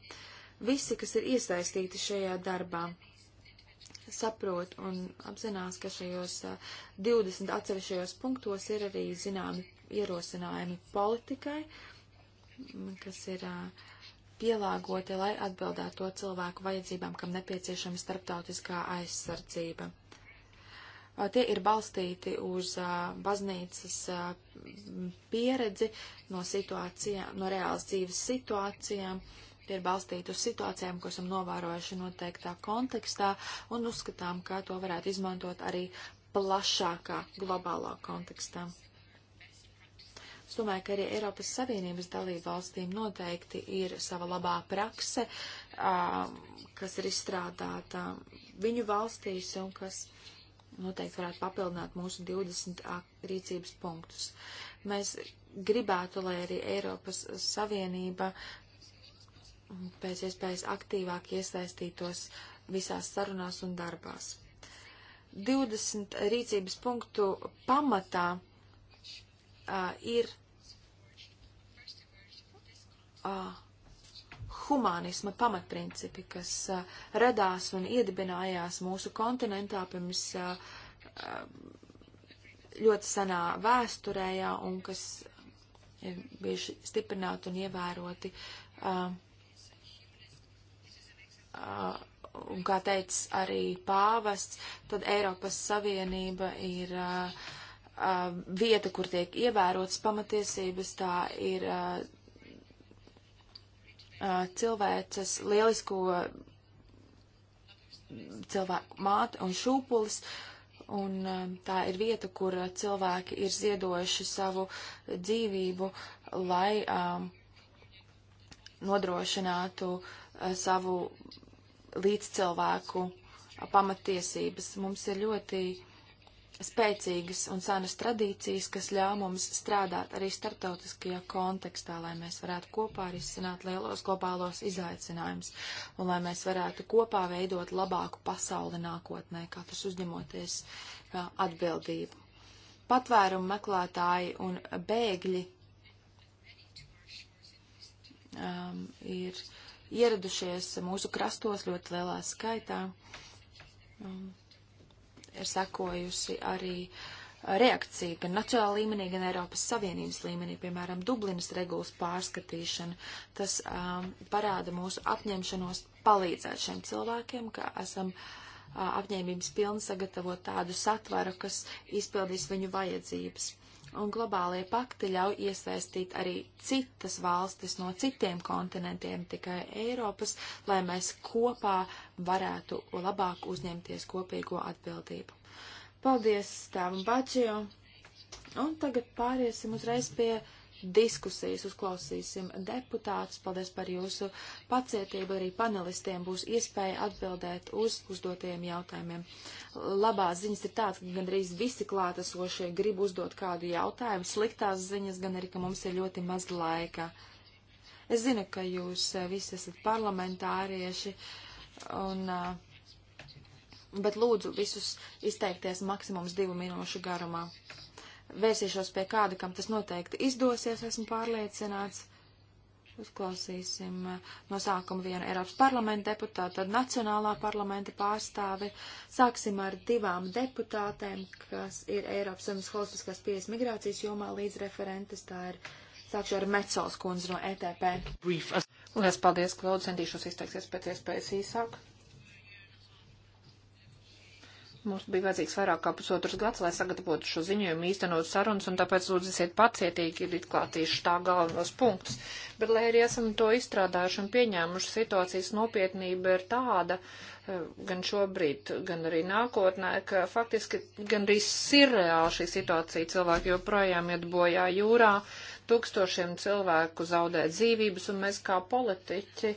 Visi, kas ir iesaistīti šajā darbā, saprot un apzinās, ka šajos 20 atsevišķajos punktos ir arī zināmi ierosinājumi politikai, kas ir pielāgoti, lai atbildētu to cilvēku vajadzībām, kam nepieciešama starptautiskā aizsardzība. Tie ir balstīti uz baznīcas pieredzi no situācijām, no reālas dzīves situācijām Tie ir balstīti uz situācijām, ko esam novērojuši noteiktā kontekstā un uzskatām, ka to varētu izmantot arī plašākā globālā kontekstā. Es domāju, ka arī Eiropas Savienības dalību valstīm noteikti ir sava labā prakse, kas ir izstrādāta viņu valstīs un kas noteikti varētu papildināt mūsu 20 rīcības punktus. Mēs gribētu, lai arī Eiropas Savienība pēc iespējas aktīvāk iesaistītos visās sarunās un darbās. 20 rīcības punktu pamatā uh, ir uh, humanisma pamatprincipi, kas uh, radās un iedibinājās mūsu kontinentā pirms uh, ļoti senā vēsturējā un kas ir bijuši stiprināti un ievēroti uh, Uh, un kā teica arī pāvests, tad Eiropas Savienība ir uh, uh, vieta, kur tiek ievērotas pamatiesības, tā ir uh, uh cilvēces lielisko cilvēku māte un šūpulis. Un uh, tā ir vieta, kur cilvēki ir ziedojuši savu dzīvību, lai um, nodrošinātu uh, savu līdzcilvēku pamatiesības. Mums ir ļoti spēcīgas un senas tradīcijas, kas ļauj mums strādāt arī starptautiskajā kontekstā, lai mēs varētu kopā arī izsināt lielos globālos izaicinājumus un lai mēs varētu kopā veidot labāku pasauli nākotnē, katrs uzņemoties jā, atbildību. Patvērumu meklētāji un bēgļi um, ir ieradušies mūsu krastos ļoti lielā skaitā. Um, ir sekojusi arī reakcija gan nacionāla līmenī, gan Eiropas Savienības līmenī, piemēram, Dublinas regulas pārskatīšana. Tas um, parāda mūsu apņemšanos palīdzēt šiem cilvēkiem, ka esam uh, apņēmības pilni sagatavot tādu satvaru, kas izpildīs viņu vajadzības un globālie pakti ļauj iesaistīt arī citas valstis no citiem kontinentiem, tikai Eiropas, lai mēs kopā varētu labāk uzņemties kopīgo atbildību. Paldies, Stāvam Bačio! Un tagad pāriesim uzreiz pie diskusijas, uzklausīsim deputātus. Paldies par jūsu pacietību. Arī panelistiem būs iespēja atbildēt uz uzdotajiem jautājumiem. Labās ziņas ir tāds, ka gandrīz visi klātesošie grib uzdot kādu jautājumu. Sliktās ziņas gan arī, ka mums ir ļoti maz laika. Es zinu, ka jūs eh, visi esat parlamentārieši, un, eh, bet lūdzu visus izteikties maksimums divu minūšu garumā vērsīšos pie kāda, kam tas noteikti izdosies, esmu pārliecināts. Uzklausīsim uh, no sākuma vienu Eiropas parlamenta deputātu, tad Nacionālā parlamenta pārstāvi. Sāksim ar divām deputātēm, kas ir Eiropas Savienības holistiskās pieejas migrācijas jomā līdz referentes. Tā ir sākšu ar Mecols kundzi no ETP. Lielas paldies, Klaud, centīšos izteiksies pēc iespējas īsāk. Mums bija vajadzīgs vairāk kā pusotrs gads, lai sagatavotu šo ziņojumu, īstenot sarunas, un tāpēc lūdzu esiet pacietīgi, ir atklātīšu tā galvenos punktus. Bet, lai arī esam to izstrādājuši un pieņēmuši, situācijas nopietnība ir tāda, eh, gan šobrīd, gan arī nākotnē, ka faktiski gan arī sirreāli šī situācija cilvēki joprojām iet bojā jūrā, tūkstošiem cilvēku zaudē dzīvības, un mēs kā politiķi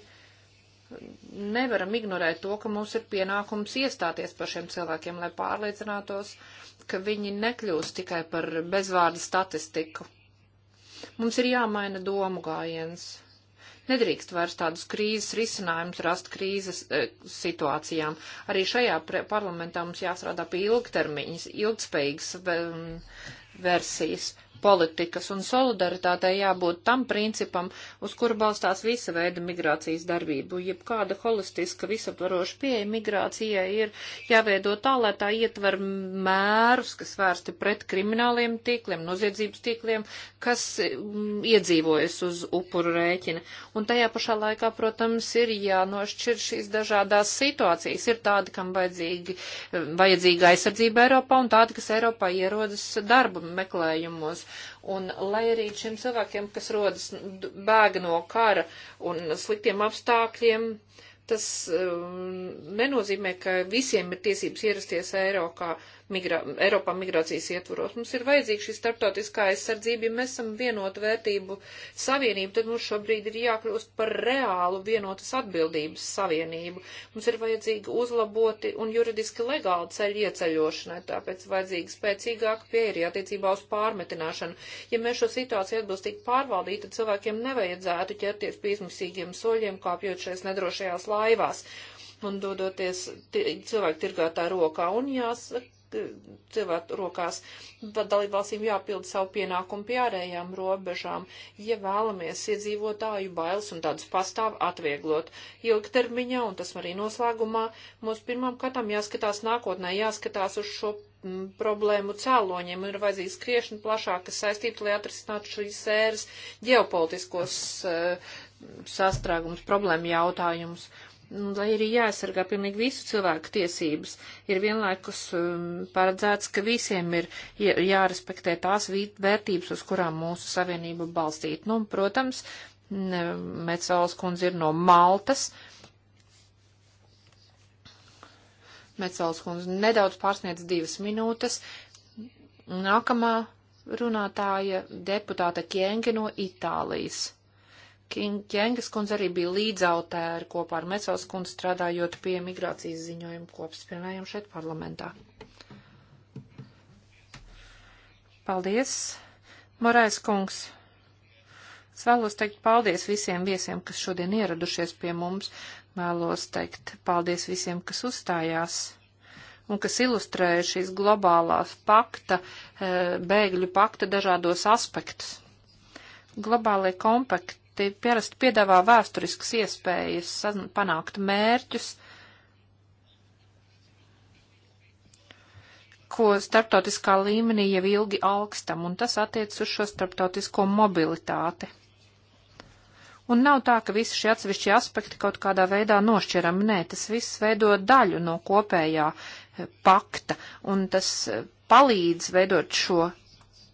nevaram ignorēt to, ka mums ir pienākums iestāties par šiem cilvēkiem, lai pārliecinātos, ka viņi nekļūst tikai par bezvārdu statistiku. Mums ir jāmaina domu gājiens. Nedrīkst vairs tādus krīzes risinājumus rast krīzes e, situācijām. Arī šajā parlamentā mums jāstrādā pie ilgtermiņas, ilgspējīgas ve, versijas politikas un solidaritātei jābūt tam principam, uz kuru balstās visa veida migrācijas darbību. Jebkāda holistiska visaptvaroša pieeja migrācijai ir jāveido tā, lai tā ietver mērus, kas vērsti pret krimināliem tīkliem, noziedzības tīkliem, kas mm, iedzīvojas uz upuru rēķina. Un tajā pašā laikā, protams, ir jānošķir šīs dažādās situācijas. Ir tādi, kam vajadzīgi, vajadzīga aizsardzība Eiropā un tādi, kas Eiropā ierodas darba meklējumos. Un lai arī šiem cilvēkiem, kas rodas bēga no kara un sliktiem apstākļiem, tas um, nenozīmē, ka visiem ir tiesības ierasties Eiro kā migra Eiropā migrācijas ietvaros. Mums ir vajadzīga šī starptautiskā aizsardzība. Ja mēs esam vienotu vērtību savienību, tad mums šobrīd ir jākļūst par reālu vienotas atbildības savienību. Mums ir vajadzīga uzlaboti un juridiski legāli ceļu ieceļošanai, tāpēc vajadzīga spēcīgāka pieeja attiecībā uz pārmetināšanu. Ja mēs šo situāciju atbilstīgi pārvaldītu, tad cilvēkiem nevajadzētu ķerties pie izmisīgiem soļiem, kāpjot šajās nedrošajās laivās un dodoties cilvēku tirgātā rokā. Un jāsaka, Eh, cilvēku rokās, bet dalībvalstīm jāpild savu pienākumu pie ārējām robežām, ja vēlamies iedzīvotāju bailes un tādas pastāv atvieglot ilgtermiņā, un tas arī noslēgumā mums pirmām kārtām jāskatās nākotnē, jāskatās uz šo m, mm, problēmu cēloņiem, ir vajadzīgs kriešana plašāka saistība, lai atrisinātu šīs sēras ģeopolitiskos uh, sastrēgumus, problēmu jautājumus. Uh, Nu, lai arī jāsargā pilnīgi visu cilvēku tiesības, ir vienlaikus um, paredzēts, ka visiem ir jārespektē tās vērtības, uz kurām mūsu savienība balstīta. Nu, protams, Mecāls kundze ir no Maltas. Mecāls kundze nedaudz pārsniedz divas minūtes. Nākamā runātāja deputāta Kienge no Itālijas. Ķengas kundze arī bija līdzautēri kopā ar Mecels kundzi strādājot pie migrācijas ziņojumu kopspilnējumu šeit parlamentā. Paldies, Morais kungs! Es vēlos teikt paldies visiem viesiem, kas šodien ieradušies pie mums. Vēlos teikt paldies visiem, kas uzstājās un kas ilustrēja šīs globālās pakta, eh, bēgļu pakta dažādos aspektus. Globālai kompakt, tie parasti piedāvā vēsturiskas iespējas panākt mērķus, ko starptautiskā līmenī jau ilgi augstam, un tas attiec uz šo starptautisko mobilitāti. Un nav tā, ka visi šie atsevišķi aspekti kaut kādā veidā nošķirami, nē, tas viss veido daļu no kopējā eh, pakta, un tas eh, palīdz veidot šo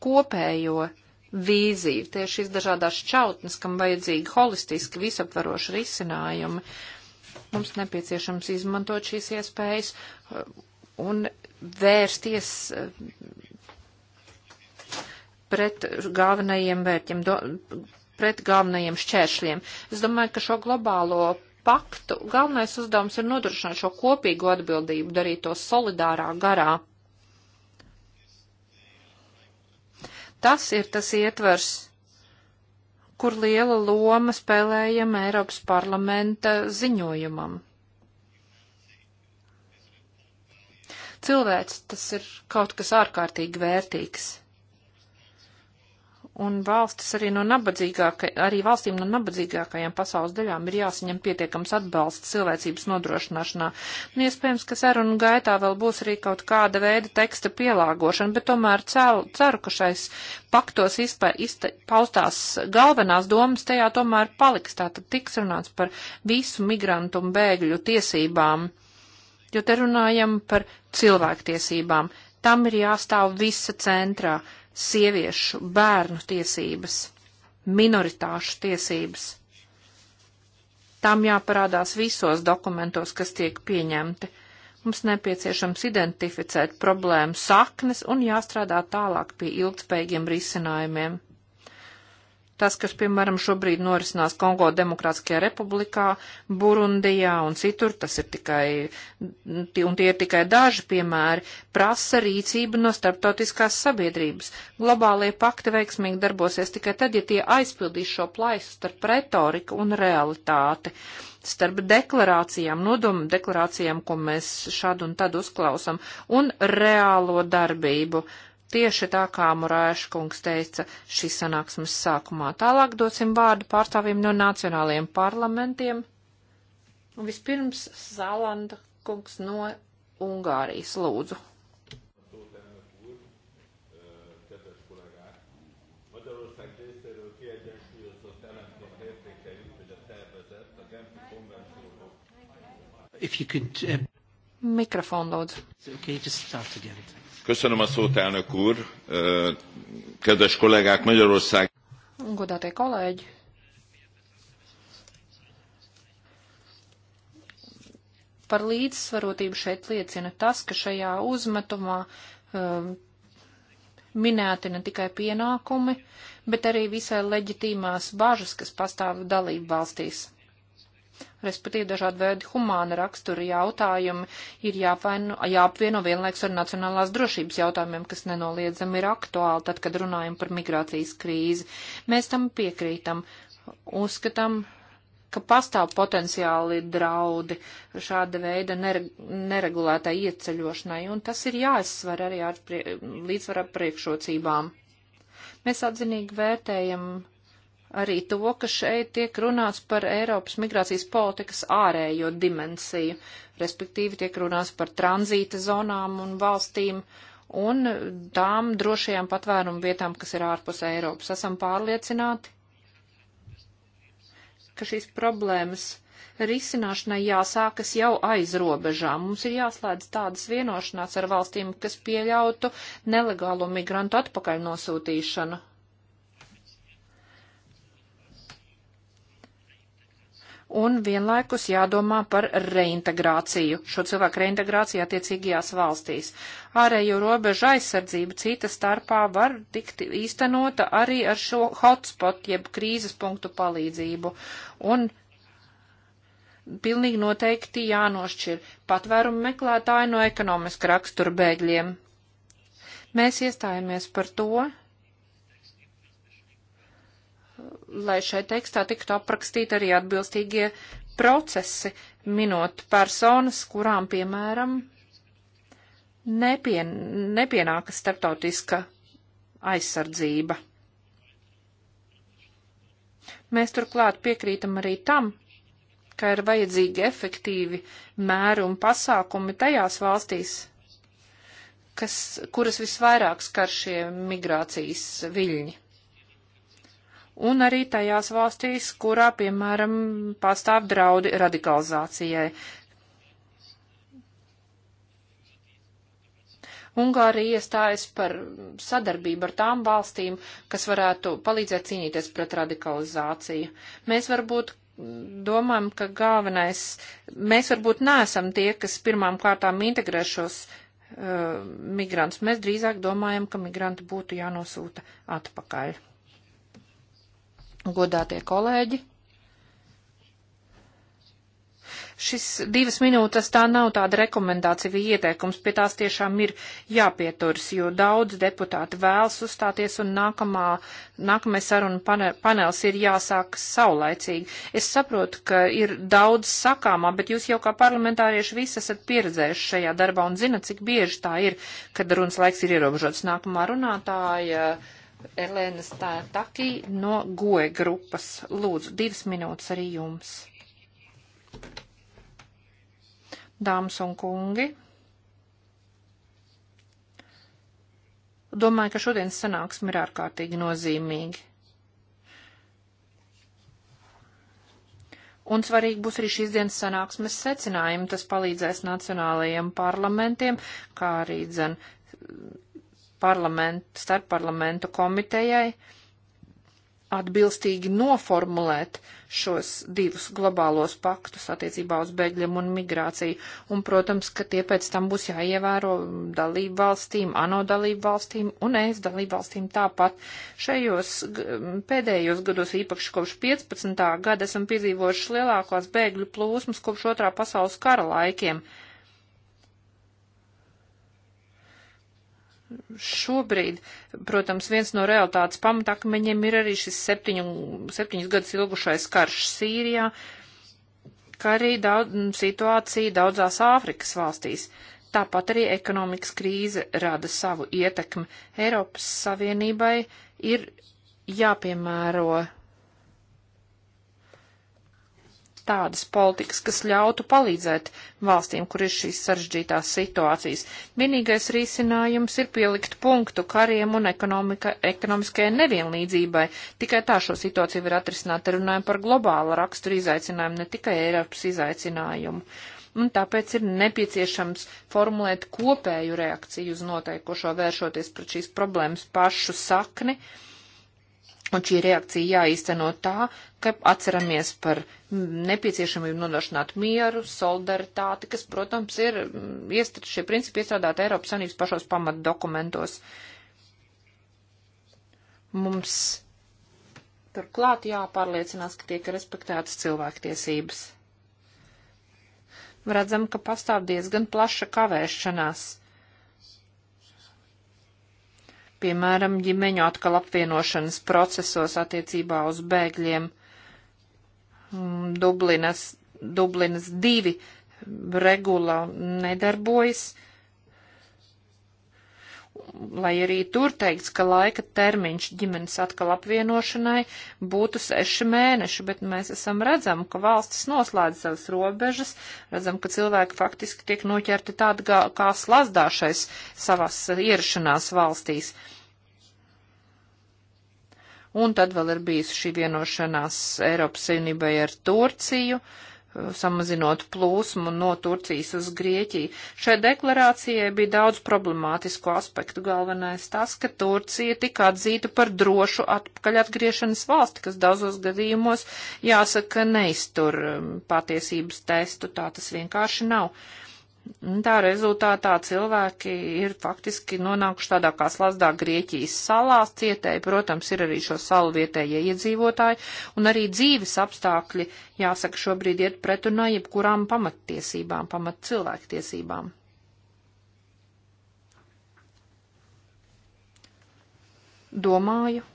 kopējo uh, vīziju, tieši šīs dažādās šķautnes, kam vajadzīgi holistiski visaptvaroši risinājumi. Mums nepieciešams izmantot šīs iespējas uh, un vērsties uh, pret galvenajiem vērķiem, do, pret galvenajiem šķēršļiem. Es domāju, ka šo globālo paktu galvenais uzdevums ir nodrošināt šo kopīgu atbildību, darīt to solidārā garā Tas ir tas ietvers, kur liela loma spēlējam Eiropas parlamenta ziņojumam. Cilvēks tas ir kaut kas ārkārtīgi vērtīgs un valstis arī no nabadzīgākai, arī valstīm no nabadzīgākajām pasaules daļām ir jāsaņem pietiekams atbalsts cilvēcības nodrošināšanā. Un iespējams, ka sarunu gaitā vēl būs arī kaut kāda veida teksta pielāgošana, bet tomēr ceru, ceru ka šais paktos izpē, izte, paustās galvenās domas tajā tomēr paliks. Tātad tiks runāts par visu migrantu un bēgļu tiesībām, jo te runājam par cilvēktiesībām. Tam ir jāstāv visa centrā sieviešu, bērnu tiesības, minoritāšu tiesības. Tām jāparādās visos dokumentos, kas tiek pieņemti. Mums nepieciešams identificēt problēmu saknes un jāstrādā tālāk pie ilgspējīgiem risinājumiem. Tas, kas, piemēram, šobrīd norisinās Kongo Demokrātiskajā republikā, Burundijā un citur, tas ir tikai, un tie ir tikai daži piemēri, prasa rīcību no starptautiskās sabiedrības. Globālie pakti veiksmīgi darbosies tikai tad, ja tie aizpildīs šo plaisu starp retoriku un realitāti starp deklarācijām, nodomu deklarācijām, ko mēs šādu un tad uzklausam, un reālo darbību. Uh, Tieši tā kā Morāša kungs teica šīs sanāksmes sākumā. Tālāk dosim vārdu pārstāvjiem no nacionālajiem parlamentiem. Vispirms Zālanda kungs no Ungārijas lūdzu. If you could, um... Mikrofonu lūdzu. Okay, just start again. Köszönöm a szót, elnök úr. Kedves kollégák, Magyarország... Godātie kolēģi! Par līdzsvarotību šeit liecina tas, ka šajā uzmetumā um, minēti ne tikai pienākumi, bet arī visai leģitīmās bažas, kas pastāv dalību valstīs respektīvi dažādi veidi humāna rakstura jautājumi ir jāapvaino, jāapvieno vienlaiks ar nacionālās drošības jautājumiem, kas nenoliedzami ir aktuāli, tad, kad runājam par migrācijas krīzi. Mēs tam piekrītam, uzskatām, ka pastāv potenciāli draudi šāda veida neregulētai ieceļošanai, un tas ir jāizsver arī ar prie, līdzsvarā priekšrocībām. Mēs atzinīgi vērtējam arī to, ka šeit tiek runāts par Eiropas migrācijas politikas ārējo dimensiju, respektīvi tiek runāts par tranzīta zonām un valstīm un tām drošajām patvērumu vietām, kas ir ārpus Eiropas. Esam pārliecināti, ka šīs problēmas risināšanai jāsākas jau aiz robežām. Mums ir jāslēdz tādas vienošanās ar valstīm, kas pieļautu nelegālo migrantu atpakaļ nosūtīšanu un vienlaikus jādomā par reintegrāciju, šo cilvēku reintegrāciju attiecīgajās valstīs. Ārējo robežu aizsardzība cita starpā var tikt īstenota arī ar šo hotspot, jeb krīzes punktu palīdzību. Un pilnīgi noteikti jānošķir patvērumu meklētāji no ekonomiska rakstura bēgļiem. Mēs iestājāmies par to, lai šai tekstā tiktu aprakstīti arī atbilstīgie procesi, minot personas, kurām, piemēram, nepien, nepienākas starptautiska aizsardzība. Mēs turklāt piekrītam arī tam, ka ir vajadzīgi efektīvi mēri un pasākumi tajās valstīs, kas, kuras visvairāk skar šie migrācijas viļņi un arī tajās valstīs, kurā, piemēram, pastāv draudi radikalizācijai. Ungārija iestājas par sadarbību ar tām valstīm, kas varētu palīdzēt cīnīties pret radikalizāciju. Mēs varbūt domājam, ka galvenais, mēs varbūt neesam tie, kas pirmām kārtām integrē šos uh, migrantus. Mēs drīzāk domājam, ka migranti būtu jānosūta atpakaļ godātie kolēģi. Šis divas minūtes tā nav tāda rekomendācija vai ieteikums, pie tās tiešām ir jāpieturas, jo daudz deputāti vēlas uzstāties un nākamā, nākamais saruna panels ir jāsāk saulaicīgi. Es saprotu, ka ir daudz sakāmā, bet jūs jau kā parlamentārieši visi esat pieredzējuši šajā darbā un zinat, cik bieži tā ir, kad runas laiks ir ierobežots. Nākamā runātāja. Uh, Elēna Stātakī no GOE grupas. Lūdzu, divas minūtes arī jums. Dāmas un kungi, domāju, ka šodienas sanāksme ir ārkārtīgi nozīmīga. Un svarīgi būs arī šīs dienas sanāksmes secinājumi. Tas palīdzēs nacionālajiem parlamentiem, kā arī dzen parlamentu, starp parlamentu komitejai atbilstīgi noformulēt šos divus globālos paktus attiecībā uz bēgļiem un migrāciju. Un, protams, ka tie pēc tam būs jāievēro dalību valstīm, ANO dalību valstīm un ES dalību valstīm tāpat. Šajos pēdējos gados, īpaši kopš 15. gada, esam piedzīvojuši lielākās bēgļu plūsmas kopš otrā pasaules kara laikiem. šobrīd, protams, viens no realitātes pamatakmeņiem ir arī šis septiņu, septiņus gadus ilgušais karš Sīrijā, kā arī daudz, situācija daudzās Āfrikas valstīs. Tāpat arī ekonomikas krīze rada savu ietekmi. Eiropas Savienībai ir jāpiemēro tādas politikas, kas ļautu palīdzēt valstīm, kur ir šīs sarežģītās situācijas. Vienīgais risinājums ir pielikt punktu kariem un ekonomiskajai nevienlīdzībai. Tikai tā šo situāciju var atrisināt, runājot par globālu raksturu izaicinājumu, ne tikai Eiropas izaicinājumu un tāpēc ir nepieciešams formulēt kopēju reakciju uz noteikošo vēršoties pret šīs problēmas pašu sakni Un šī reakcija jāīsteno tā, ka atceramies par nepieciešamību nodrošināt mieru, solidaritāti, kas, protams, ir mm, iestri, šie principi iestrādāti Eiropas Savienības pašos pamatdokumentos. Mums turklāt jāpārliecinās, ka tiek respektētas cilvēktiesības. Redzam, ka pastāv diezgan plaša kavēšanās piemēram, ģimeņu atkal apvienošanas procesos attiecībā uz bēgļiem. Mm, Dublinas, Dublinas divi regula nedarbojas, lai arī tur teikts, ka laika termiņš ģimenes atkal apvienošanai būtu seši mēneši, bet mēs esam redzam, ka valstis noslēdz savas robežas, redzam, ka cilvēki faktiski tiek noķerti tādi kā, kā slazdāšais savas ierašanās valstīs. Un tad vēl ir bijusi šī vienošanās Eiropas Savienībai ar Turciju. Uh, samazinot plūsmu no Turcijas uz Grieķiju. Šai deklarācijai bija daudz problemātisku aspektu. Galvenais tas, ka Turcija tika atzīta par drošu atpakaļ atgriešanas valsti, kas daudzos gadījumos, jāsaka, neiztur um, patiesības testu. Tā tas vienkārši nav. Tā rezultātā cilvēki ir faktiski nonākuši tādā kā slazdā Grieķijas salās cietēji, protams, ir arī šo salu vietējie iedzīvotāji, un arī dzīves apstākļi, jāsaka, šobrīd iet pretunā jebkurām pamattiesībām, pamat cilvēktiesībām. Domāju,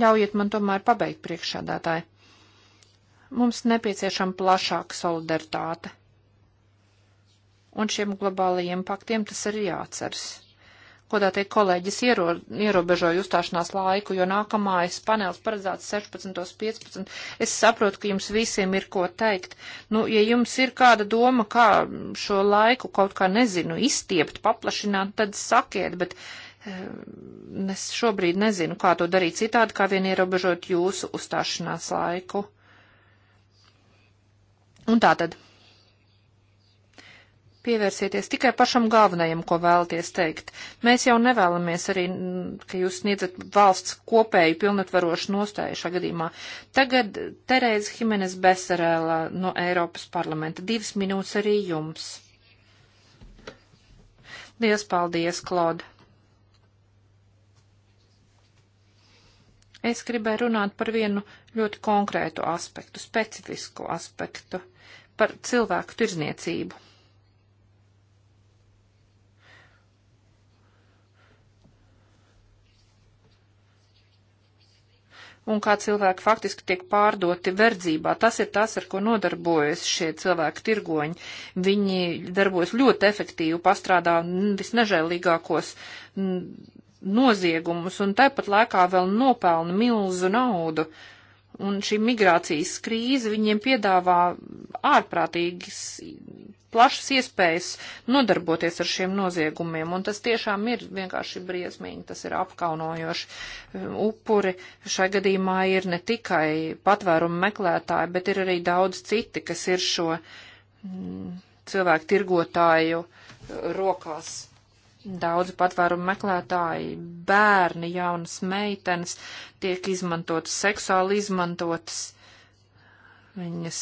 Ļaujiet man tomēr pabeigt priekšādātāji. Mums nepieciešama plašāka solidaritāte. Un šiem globālajiem paktiem tas ir jāatceras kodā tie kolēģis iero, ierobežoja uzstāšanās laiku, jo nākamais panels paredzēts 16.15. Es saprotu, ka jums visiem ir ko teikt. Nu, ja jums ir kāda doma, kā šo laiku kaut kā, nezinu, izstiept, paplašināt, tad sakiet, bet Es šobrīd nezinu, kā to darīt citādi, kā vien ierobežot jūsu uzstāšanās laiku. Un tā tad. Pievērsieties tikai pašam galvenajam, ko vēlaties teikt. Mēs jau nevēlamies arī, ka jūs sniedzat valsts kopēju pilnatvarošu nostāju šā gadījumā. Tagad Terēza Himenes Besarēla no Eiropas parlamenta. Divas minūtes arī jums. Liels paldies, Klauda. Es gribēju runāt par vienu ļoti konkrētu aspektu, specifisku aspektu, par cilvēku tirzniecību. un kā cilvēki faktiski tiek pārdoti verdzībā. Tas ir tas, ar ko nodarbojas šie cilvēki tirgoņi. Viņi darbojas ļoti efektīvi, pastrādā visnežēlīgākos noziegumus un tāpat laikā vēl nopelna milzu naudu. Un šī migrācijas krīze viņiem piedāvā ārprātīgas plašas iespējas nodarboties ar šiem noziegumiem, un tas tiešām ir vienkārši briesmīgi, tas ir apkaunojoši. Upuri šai gadījumā ir ne tikai patvērumu meklētāji, bet ir arī daudz citi, kas ir šo mm, cilvēku tirgotāju rokās. Daudzi patvērumu meklētāji, bērni, jaunas meitenes tiek izmantotas, seksuāli izmantotas. Viņas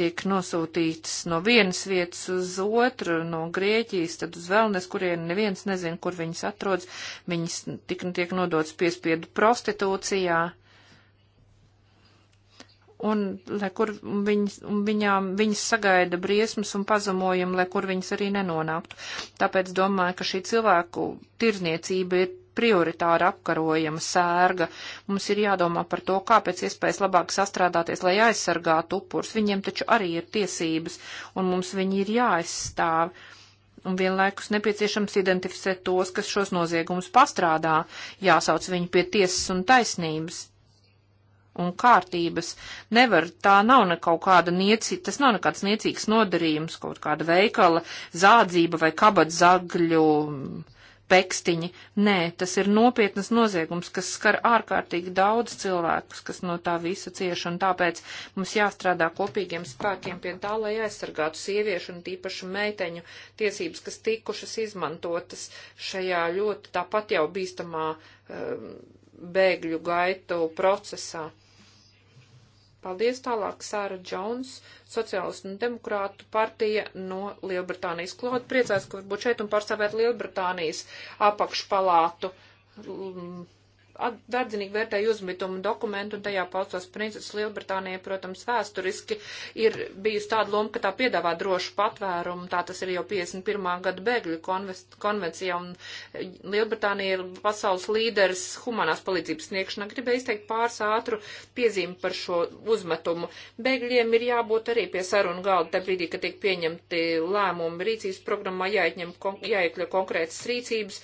tiek nosūtītas no vienas vietas uz otru, no Grieķijas, tad uz vēlnes, kurien neviens nezin, kur viņas atrodas. Viņas tik, nu tiek nodotas piespiedu prostitūcijā un, lai kur viņas, un viņām, viņas sagaida briesmas un pazemojumu, lai kur viņas arī nenonāktu. Tāpēc domāju, ka šī cilvēku tirzniecība ir prioritāri apkarojama sērga. Mums ir jādomā par to, kā pēc iespējas labāk sastrādāties, lai aizsargātu upurs. Viņiem taču arī ir tiesības, un mums viņi ir jāaizstāv. Un vienlaikus nepieciešams identificēt tos, kas šos noziegumus pastrādā, jāsauc viņu pie tiesas un taisnības un kārtības. Nevar, tā nav ne kaut kāda niecīga, tas nav nekāds niecīgs nodarījums, kaut kāda veikala zādzība vai kabatzagļu pekstiņi. Nē, tas ir nopietnas noziegums, kas skar ārkārtīgi daudz cilvēkus, kas no tā visa cieši, un tāpēc mums jāstrādā kopīgiem spēkiem pie tā, lai aizsargātu sieviešu un tīpaši meiteņu tiesības, kas tikušas izmantotas šajā ļoti tāpat jau bīstamā um, bēgļu gaitu procesā. Paldies tālāk Sāra Džons, Sociālistu un Demokrātu partija no Lielbritānijas. Klod priecājos, ka varbūt šeit un pārstāvēt Lielbritānijas apakšpalātu. Mm atdardzinīgi vērtēju uzmetumu dokumentu un tajā paustos princesa Lielbritānija, protams, vēsturiski ir bijusi tāda loma, ka tā piedāvā drošu patvērumu. Tā tas ir jau 51. gada bēgļu konvencijā un eh, Lielbritānija ir pasaules līderis humanās palīdzības sniegšanā. Gribēju izteikt pāris ātru piezīmi par šo uzmetumu. Bēgļiem ir jābūt arī pie sarunu galda, te brīdī, kad tiek pieņemti lēmumi rīcības programmā, jāiekļa konkrētas rīcības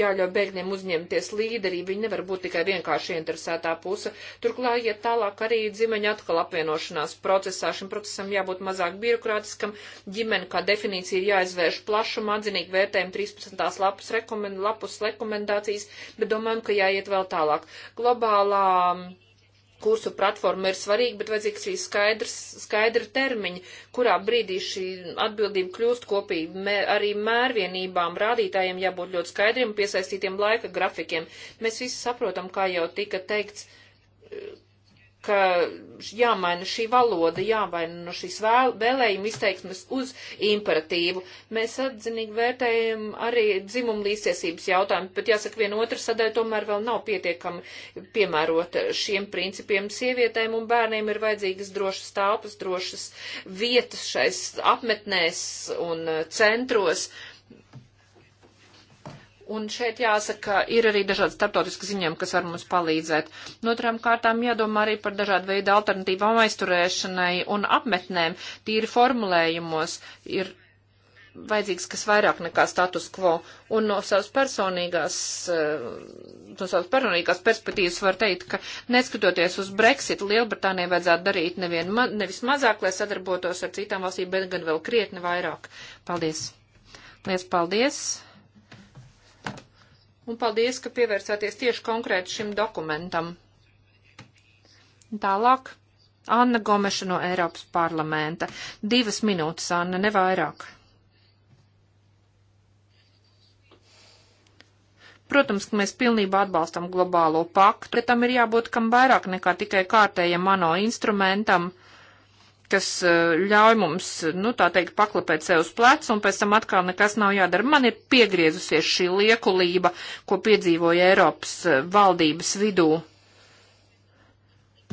jāļauj bēgļiem uzņemties līderību, viņi nevar būt tikai vienkārši interesētā puse. Turklāt, ja tālāk arī dzimeņa atkal apvienošanās procesā, šim procesam jābūt mazāk birokrātiskam, ģimene kā definīcija ir jāizvērš plašumā, atzinīgi vērtējam 13. Lapus, rekomend, lapus rekomendācijas, bet domājam, ka jāiet vēl tālāk. Globālā kursu platforma ir svarīga, bet vajadzīgs arī skaidrs, skaidra termiņa, kurā brīdī šī atbildība kļūst kopīga. Mē, arī mērvienībām, rādītājiem jābūt ļoti skaidriem, piesaistītiem laika grafikiem. Mēs visi saprotam, kā jau tika teikts, ka jāmaina šī valoda, jāmaina no šīs vēl, vēlējuma izteiksmes uz imperatīvu. Mēs atzinīgi vērtējam arī dzimumlīsiesības jautājumu, bet jāsaka, viena otra sadaļa tomēr vēl nav pietiekami piemērota šiem principiem. Sievietēm un bērniem ir vajadzīgas drošas tāpas, drošas vietas šais apmetnēs un centros. Un šeit jāsaka, ir arī dažādi starptautiski ziņojumi, kas var mums palīdzēt. Notrām kārtām jādomā arī par dažādu veidu alternatīvām aizturēšanai un apmetnēm. Tīri formulējumos ir vajadzīgs kas vairāk nekā status quo. Un no savas personīgās, eh, no savas personīgās perspektīvas var teikt, ka neskatoties uz Brexit, Lielbritānija vajadzētu darīt nevien, nevis mazāk, lai sadarbotos ar citām valstīm, bet gan vēl krietni vairāk. Paldies! Lies paldies! un paldies, ka pievērsāties tieši konkrēti šim dokumentam. Tālāk Anna Gomeša no Eiropas parlamenta. Divas minūtes, Anna, nevairāk. Protams, ka mēs pilnībā atbalstam globālo paktu, bet tam ir jābūt kam vairāk nekā tikai kārtējam ANO instrumentam kas eh, ļauj mums, nu, tā teikt, paklapēt sev uz plecu, un pēc tam atkal nekas nav jādara. Man ir piegriezusies šī liekulība, ko piedzīvoja Eiropas eh, valdības vidū.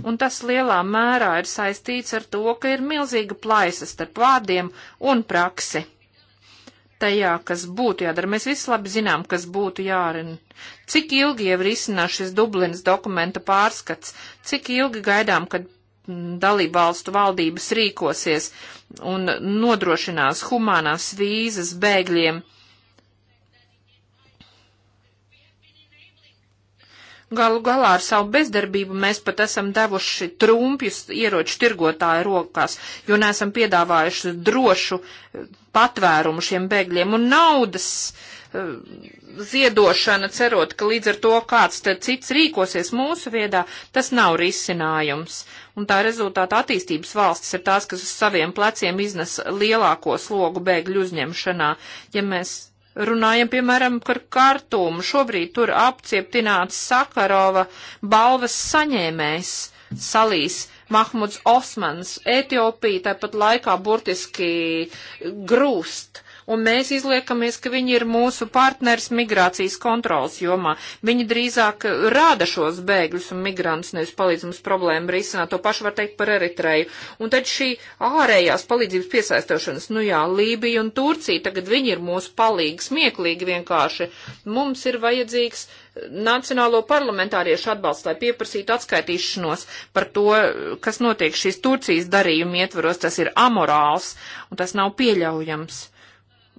Un tas lielā mērā ir saistīts ar to, ka ir milzīga plaisa starp vārdiem un praksi. Tajā, kas būtu jādara, mēs visi labi zinām, kas būtu jārina. Cik ilgi jau ir izsināts šis Dublinas dokumenta pārskats, cik ilgi gaidām, kad dalībvalstu valdības rīkosies un nodrošinās humānās vīzas bēgļiem. Galu galā ar savu bezdarbību mēs pat esam devuši trumpjus ieroču tirgotāju rokās, jo neesam piedāvājuši drošu patvērumu šiem bēgļiem. Un naudas uh, Eh, ziedošana, cerot, ka līdz ar to kāds cits rīkosies mūsu viedā, tas nav risinājums. Un tā rezultātā attīstības valstis ir tās, kas uz saviem pleciem iznes lielāko slogu bēgļu uzņemšanā. Ja mēs runājam, piemēram, par kartumu, šobrīd tur apcietināts Sakarova balvas saņēmējs salīs. Mahmuds Osmans, Etiopija tāpat laikā burtiski grūst un mēs izliekamies, ka viņi ir mūsu partners migrācijas kontrolas jomā. Viņi drīzāk rāda šos bēgļus un migrantus, nevis palīdz mums problēmu risināt. To pašu var teikt par Eritreju. Un tad šī ārējās palīdzības piesaistošanas, nu jā, Lībija un Turcija, tagad viņi ir mūsu palīgi, smieklīgi vienkārši. Mums ir vajadzīgs Nacionālo parlamentāriešu atbalsts, lai pieprasītu atskaitīšanos par to, kas notiek šīs Turcijas darījuma ietvaros, tas ir amorāls un tas nav pieļaujams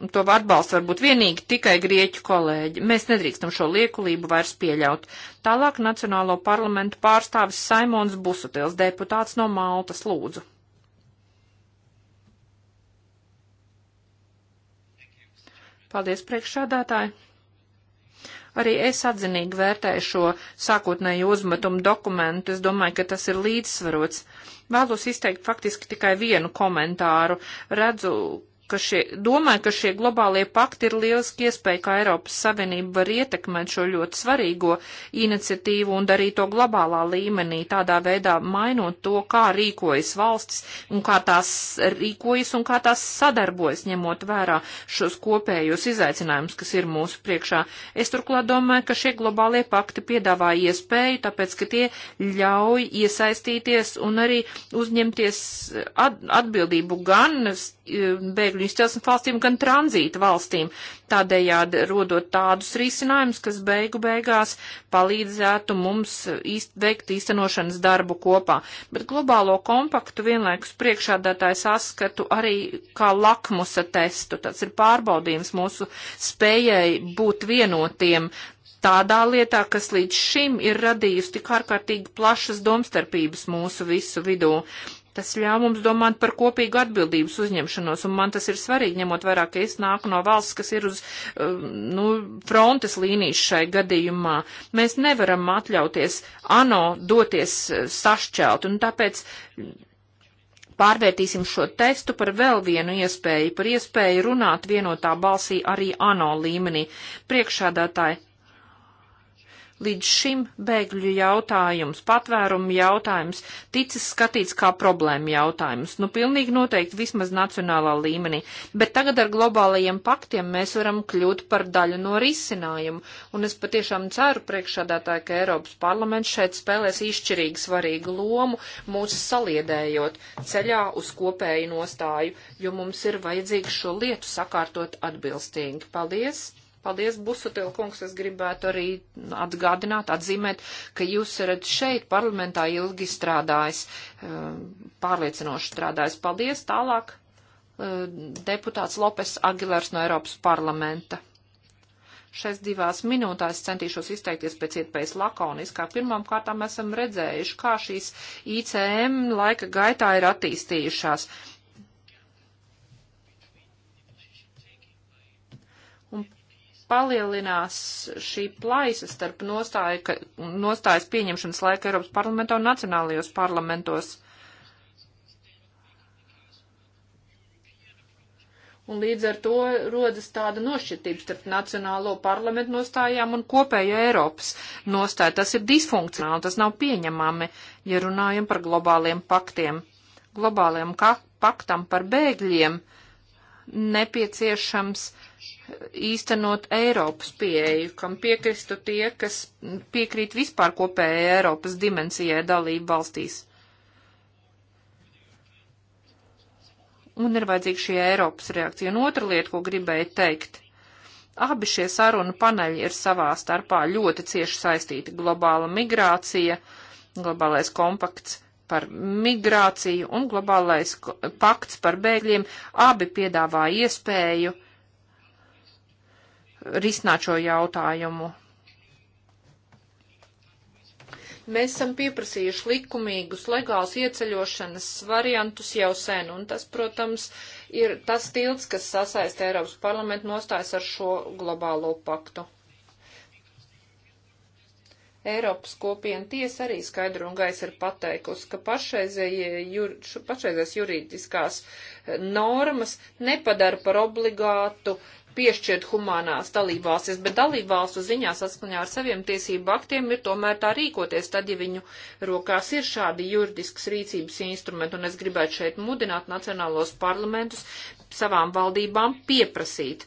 to atbalsta varbūt vienīgi tikai grieķu kolēģi. Mēs nedrīkstam šo liekulību vairs pieļaut. Tālāk Nacionālo parlamentu pārstāvis Saimons Busutils, deputāts no Maltas, lūdzu. Paldies, priekšsādātāji! Arī es atzinīgi vērtēju šo sākotnēju uzmetumu dokumentu. Es domāju, ka tas ir līdzsvarots. Vēlos izteikt faktiski tikai vienu komentāru. Redzu, ka šie, domāju, ka šie globālie pakti ir lieliski iespēja, kā Eiropas Savienība var ietekmēt šo ļoti svarīgo iniciatīvu un darīt to globālā līmenī, tādā veidā mainot to, kā rīkojas valstis un kā tās rīkojas un kā tās sadarbojas, ņemot vērā šos kopējos izaicinājumus, kas ir mūsu priekšā. Es turklāt domāju, ka šie globālie pakti piedāvā iespēju, tāpēc, ka tie ļauj iesaistīties un arī uzņemties at atbildību gan eh, bēgļu izcelsmes valstīm, gan tranzīta valstīm, tādējādi rodot tādus risinājumus, kas beigu beigās palīdzētu mums īst, veikt īstenošanas darbu kopā. Bet globālo kompaktu vienlaikus priekšādātājs saskatu arī kā lakmusa testu. Tas ir pārbaudījums mūsu spējai būt vienotiem tādā lietā, kas līdz šim ir radījusi tik ārkārtīgi plašas domstarpības mūsu visu vidū. Tas ļauj mums domāt par kopīgu atbildības uzņemšanos, un man tas ir svarīgi, ņemot vērā, ka es nāku no valsts, kas ir uz um, nu, frontes līnijas šai gadījumā. Mēs nevaram atļauties ANO doties uh, sašķelt, un tāpēc pārvērtīsim šo tekstu par vēl vienu iespēju, par iespēju runāt vienotā balsī arī ANO līmenī. Priekšādātāji, Līdz šim bēgļu jautājums, patvērumu jautājums ticis skatīts kā problēma jautājums. Nu, pilnīgi noteikti vismaz nacionālā līmenī. Bet tagad ar globālajiem paktiem mēs varam kļūt par daļu no risinājumu. Un es patiešām ceru priekšādātāju, ka Eiropas parlaments šeit spēlēs izšķirīgi svarīgu lomu mūsu saliedējot ceļā uz kopēju nostāju, jo mums ir vajadzīgs šo lietu sakārtot atbilstīgi. Paldies! Paldies, Busutil kungs, es gribētu arī atgādināt, atzīmēt, ka jūs esat šeit parlamentā ilgi strādājis, um, pārliecinoši strādājis. Paldies, tālāk uh, deputāts Lopes Agilers no Eiropas parlamenta. Šais divās minūtēs centīšos izteikties pēc iespējas lakoniskāk. Pirmām kārtām esam redzējuši, kā šīs ICM laika gaitā ir attīstījušās palielinās šī plaisa starp nostāju, ka, nostājas pieņemšanas laika Eiropas parlamentā un nacionālajos parlamentos. Un līdz ar to rodas tāda nošķirtība starp nacionālo parlamentu nostājām un kopējo Eiropas nostāju. Tas ir disfunkcionāli, tas nav pieņemami, ja runājam par globāliem paktiem. Globāliem paktam par bēgļiem nepieciešams īstenot Eiropas pieeju, kam piekristu tie, kas piekrīt vispār kopējai Eiropas dimensijai dalību valstīs. Un ir vajadzīga šī Eiropas reakcija. Un otra lieta, ko gribēju teikt. Abi šie sarunu paneļi ir savā starpā ļoti cieši saistīti. Globāla migrācija, globālais kompakts par migrāciju un globālais pakts par bēgļiem abi piedāvā iespēju uh, risināt šo jautājumu. Mēs esam pieprasījuši likumīgus, legāls ieceļošanas variantus jau sen, un tas, protams, ir tas tilts, kas sasaista Eiropas parlamentu nostājas ar šo globālo paktu. Eiropas kopiena tiesa arī skaidru un gaisu ir pateikusi, ka jur, pašreizējās juridiskās normas nepadara par obligātu uh, piešķirt humānās dalībvalstis, bet dalībvalstu ziņā saskaņā ar saviem tiesību aktiem ir tomēr tā rīkoties, tad, ja viņu rokās ir šādi juridisks rīcības instrumenti, un es gribētu šeit mudināt nacionālos parlamentus savām valdībām pieprasīt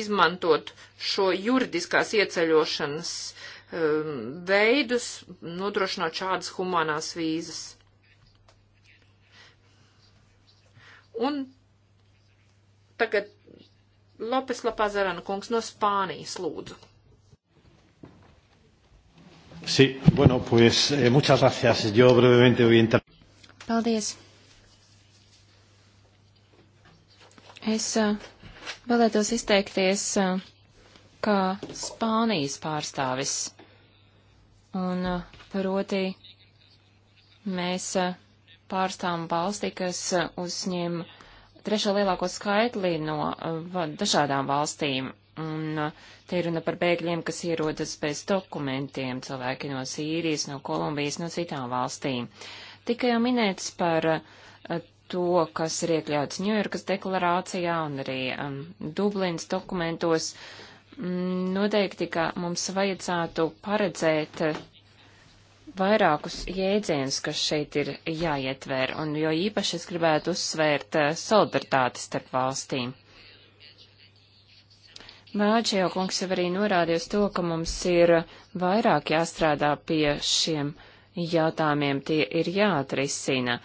izmantot šo juridiskās ieceļošanas um, veidus, nodrošinot šādas humanās vīzas. Un Tagad Lopes Lapazarana kungs no Spānijas lūdzu. Sí, bueno, pues eh, muchas gracias. Yo brevemente voy a entrar. Paldies. Es uh, vēlētos izteikties uh, kā Spānijas pārstāvis. Un uh, proti mēs pārstāvam valsti, kas uzņem uh, trešo lielāko skaitli no dažādām valstīm. Un uh, te ir runa par bēgļiem, kas ierodas bez dokumentiem, cilvēki no Sīrijas, no Kolumbijas, no citām valstīm. Tikai jau minēts par uh, to, kas ir iekļauts Ņujorkas deklarācijā un arī um, Dublins dokumentos. Mm, noteikti, ka mums vajadzētu paredzēt uh, vairākus jēdzienus, kas šeit ir jāietver, un jo īpaši es gribētu uzsvērt eh, solidaritāti starp valstīm. Māčējo kungs jau arī norādījis to, ka mums ir vairāk jāstrādā pie šiem jautājumiem, tie ir jāatrisina.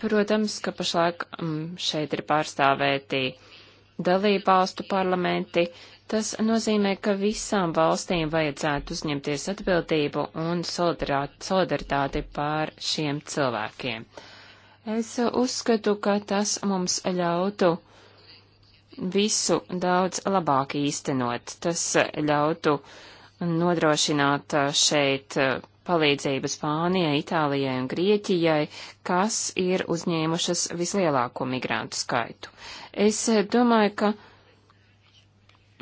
Protams, ka pašlaik m, mm, šeit ir pārstāvēti dalībvalstu parlamenti, Tas nozīmē, ka visām valstīm vajadzētu uzņemties atbildību un solidaritāti pār šiem cilvēkiem. Es uzskatu, ka tas mums ļautu visu daudz labāk īstenot. Tas ļautu nodrošināt uh, šeit uh, palīdzību Spānijai, Itālijai un Grieķijai, kas ir uzņēmušas vislielāko migrantu skaitu. Es uh, domāju, ka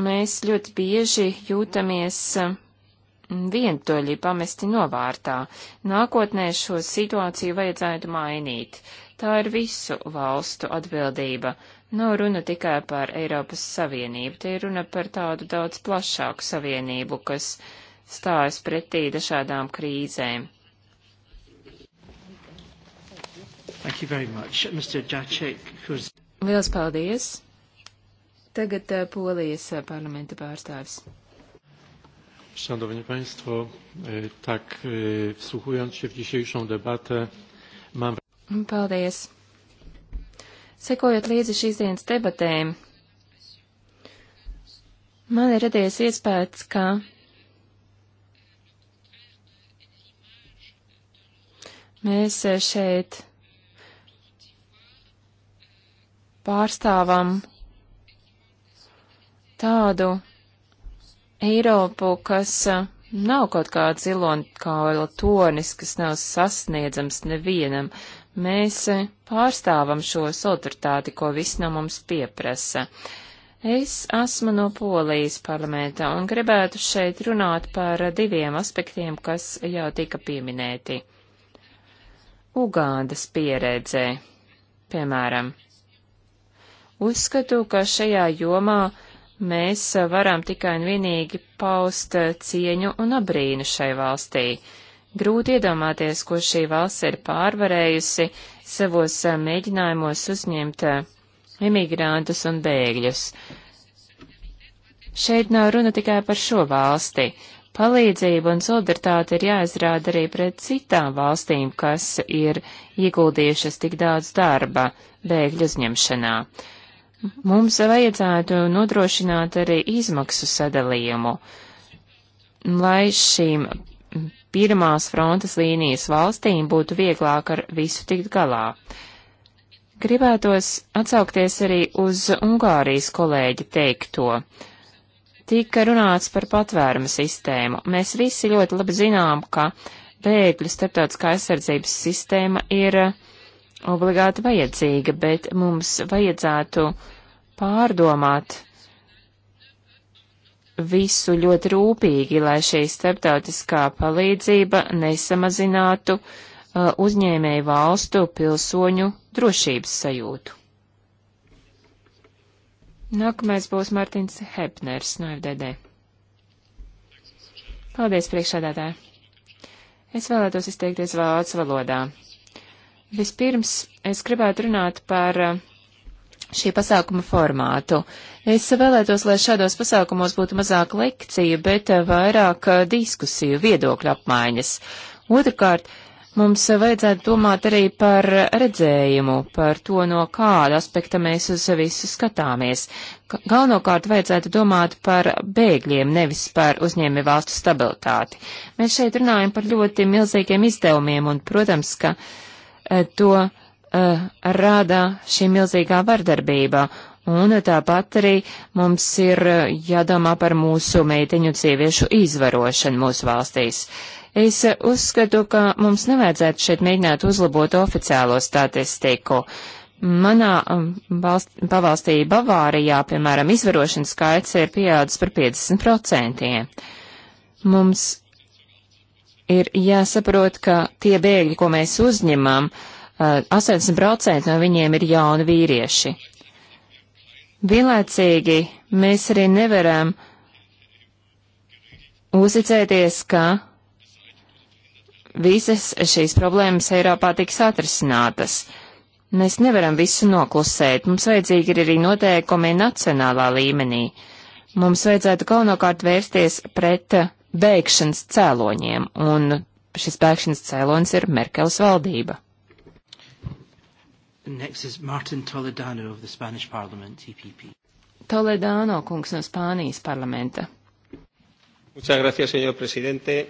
mēs ļoti bieži jūtamies eh, vientuļi pamesti novārtā. Nākotnē šo situāciju vajadzētu mainīt. Tā ir visu valstu atbildība. Nav runa tikai par Eiropas Savienību, te ir runa par tādu daudz plašāku savienību, kas stājas pretī dažādām krīzēm. Liels paldies! Tagad eh, Polijas eh, parlamenta pārstāvis. Szanowni Państwo, e, tak e, wsłuchując się w dzisiejszą debatę, mam. Mm, paldies. Sekojot līdzi šīs dienas debatēm, man ir radies iespējas, ka mēs eh, šeit pārstāvam tādu Eiropu, kas nav kaut kā zilonkāla tornis, kas nav sasniedzams nevienam. Mēs pārstāvam šo solidaritāti, ko viss no mums pieprasa. Es esmu no Polijas parlamenta un gribētu šeit runāt par diviem aspektiem, kas jau tika pieminēti. Ugādas pieredzē, piemēram. Uzskatu, ka šajā jomā mēs eh, varam tikai un vienīgi paust eh, cieņu un abrīnu šai valstī. Grūti iedomāties, ko šī valsts ir pārvarējusi savos eh, mēģinājumos uzņemt emigrantus un bēgļus. Šeit nav runa tikai par šo valsti. Palīdzība un solidaritāte ir jāizrāda arī pret citām valstīm, kas ir ieguldījušas tik daudz darba bēgļu uzņemšanā. Mums vajadzētu nodrošināt arī izmaksu sadalījumu, lai šīm pirmās frontes līnijas valstīm būtu vieglāk ar visu tikt galā. Gribētos atsaukties arī uz Ungārijas kolēģi teikto. Tika runāts par patvērumu sistēmu. Mēs visi ļoti labi zinām, ka bēgļu starptautiskā aizsardzības sistēma ir uh, obligāti vajadzīga, bet mums vajadzētu pārdomāt visu ļoti rūpīgi, lai šī starptautiskā palīdzība nesamazinātu uh, uzņēmēju valstu pilsoņu drošības sajūtu. Nākamais būs Martins Hepners no FDD. Paldies, priekšādātāji! Es vēlētos izteikties vācu valodā. Vispirms es gribētu runāt par uh, šī pasākuma formātu. Es vēlētos, lai šādos pasākumos būtu mazāk lekciju, bet uh, vairāk uh, diskusiju, viedokļu apmaiņas. Otrkārt, mums vajadzētu domāt arī par redzējumu, par to, no kāda aspekta mēs uz visu skatāmies. Galvenokārt vajadzētu domāt par bēgļiem, nevis par uzņēmi valstu stabilitāti. Mēs šeit runājam par ļoti milzīgiem izdevumiem un, protams, ka uh, Eh, to uh, rada šī milzīgā vardarbība. Un tāpat arī mums ir eh, jādomā par mūsu meiteņu sieviešu izvarošanu mūsu valstīs. Es uzskatu, ka mums nevajadzētu šeit mēģināt uzlabot oficiālo statistiku. Manā um, valst, pavalstī Bavārijā, piemēram, izvarošanas skaits ir pieaudzis par 50%. Mums Ir jāsaprot, ka tie bēgļi, ko mēs uzņemam, 80% eh, no viņiem ir jauni vīrieši. Vienlaicīgi mēs arī nevaram uzticēties, ka visas šīs problēmas Eiropā tiks atrisinātas. Mēs nevaram visu noklusēt, mums vajadzīgi ir arī noteikumi nacionālā līmenī. Mums vajadzētu galvenokārt vērsties pret bēgšanas cēloņiem, un šis bēgšanas cēlonis ir Merkels valdība. Next is Martin Toledano of the Spanish Parliament, TPP. E Toledano kungs no Spānijas parlamenta. Muchas gracias, señor presidente.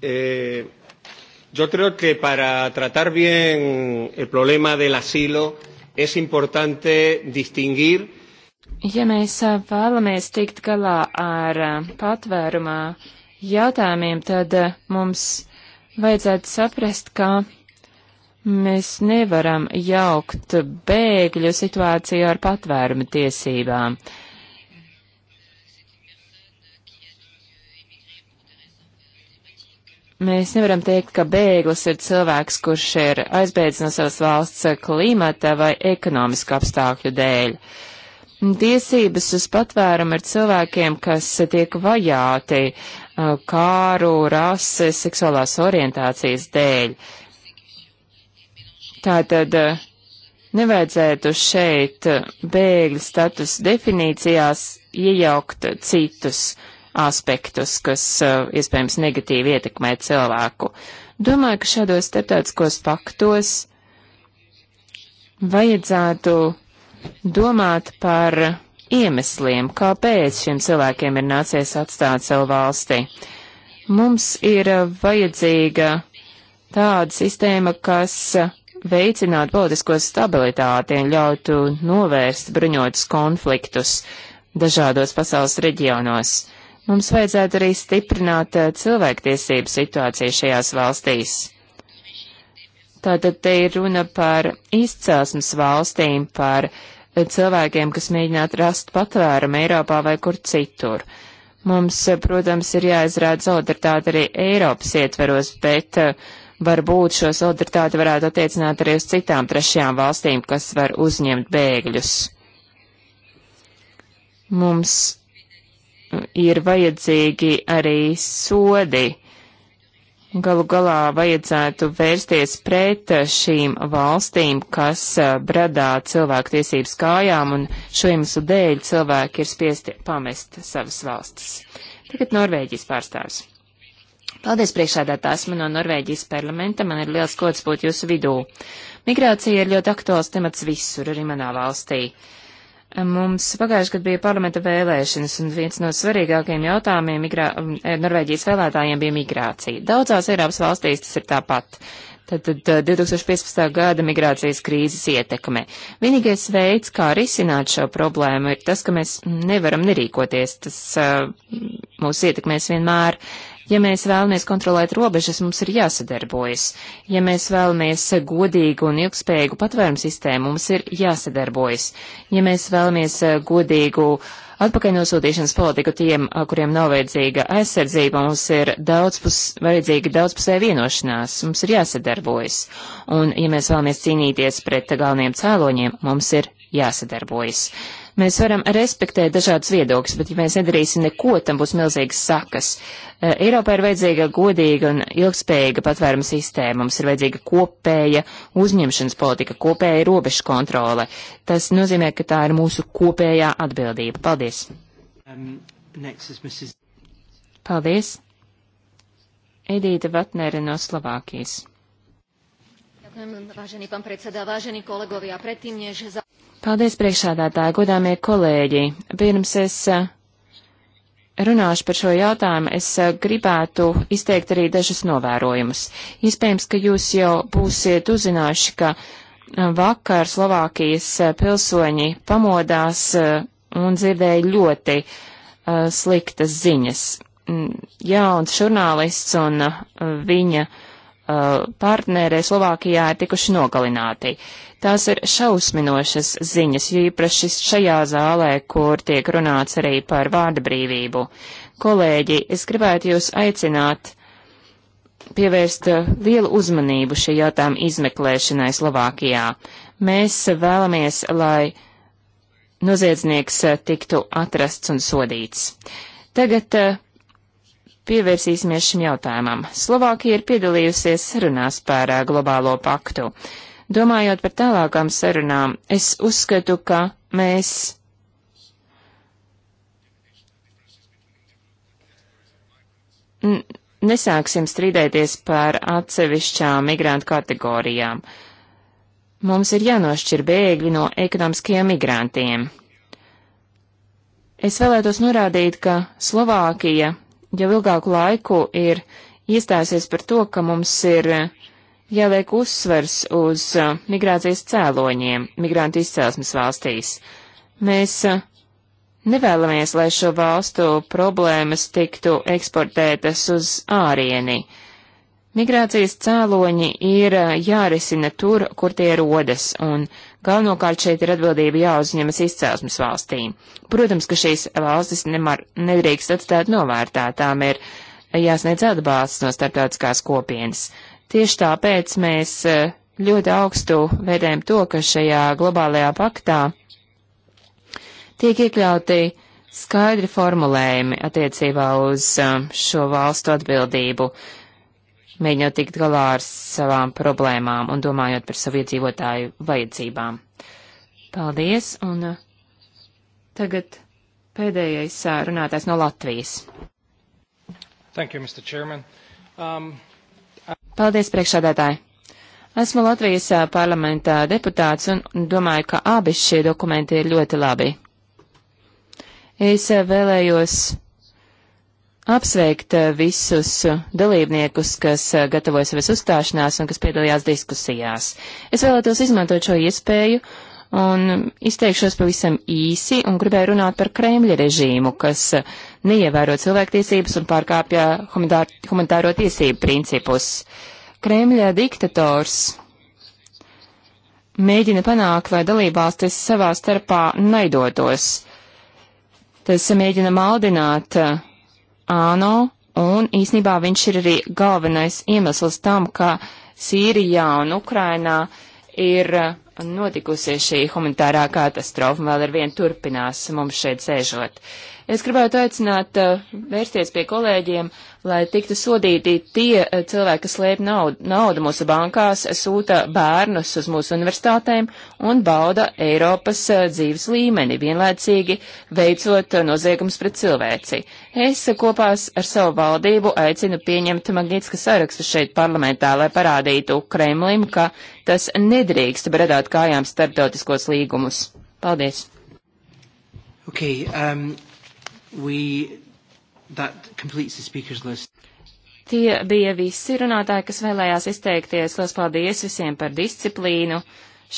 Eh, yo creo que para tratar bien el problema del asilo es importante distinguir. Ja mēs eh, vēlamies tikt galā ar eh, patvērumā jautājumiem, tad eh, mums vajadzētu saprast, ka mēs nevaram jaukt bēgļu situāciju ar patvērumu tiesībām. Mēs nevaram teikt, ka bēglis ir cilvēks, kurš ir aizbēdzis no savas valsts klimata vai ekonomisku apstākļu dēļ. Tiesības uz patvērumu ir cilvēkiem, kas tiek vajāti, Uh, kāru, rases, seksuālās orientācijas dēļ. Tātad uh, nevajadzētu šeit uh, bēgļu status definīcijās iejaukt citus aspektus, kas iespējams negatīvi ietekmē cilvēku. Domāju, ka šādos starptautiskos faktos vajadzētu domāt par iemesliem, kāpēc šiem cilvēkiem ir nācies atstāt savu valsti. Mums ir eh, vajadzīga tāda sistēma, kas veicinātu politisko stabilitāti un ļautu novērst bruņotus konfliktus dažādos pasaules reģionos. Mums vajadzētu arī stiprināt eh, cilvēktiesību situāciju šajās valstīs. Tātad te ir runa par izcelsmes valstīm, par uh, cilvēkiem, kas mēģinātu rast patvērumu Eiropā vai kur citur. Mums, eh, protams, ir jāizrāda solidaritāte arī Eiropas ietveros, bet eh, varbūt šo solidaritāti varētu attiecināt arī uz citām trešajām valstīm, kas var uzņemt bēgļus. Mums eh, ir vajadzīgi arī sodi galu galā vajadzētu vērsties pret šīm valstīm, kas eh, bradā cilvēktiesības kājām, un šo iemeslu dēļ cilvēki ir spiesti pamest savas valstis. Tagad Norvēģijas pārstāvs. Paldies priekšādātājs, man no Norvēģijas parlamenta, man ir liels gods būt jūsu vidū. Migrācija ir ļoti aktuāls temats visur, arī manā valstī. Uh, Mums pagājuši gadu bija parlamenta vēlēšanas, un viens no svarīgākajiem jautājumiem migrā... Um, e, Norvēģijas vēlētājiem bija migrācija. Daudzās Eiropas valstīs tas ir tāpat. Tad, tad 2015. gada migrācijas krīzes ietekme. Vienīgais veids, kā risināt šo problēmu, ir tas, ka mēs nevaram nerīkoties. Tas uh, mūs ietekmēs vienmēr. Ja mēs vēlamies kontrolēt robežas, mums ir jāsadarbojas. Ja mēs vēlamies godīgu un ilgspējīgu patvērumu sistēmu, mums ir jāsadarbojas. Ja mēs vēlamies eh, godīgu atpakaļnosūtīšanas politiku tiem, eh, kuriem nav vajadzīga aizsardzība, mums ir daudzpus, vajadzīga daudzpusē vienošanās, mums ir jāsadarbojas. Un, ja mēs vēlamies cīnīties pret galveniem cēloņiem, mums ir jāsadarbojas. Mēs varam respektēt dažādus viedokļus, bet ja mēs nedarīsim neko, tam būs milzīgas sakas. Eh, Eiropā ir vajadzīga godīga un ilgspējīga patvēruma sistēma, mums ir vajadzīga kopēja uzņemšanas politika, kopēja robežu kontrole. Tas nozīmē, ka tā ir mūsu kopējā atbildība. Paldies! Um, Paldies! Edīta Vatnere no Slovākijas. Vážený pán predsedā, vážení kolegovia, predtým, než... Za... Paldies, priekšādātāji, godāmie kolēģi. Pirms es runāšu par šo jautājumu, es gribētu izteikt arī dažas novērojumus. Iespējams, ka jūs jau būsiet uzzinājuši, ka vakar Slovākijas pilsoņi pamodās un dzirdēja ļoti sliktas ziņas. Jauns žurnālists un viņa Uh, partnerē Slovākijā ir tikuši nogalināti. Tās ir šausminošas ziņas, jo īpaši šajā zālē, kur tiek runāts arī par vārda brīvību. Kolēģi, es gribētu jūs aicināt pievērst lielu uzmanību šī jautājuma izmeklēšanai Slovākijā. Mēs vēlamies, lai noziedznieks tiktu atrasts un sodīts. Tagad uh, pievērsīsimies šim jautājumam. Slovākija ir piedalījusies sarunās par uh, globālo paktu. Domājot par tālākām sarunām, es uzskatu, ka mēs nesāksim strīdēties par atsevišķām migrantu kategorijām. Mums ir jānošķir bēgļi no ekonomiskajiem migrantiem. Es vēlētos norādīt, ka Slovākija jau ilgāku laiku ir iestājusies par to, ka mums ir jāliek uzsvers uz uh, migrācijas cēloņiem migrantu izcelsmes valstīs. Mēs uh, nevēlamies, lai šo valstu problēmas tiktu eksportētas uz ārieni. Migrācijas cēloņi ir uh, jārisina tur, kur tie rodas, un uh, Galvenokārt šeit ir atbildība jāuzņemas izcelsmes valstīm. Protams, ka šīs valstis nemar, nedrīkst atstāt novērtā, tām ir jāsniedz atbalsts no starptautiskās kopienas. Tieši tāpēc mēs e, ļoti augstu vērtējam to, ka šajā globālajā paktā tiek iekļauti skaidri formulējumi attiecībā uz e, šo valstu atbildību mēģinot tikt galā ar savām problēmām un domājot par savu iedzīvotāju vajadzībām. Paldies, un uh, tagad pēdējais uh, runātājs no Latvijas. Thank you, Mr. Chairman. Um, I... Paldies, priekšādātāji. Esmu Latvijas uh, parlamentā deputāts un domāju, ka abi šie dokumenti ir ļoti labi. Es vēlējos apsveikt eh, visus eh, dalībniekus, kas eh, gatavoja savas uzstāšanās un kas piedalījās diskusijās. Es vēlētos izmantot šo iespēju un izteikšos pavisam īsi un gribēju runāt par Kremļa režīmu, kas neievēro cilvēktiesības un pārkāpja humanitāro tiesību principus. Kremļa diktators mēģina panākt, lai dalībvalstis savā starpā naidotos. Tas mēģina maldināt uh, ANO, un īsnībā viņš ir arī galvenais iemesls tam, ka Sīrijā un Ukrainā ir eh, notikusi šī humanitārā katastrofa, un vēl ar vien turpinās mums šeit sēžot. Uh, Es gribētu aicināt eh, vērsties pie kolēģiem, lai tiktu sodīti tie eh, cilvēki, kas slēp naudu, naudu mūsu bankās, sūta bērnus uz mūsu universitātēm un bauda Eiropas eh, dzīves līmeni, vienlaicīgi veicot noziegums pret cilvēci. Es kopās ar savu valdību aicinu pieņemt Magnitska sarakstu šeit parlamentā, lai parādītu Kremlim, ka tas nedrīkst bredāt kājām starptautiskos līgumus. Paldies! Okay, um, We, Tie bija visi runātāji, kas vēlējās izteikties. Lielas paldies visiem par disciplīnu.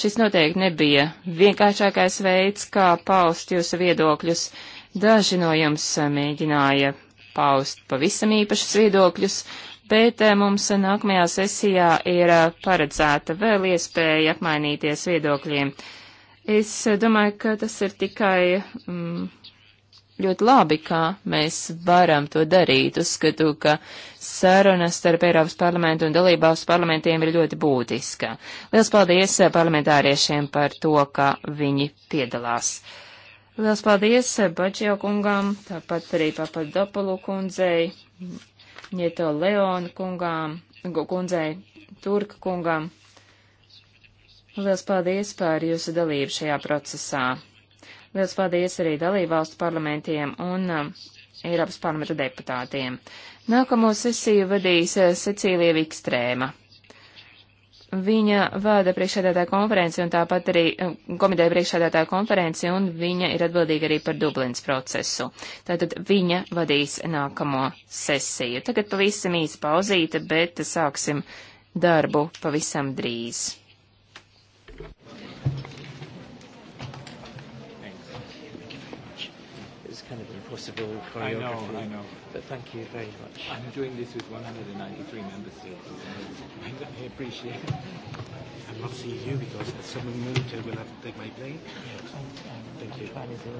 Šis noteikti nebija vienkāršākais veids, kā paust jūsu viedokļus. Daži no jums mēģināja paust pavisam īpašus viedokļus, bet eh, mums nākamajā sesijā ir eh, paredzēta vēl iespēja apmainīties viedokļiem. Es eh, domāju, ka tas ir tikai. Mm, ļoti labi, kā mēs varam to darīt. Uzskatu, ka sarunas starp Eiropas parlamentu un dalībvalstu parlamentiem ir ļoti būtiska. Liels paldies parlamentāriešiem par to, ka viņi piedalās. Liels paldies Baģio kungām, tāpat arī Papadopulu kundzei, Nieto Leonu kungām, kundzei, Turka kungām. Liels paldies par jūsu dalību šajā procesā. Liels paldies arī dalībvalstu parlamentiem un um, Eiropas parlamenta deputātiem. Nākamo sesiju vadīs uh, Cecīlija Vikstrēma. Viņa vada priekšsēdētāja konferenci un tāpat arī um, komiteja priekšsēdētāja konferenci un viņa ir atbildīga arī par Dublins procesu. Tātad viņa vadīs nākamo sesiju. Tagad pavisam īsa pauzīte, bet sāksim darbu pavisam drīz. impossible choreography. I know, I know. But thank you very much. I'm doing this with 193 member states. And I appreciate it. I'm not seeing you because someone moved to will have to take my plane. Yes. Um, thank you.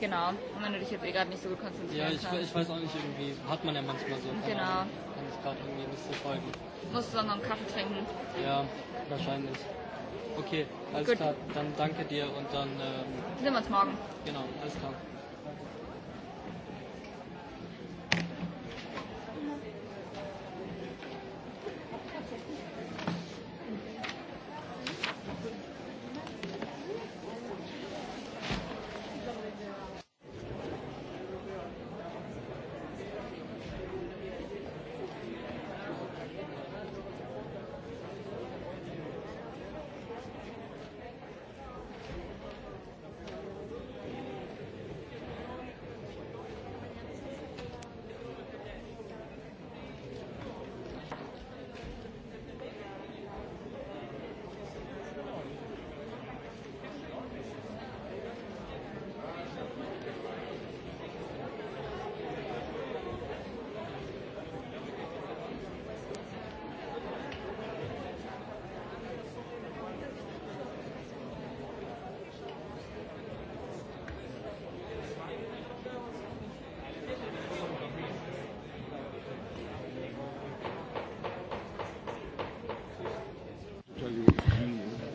Genau. Und wenn du dich jetzt eh gerade nicht so gut konzentrieren ja, ich, kannst. ich weiß auch nicht, irgendwie hat man ja manchmal so. Genau. Ahnung, kann ich gerade irgendwie nicht so folgen. Musst du dann noch einen Kaffee trinken? Ja, wahrscheinlich. Okay, alles gut. klar. Dann danke dir und dann. Ähm, Sehen wir uns morgen. Genau, alles klar.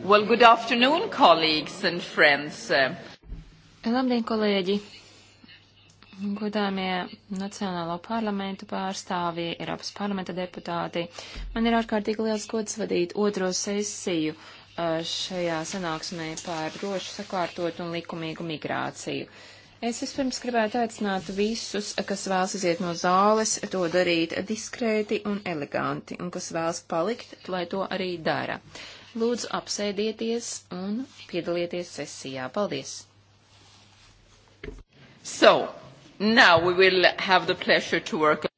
Well, good afternoon, colleagues and friends. Labdien, kolēģi! Godāmie Nacionālo parlamentu pārstāvji, Eiropas parlamenta deputāti, man ir ārkārtīgi liels gods vadīt otro sesiju uh, šajā sanāksmē par drošu, sakārtotu un likumīgu migrāciju. Es vispirms gribētu aicināt visus, kas vēlas iziet no zāles, to darīt diskrēti un eleganti, un kas vēlas palikt, lai to arī dara. Uh, Lūdzu, apsēdieties un piedalieties sesijā. Paldies! So, now we will have the pleasure to work.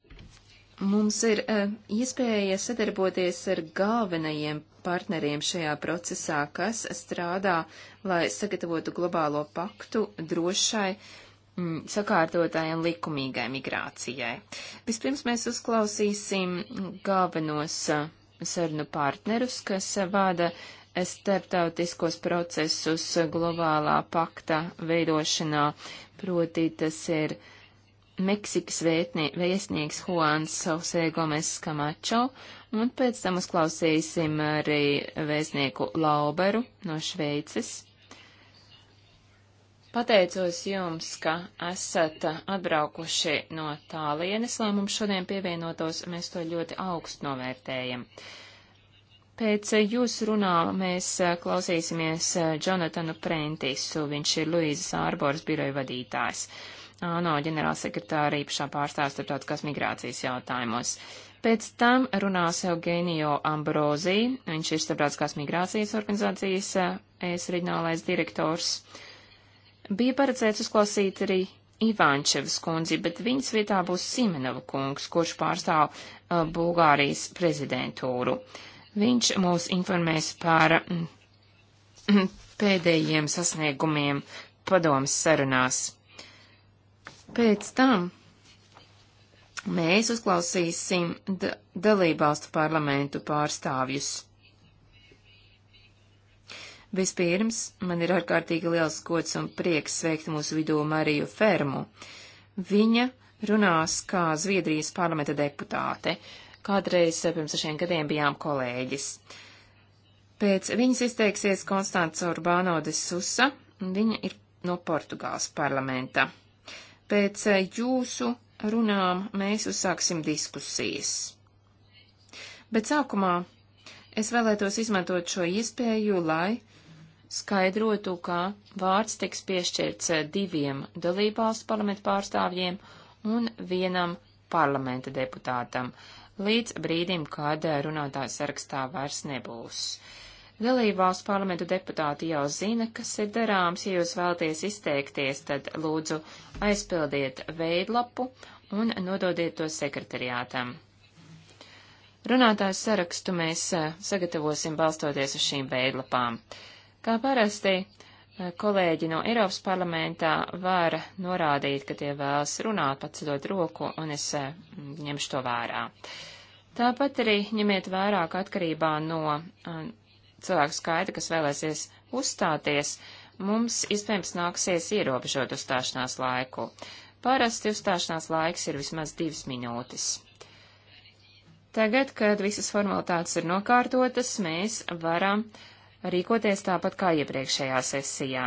Mums ir uh, iespēja sadarboties ar galvenajiem partneriem šajā procesā, kas strādā, lai sagatavotu globālo paktu drošai, mm, sakārtotāji un likumīgai migrācijai. Vispirms mēs uzklausīsim galvenos uh, sarunu partnerus, kas vada starptautiskos procesus globālā pakta veidošanā, proti tas ir Meksikas vētnie, vēstnieks Juans Jose Gomes Camacho, un pēc tam uzklausīsim arī vēstnieku Lauberu no Šveices. Pateicos jums, ka esat atbraukuši no tālienes, lai mums šodien pievienotos, mēs to ļoti augstu novērtējam. Pēc jūsu runā mēs klausīsimies Jonatanu Prentisu, viņš ir Luīzes Ārboras biroja vadītājs. ANO ģenerālsekretāra īpašā pārstāvja starptautiskās migrācijas jautājumos. Pēc tam runās Eugenio Ambrozī, viņš ir starptautiskās migrācijas organizācijas eh, es reģionālais direktors. Bija paredzēts uzklausīt arī Ivāņčevas kundzi, bet viņas vietā būs Simenova kungs, kurš pārstāv uh, Bulgārijas prezidentūru. Viņš mūs informēs par mm, [CLEARS THROAT] pēdējiem sasniegumiem padomas sarunās. Pēc tam mēs uzklausīsim dalībvalstu parlamentu pārstāvjus. Vispirms, man ir ārkārtīgi liels gods un prieks sveikt mūsu vidū Mariju Fermu. Viņa runās kā Zviedrijas parlamenta deputāte. Kādreiz eh, pirms sešiem gadiem bijām kolēģis. Pēc viņas izteiksies Konstants Urbāno de Susa, un viņa ir no Portugāles parlamenta. Pēc eh, jūsu runām mēs uzsāksim diskusijas. Bet sākumā es vēlētos izmantot šo iespēju, lai skaidrotu, ka vārds tiks piešķirts eh, diviem dalībvalstu parlamentu pārstāvjiem un vienam parlamenta deputātam, līdz brīdim, kad eh, runātājs sarakstā vairs nebūs. Dalībvalstu parlamentu deputāti jau zina, kas ir darāms, ja jūs vēlaties izteikties, tad lūdzu aizpildiet veidlapu un nododiet to sekretariātam. Runātājs sarakstu mēs eh, sagatavosim balstoties uz šīm veidlapām. Uh, Kā parasti, eh, kolēģi no Eiropas parlamentā var norādīt, ka tie vēlas runāt, paceļot roku, un es eh, ņemšu to vērā. Tāpat arī ņemiet vērā, ka atkarībā no eh, cilvēku skaita, kas vēlēsies uzstāties, mums iespējams nāksies ierobežot uzstāšanās laiku. Parasti uzstāšanās laiks ir vismaz divas minūtes. Tagad, kad visas formalitātes ir nokārtotas, mēs varam uh, rīkoties tāpat kā iepriekšējā sesijā.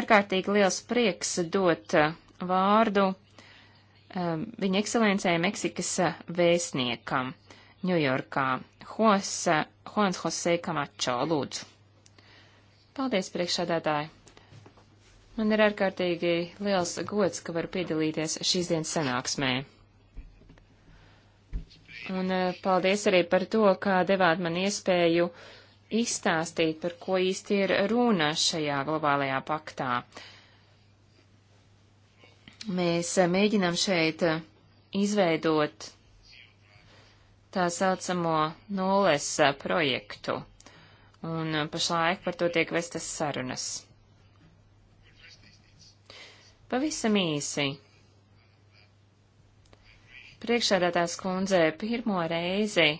Ārkārtīgi liels prieks dot eh, vārdu eh, viņa ekscelencei Meksikas eh, vēstniekam Ņujorkā, Juans Jose Camacho, lūdzu. Paldies, priekšādātāji! Man ir ārkārtīgi liels gods, ka varu piedalīties šīs dienas sanāksmē. Un paldies arī par to, kā devāt man iespēju uh, izstāstīt, par ko īsti ir runa šajā globālajā paktā. Mēs mēģinām šeit izveidot tā saucamo nulles projektu, un pašlaik par to tiek vestas sarunas. Pavisam īsi. Priekšādātās kundzē pirmo reizi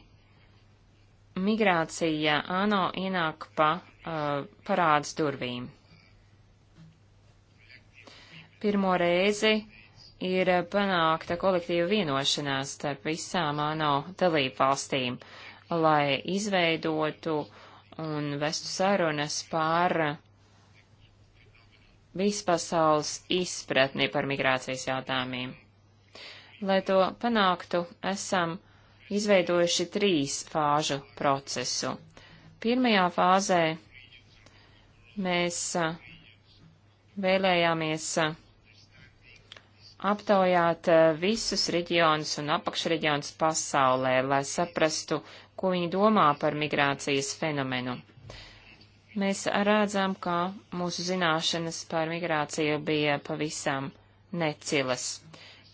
migrācija ANO ienāk pa uh, parādas durvīm. Pirmo reizi ir panākta kolektīva vienošanās starp visām ANO dalību valstīm, lai izveidotu un vestu sarunas pār vispasaules izpratni par migrācijas jautājumiem. Lai to panāktu, esam izveidojuši trīs fāžu procesu. Pirmajā fāzē mēs vēlējāmies aptaujāt visus reģionus un apakšreģionus pasaulē, lai saprastu, ko viņi domā par migrācijas fenomenu. Mēs redzam, ka mūsu zināšanas par migrāciju bija pavisam necilas.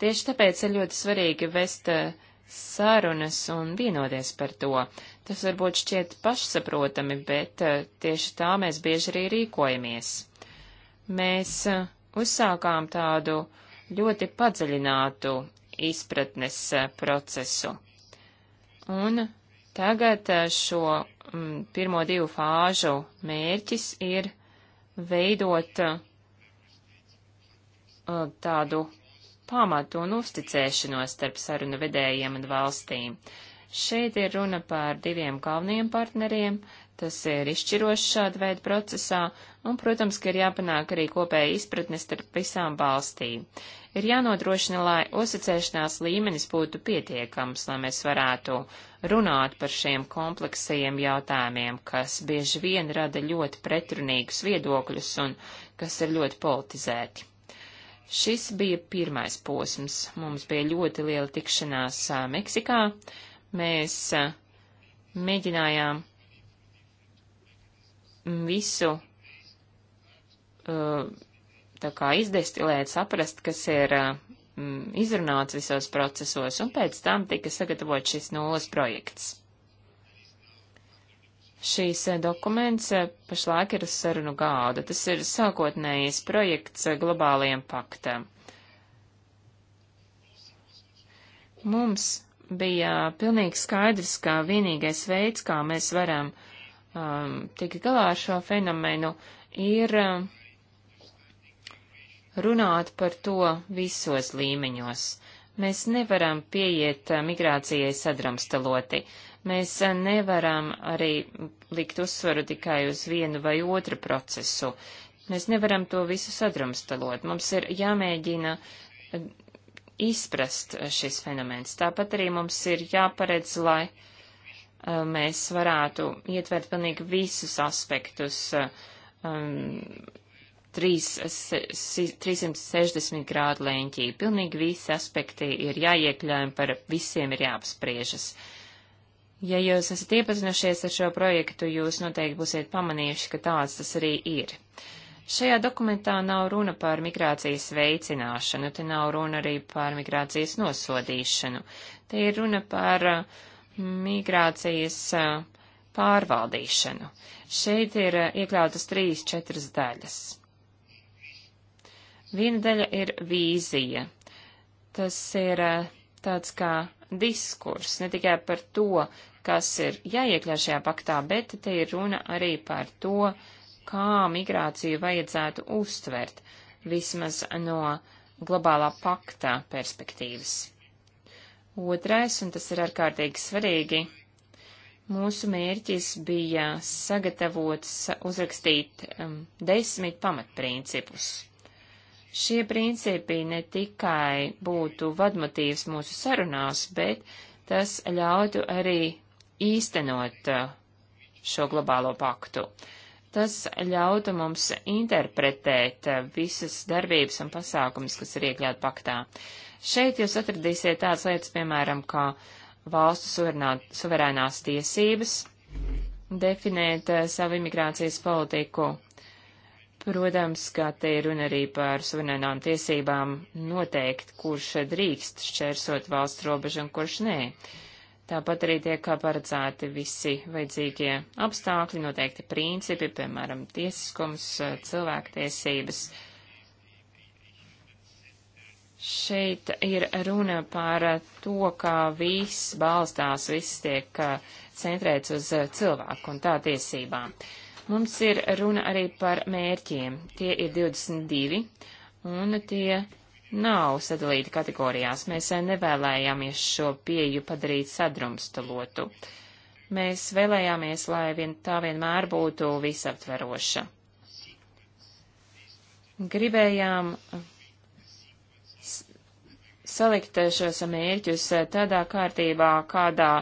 Tieši tāpēc ir ļoti svarīgi vest uh, sarunas un vienoties par to. Tas varbūt šķiet pašsaprotami, bet eh, tieši tā mēs bieži arī rīkojamies. Mēs eh, uzsākām tādu ļoti padziļinātu izpratnes eh, procesu. Un tagad šo m, mm, pirmo divu fāžu mērķis ir veidot tādu pamatu un uzticēšanos starp sarunu vedējiem un valstīm. Šeit ir runa par diviem galvenajiem partneriem, tas ir izšķirošs šāda veida procesā, un, protams, ka ir jāpanāk arī kopēja izpratne starp visām valstīm. Ir jānodrošina, lai uzticēšanās līmenis būtu pietiekams, lai mēs varētu runāt par šiem kompleksajiem jautājumiem, kas bieži vien rada ļoti pretrunīgus viedokļus un kas ir ļoti politizēti. Šis bija pirmais posms. Mums bija ļoti liela tikšanās a, Meksikā. Mēs a, mēģinājām visu a, tā kā izdestilēt, saprast, kas ir izrunāts visos procesos, un pēc tam tika sagatavot šis nulles projekts. Šīs eh, dokuments eh, pašlaik ir uz sarunu gāda. Tas ir sākotnējais projekts eh, globālajiem paktam. Mums bija pilnīgi skaidrs, ka vienīgais veids, kā mēs varam um, tikt galā ar šo fenomenu, ir um, runāt par to visos līmeņos. Mēs nevaram pieiet migrācijai sadrumstaloti. Mēs nevaram arī likt uzsvaru tikai uz vienu vai otru procesu. Mēs nevaram to visu sadrumstalot. Mums ir jāmēģina izprast šis fenomens. Tāpat arī mums ir jāparedz, lai uh, mēs varētu ietvert pilnīgi visus aspektus, uh, um, 360 grādu lēņķī. Pilnīgi visi aspekti ir jāiekļauj un par visiem ir jāapspriežas. Ja jūs esat iepazinušies ar šo projektu, jūs noteikti būsiet pamanījuši, ka tāds tas arī ir. Šajā dokumentā nav runa par migrācijas veicināšanu, te nav runa arī par migrācijas nosodīšanu. Te ir runa par uh, migrācijas uh, pārvaldīšanu. Šeit ir uh, iekļautas trīs, četras daļas. Viena daļa ir vīzija. Tas ir eh, tāds kā diskurs, ne tikai par to, kas ir jāiekļā šajā paktā, bet te ir runa arī par to, kā migrāciju vajadzētu uztvert, vismaz no globālā paktā perspektīvas. Otrais, un tas ir ārkārtīgi svarīgi, mūsu mērķis bija sagatavot, uzrakstīt um, desmit pamatprincipus. Šie principi ne tikai būtu vadmotīvs mūsu sarunās, bet tas ļautu arī īstenot uh, šo globālo paktu. Tas ļautu mums interpretēt uh, visas darbības un pasākumus, kas ir iekļaut paktā. Šeit jūs atradīsiet tādas lietas, piemēram, kā valstu suverēnās tiesības, definēt uh, savu imigrācijas politiku, Protams, kā te ir runa arī par suverēnām tiesībām noteikt, kurš drīkst šķērsot valsts robežu un kurš nē. Tāpat arī tiek paredzēti visi vajadzīgie apstākļi, noteikti principi, piemēram, tiesiskums, cilvēktiesības. Šeit ir runa par to, kā viss balstās, viss tiek uh, centrēts uz cilvēku un tā tiesībām. Uh, Mums ir runa arī par mērķiem. Tie ir 22, un tie nav sadalīti kategorijās. Mēs nevēlējāmies šo pieju padarīt sadrumstalotu. Mēs vēlējāmies, lai vien, tā vienmēr būtu visaptveroša. Gribējām salikt šos mērķus tādā kārtībā, kādā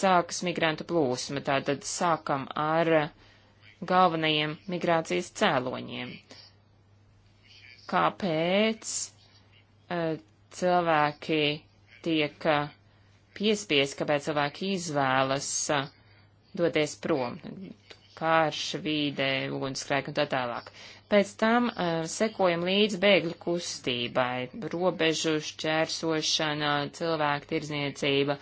sākas migrantu plūsma. Tātad sākam ar galvenajiem migrācijas cēloņiem. Kāpēc uh, cilvēki tiek uh, piespiesti, kāpēc cilvēki izvēlas uh, doties prom? Karš, vīde, ugunskrēk un tā tālāk. Pēc tam uh, sekojam līdz bēgļu kustībai, robežu šķērsošana, cilvēku tirzniecība,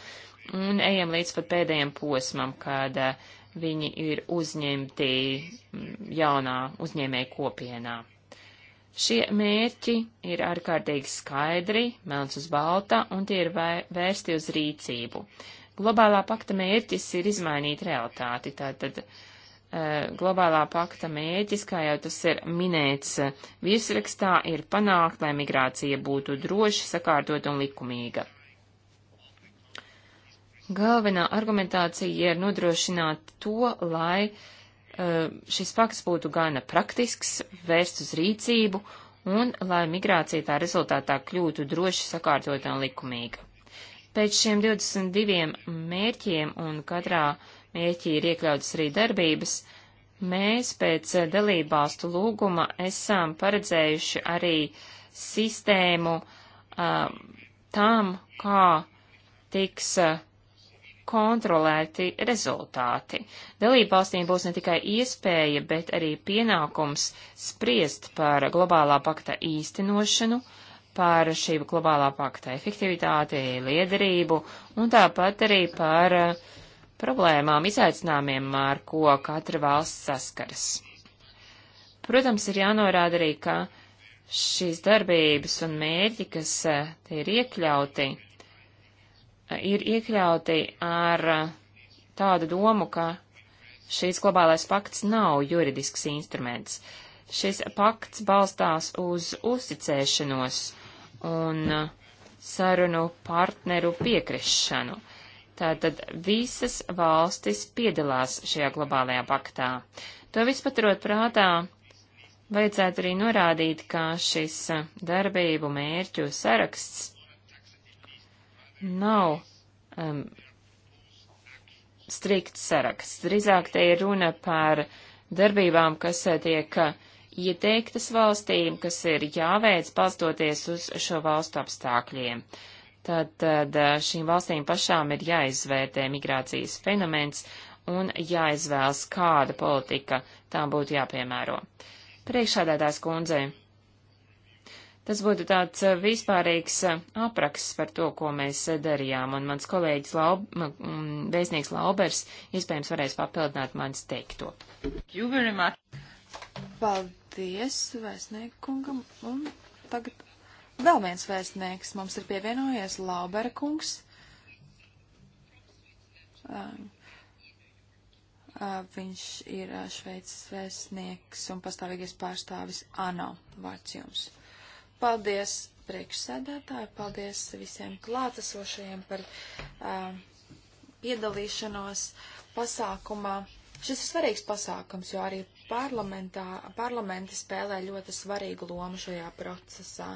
un ejam līdz pat pēdējiem posmam, kad uh, viņi ir uzņemti mm, jaunā uzņēmēja kopienā. Šie mērķi ir ārkārtīgi skaidri, melns uz balta, un tie ir vērsti uz rīcību. Globālā pakta mērķis ir izmainīt realitāti, tātad e, globālā pakta mērķis, kā jau tas ir minēts eh, virsrakstā, ir panākt, lai migrācija būtu droši, sakārtot un likumīga. Galvenā argumentācija ir nodrošināt to, lai e, šis fakts būtu gana praktisks, vērst uz rīcību un lai migrācija tā rezultātā kļūtu droši sakārtotā un likumīga. Pēc šiem 22 mērķiem un katrā mērķī ir iekļautas arī darbības, mēs pēc dalībvalstu lūguma esam paredzējuši arī sistēmu uh, tam, kā tiks uh, kontrolēti rezultāti. Dalībvalstīm būs ne tikai iespēja, bet arī pienākums spriest par globālā pakta īstenošanu, par šī globālā pakta efektivitāti, liederību un tāpat arī par eh, problēmām, izaicinājumiem, ar ko katra valsts saskaras. Protams, ir jānorāda arī, ka šīs darbības un mērķi, kas eh, te ir iekļauti, ir iekļauti ar uh, tādu domu, ka šīs globālais pakts nav juridisks instruments. Šis pakts balstās uz uzticēšanos un uh, sarunu partneru piekrišanu. Tātad visas valstis piedalās šajā globālajā paktā. To vispaturot prātā, vajadzētu arī norādīt, ka šis uh, darbību mērķu saraksts nav um, strikts saraksts. Drīzāk te ir runa par darbībām, kas uh, tiek uh, ieteiktas valstīm, kas ir jāveic balstoties uz šo valstu apstākļiem. Tad, tad uh, šīm valstīm pašām ir jāizvērtē migrācijas fenomens un jāizvēlas, kāda politika tām būtu jāpiemēro. Priekšādētājs kundzei. Tas būtu tāds eh, vispārīgs eh, apraksts par to, ko mēs eh, darījām, un mans kolēģis Laub, Vēstnieks Laubers iespējams varēs papildināt manis teikto. Paldies vēstniekungam, un tagad vēl viens vēstnieks mums ir pievienojies Laubera kungs. Viņš ir Šveices vēstnieks un pastāvīgais pārstāvis ANO. Vārds jums. Paldies priekšsēdētāji, paldies visiem klātesošajiem par uh, piedalīšanos pasākumā. Šis ir svarīgs pasākums, jo arī parlamenti spēlē ļoti svarīgu lomu šajā procesā.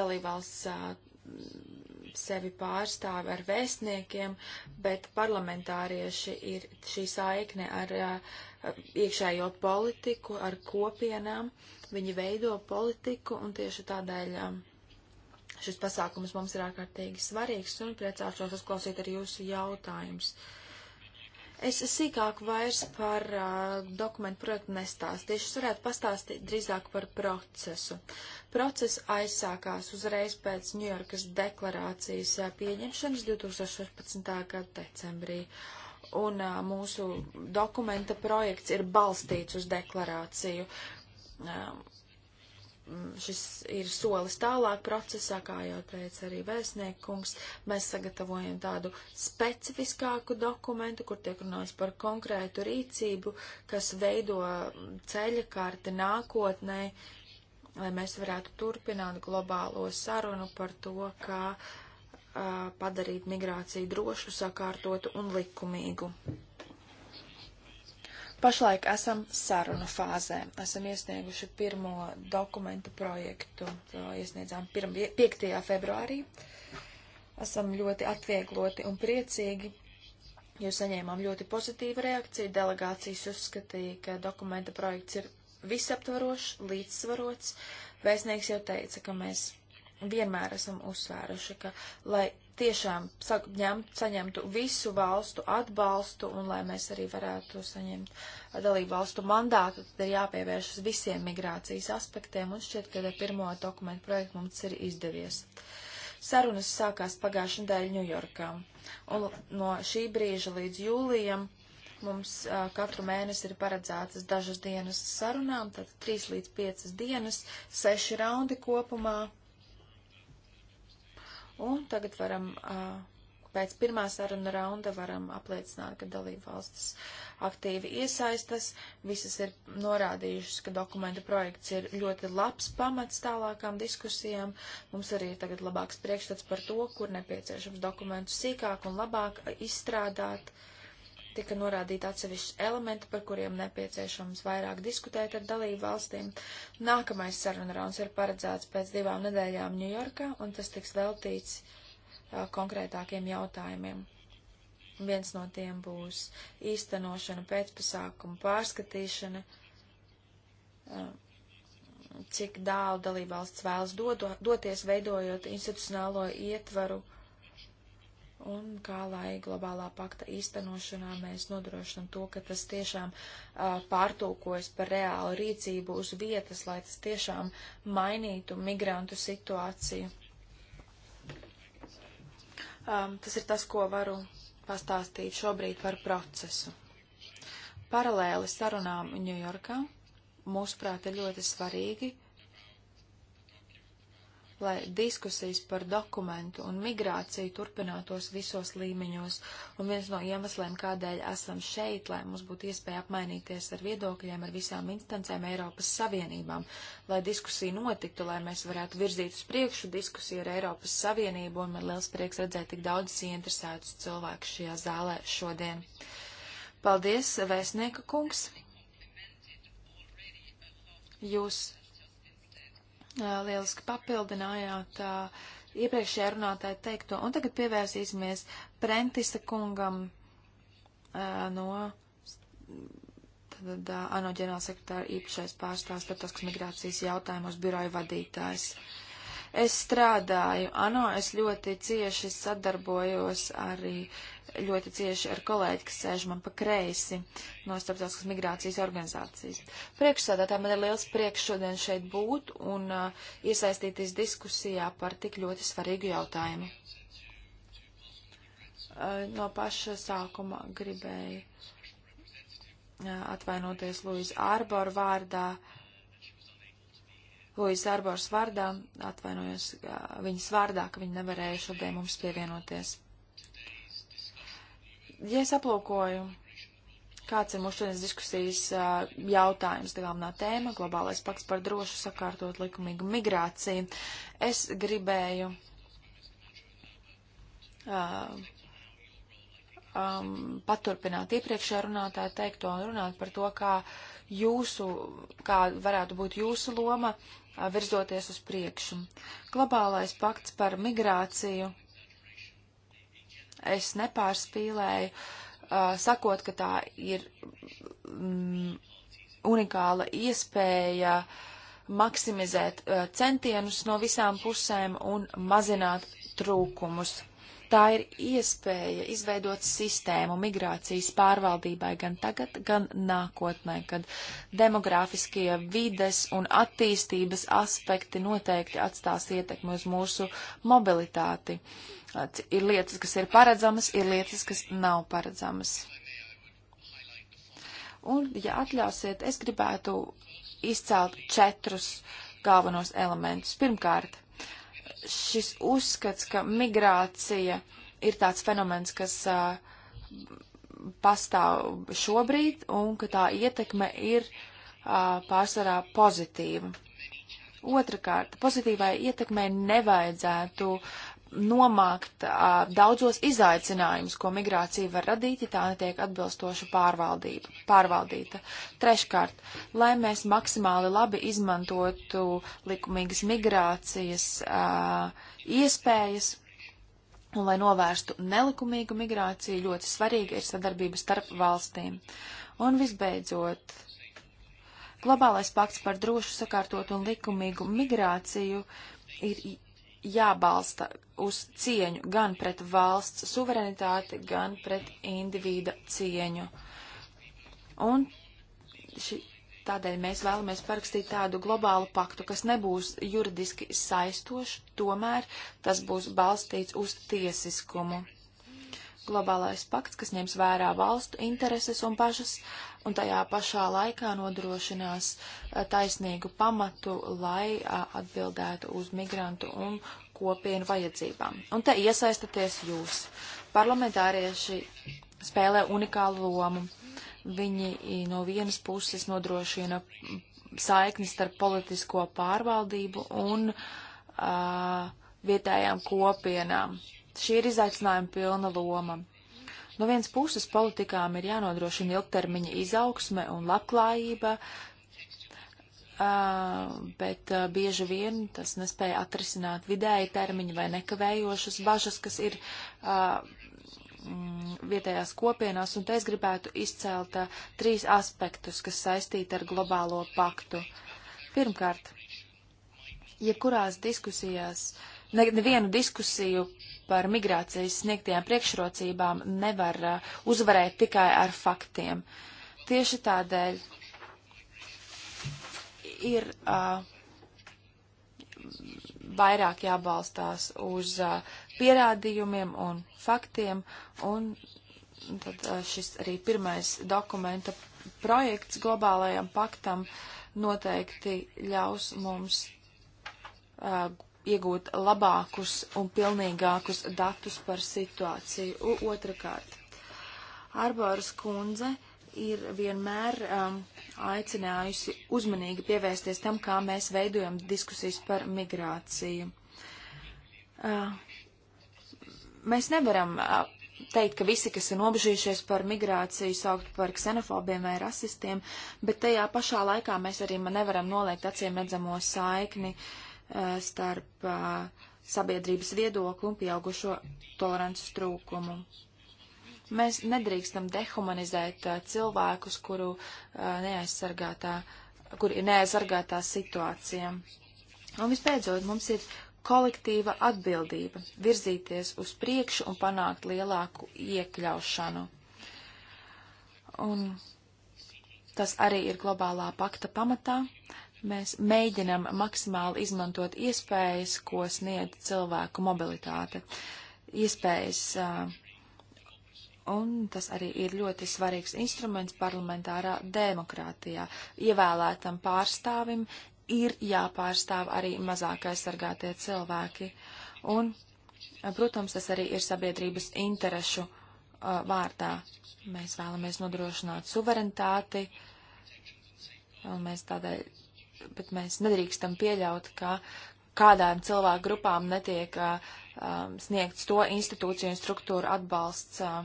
Dalībvalsts uh, sevi pārstāvi ar vēstniekiem, bet parlamentārieši ir šī saikne ar, ar iekšējo politiku, ar kopienām, Viņi veido politiku un tieši tādēļ um, šis pasākums mums ir ārkārtīgi svarīgs un priecāšos uzklausīt arī jūsu jautājumus. Es sīkāk vairs par uh, dokumentu projektu nestāstīšu. Es varētu pastāstīt drīzāk par procesu. Process aizsākās uzreiz pēc Ņujorkas deklarācijas uh, pieņemšanas 2016. gada decembrī. Un uh, mūsu dokumenta projekts ir balstīts uz deklarāciju šis ir solis tālāk procesā, kā jau teica arī vēstniekums. Mēs sagatavojam tādu specifiskāku dokumentu, kur tiek runāts par konkrētu rīcību, kas veido ceļa karti nākotnē, lai mēs varētu turpināt globālo sarunu par to, kā uh, padarīt migrāciju drošu, sakārtotu un likumīgu. Pašlaik esam sarunu fāzē. Esam iesnieguši pirmo dokumentu projektu. To iesniedzām 5. februārī. Esam ļoti atviegloti un priecīgi, jo saņēmām ļoti pozitīvu reakciju. Delegācijas uzskatīja, ka dokumenta projekts ir visaptvarošs, līdzsvarots. Vēstnieks jau teica, ka mēs vienmēr esam uzsvēruši, ka, lai tiešām ņemt, saņemtu visu valstu atbalstu un lai mēs arī varētu saņemt dalību valstu mandātu, tad ir jāpievēršas visiem migrācijas aspektiem un šķiet, ka ar pirmo dokumentu projektu mums ir izdevies. Sarunas sākās pagājušajā nedēļā Ņujorkā un no šī brīža līdz jūlijam mums uh, katru mēnesi ir paredzētas dažas dienas sarunām, tad 3 līdz 5 dienas, 6 raundi kopumā Un tagad varam, pēc pirmā saruna raunda varam apliecināt, ka dalība valstis aktīvi iesaistas. Visas ir norādījušas, ka dokumenta projekts ir ļoti labs pamats tālākām diskusijām. Mums arī ir tagad labāks priekšstats par to, kur nepieciešams dokumentus sīkāk un labāk izstrādāt. Uh, tika norādīti atsevišķi elementi, par kuriem nepieciešams vairāk diskutēt ar dalību valstīm. Nākamais sarunrauns ir paredzēts pēc divām nedēļām Ņujorkā, un tas tiks veltīts uh, konkrētākiem jautājumiem. Viens no tiem būs īstenošana, pēcpasākuma pārskatīšana, uh, cik dālu dalībvalsts vēlas dodo, doties, veidojot institucionālo ietvaru un kā lai globālā pakta īstenošanā mēs nodrošinam to, ka tas tiešām uh, pārtūkojas par reālu rīcību uz vietas, lai tas tiešām mainītu migrantu situāciju. Um, tas ir tas, ko varu pastāstīt šobrīd par procesu. Paralēli sarunām Ņujorkā, mūsuprāt, ir ļoti svarīgi lai diskusijas par dokumentu un migrāciju turpinātos visos līmeņos, un viens no iemesliem, kādēļ esam šeit, lai mums būtu iespēja apmainīties ar viedokļiem ar visām instancēm Eiropas Savienībām, lai diskusija notiktu, lai mēs varētu virzīt uz priekšu diskusiju ar Eiropas Savienību, un man liels prieks redzēt tik daudzus ieinteresētus cilvēkus šajā zālē šodien. Paldies, vēstnieka kungs! Jūs lieliski papildinājāt iepriekšējā runātāja teikto. Un tagad pievērsīsimies Prentisa kungam no tad, ANO ģenerālsekretāra īpašais pārstāvs starptautiskas migrācijas jautājumos biroja vadītājs. Es strādāju ANO, es ļoti cieši sadarbojos arī ļoti cieši ar kolēģi, kas sēž man pa kreisi no starptautiskas migrācijas organizācijas. Priekšsādātā man ir liels prieks šodien šeit būt un uh, iesaistīties diskusijā par tik ļoti svarīgu jautājumu. Uh, no paša sākuma gribēju uh, atvainoties Luisa Ārboru vārdā. Luisa Ārbors vārdā atvainojos uh, viņas vārdā, ka viņa nevarēja šodien mums pievienoties. Ja es aplūkoju, kāds ir mūsu šodienas diskusijas jautājums, galvenā tēma - globālais pakts par drošu sakārtot likumīgu migrāciju, es gribēju. Uh, um, paturpināt iepriekšējā runātāja teikto un runāt par to, kā jūsu, kā varētu būt jūsu loma uh, virzoties uz priekšu. Globālais pakts par migrāciju Es nepārspīlēju, uh, sakot, ka tā ir mm, unikāla iespēja maksimizēt uh, centienus no visām pusēm un mazināt trūkumus. Tā ir iespēja izveidot sistēmu migrācijas pārvaldībai gan tagad, gan nākotnē, kad demografiskie vides un attīstības aspekti noteikti atstās ietekmi uz mūsu mobilitāti. Uh, Ir lietas, kas ir paredzamas, ir lietas, kas nav paredzamas. Un, ja atļausiet, es gribētu izcelt četrus galvenos elementus. Pirmkārt, šis uzskats, ka migrācija ir tāds fenomens, kas uh, pastāv šobrīd un ka tā ietekme ir uh, pārsvarā pozitīva. Otrakārt, pozitīvai ietekmei nevajadzētu nomākt uh, daudzos izaicinājumus, ko migrācija var radīt, ja tā netiek atbilstoši pārvaldīta. Treškārt, lai mēs maksimāli labi izmantotu likumīgas migrācijas uh, iespējas un lai novērstu nelikumīgu migrāciju, ļoti svarīga ir sadarbība starp valstīm. Un visbeidzot, globālais pakts par drošu, sakārtotu un likumīgu migrāciju ir jābalsta uz cieņu gan pret valsts suverenitāti, gan pret individa cieņu. Un ši, tādēļ mēs vēlamies parakstīt tādu globālu paktu, kas nebūs juridiski saistošs, tomēr tas būs balstīts uz tiesiskumu. Globālais pakts, kas ņems vērā valstu intereses un pašas un tajā pašā laikā nodrošinās eh, taisnīgu pamatu, lai atbildētu uz migrantu un kopienu vajadzībām. Un te iesaistaties jūs. Parlamentārieši spēlē unikālu lomu. Viņi no vienas puses nodrošina saikni starp politisko pārvaldību un uh, vietējām kopienām. Šī ir izaicinājuma pilna loma. No vienas puses politikām ir jānodrošina ilgtermiņa izaugsme un labklājība, bet bieži vien tas nespēja atrisināt vidēji termiņi vai nekavējošas bažas, kas ir mm, vietējās kopienās, un te es gribētu izcelt trīs aspektus, kas saistīti ar globālo paktu. Pirmkārt, jebkurās diskusijās, ne, nevienu diskusiju par migrācijas sniegtajām priekšrocībām nevar uh, uzvarēt tikai ar faktiem. Tieši tādēļ ir uh, vairāk jābalstās uz uh, pierādījumiem un faktiem, un tad uh, šis arī pirmais dokumenta projekts globālajam paktam noteikti ļaus mums uh, iegūt labākus un pilnīgākus datus par situāciju. Otrakārt, Arboras kundze ir vienmēr um, aicinājusi uzmanīgi pievērsties tam, kā mēs veidojam diskusijas par migrāciju. Uh, mēs nevaram uh, teikt, ka visi, kas ir nobežījušies par migrāciju, saukt par ksenofobiem vai rasistiem, bet tajā pašā laikā mēs arī nevaram noliegt acīm redzamo saikni uh, Eh, starp eh, sabiedrības viedokli un pieaugušo tolerances trūkumu. Mēs nedrīkstam dehumanizēt eh, cilvēkus, kuru neaizsargātā, kur ir neaizsargātā situācija. Un visbeidzot, mums ir kolektīva atbildība virzīties uz priekšu un panākt lielāku iekļaušanu. Un tas arī ir globālā pakta pamatā. Mēs mēģinam maksimāli izmantot iespējas, ko sniedz cilvēku mobilitāte. Iespējas uh, Un tas arī ir ļoti svarīgs instruments parlamentārā demokrātijā. Ievēlētam pārstāvim ir jāpārstāv arī mazāk aizsargātie cilvēki. Un, protams, tas arī ir sabiedrības interešu uh, vārtā. Mēs vēlamies nodrošināt suverenitāti, un mēs tādēļ bet mēs nedrīkstam pieļaut, ka kādām cilvēku grupām netiek um, sniegts to institūciju un struktūru atbalsts, uh,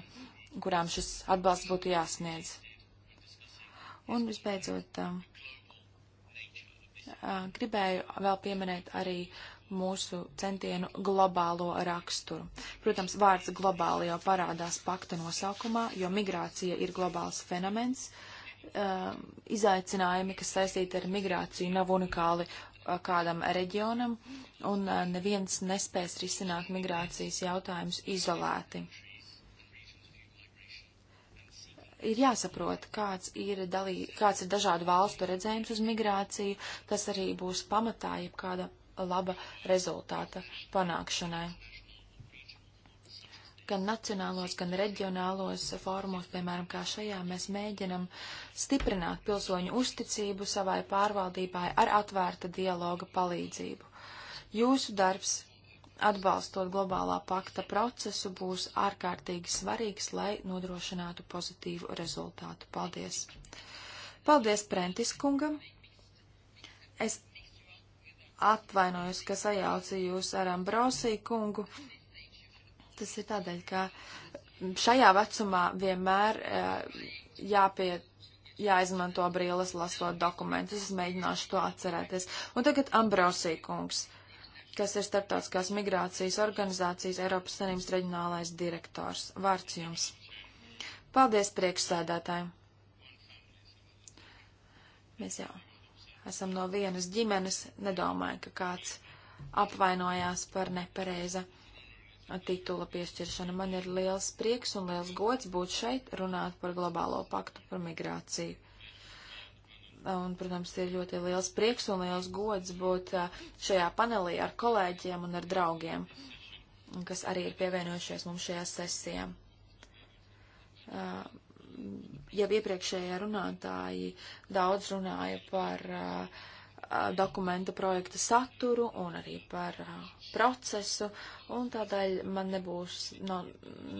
kurām šis atbalsts būtu jāsniedz. Un visbeidzot, um, uh, gribēju vēl pieminēt arī mūsu centienu globālo raksturu. Protams, vārds globāli jau parādās pakta nosaukumā, jo migrācija ir globāls fenomens. Uh, um, izaicinājumi, kas saistīti ar migrāciju, nav unikāli uh, kādam reģionam, un uh, neviens nespēs risināt migrācijas jautājumus izolēti. Ir jāsaprot, kāds ir, dalī, kāds ir dažādu valstu redzējums uz migrāciju, tas arī būs pamatā jebkāda laba rezultāta panākšanai gan nacionālos, gan reģionālos fórumos, piemēram, kā šajā, mēs mēģinam stiprināt pilsoņu uzticību savai pārvaldībai ar atvērta dialoga palīdzību. Jūsu darbs, atbalstot globālā pakta procesu, būs ārkārtīgi svarīgs, lai nodrošinātu pozitīvu rezultātu. Paldies! Paldies Prentis kungam! Es atvainojos, ka sajaucu jūs ar Ambrosī kungu. Tas ir tādēļ, ka šajā vecumā vienmēr eh, jāpie, jāizmanto brīles lasot dokumentus. Es mēģināšu to atcerēties. Un tagad Ambrosī kungs, kas ir starptautiskās migrācijas organizācijas Eiropas Sanības reģionālais direktors. Vārds jums. Paldies priekšsēdētājiem. Mēs jau esam no vienas ģimenes, nedomāju, ka kāds apvainojās par nepareiza titula piešķiršanu. Man ir liels prieks un liels gods būt šeit, runāt par globālo paktu par migrāciju. Un, protams, ir ļoti liels prieks un liels gods būt šajā panelī ar kolēģiem un ar draugiem, kas arī ir pievienojušies mums šajā sesijā. Jau iepriekšējie runātāji daudz runāja par uh, dokumenta projekta saturu un arī par uh, procesu, un tādēļ man nebūs, no,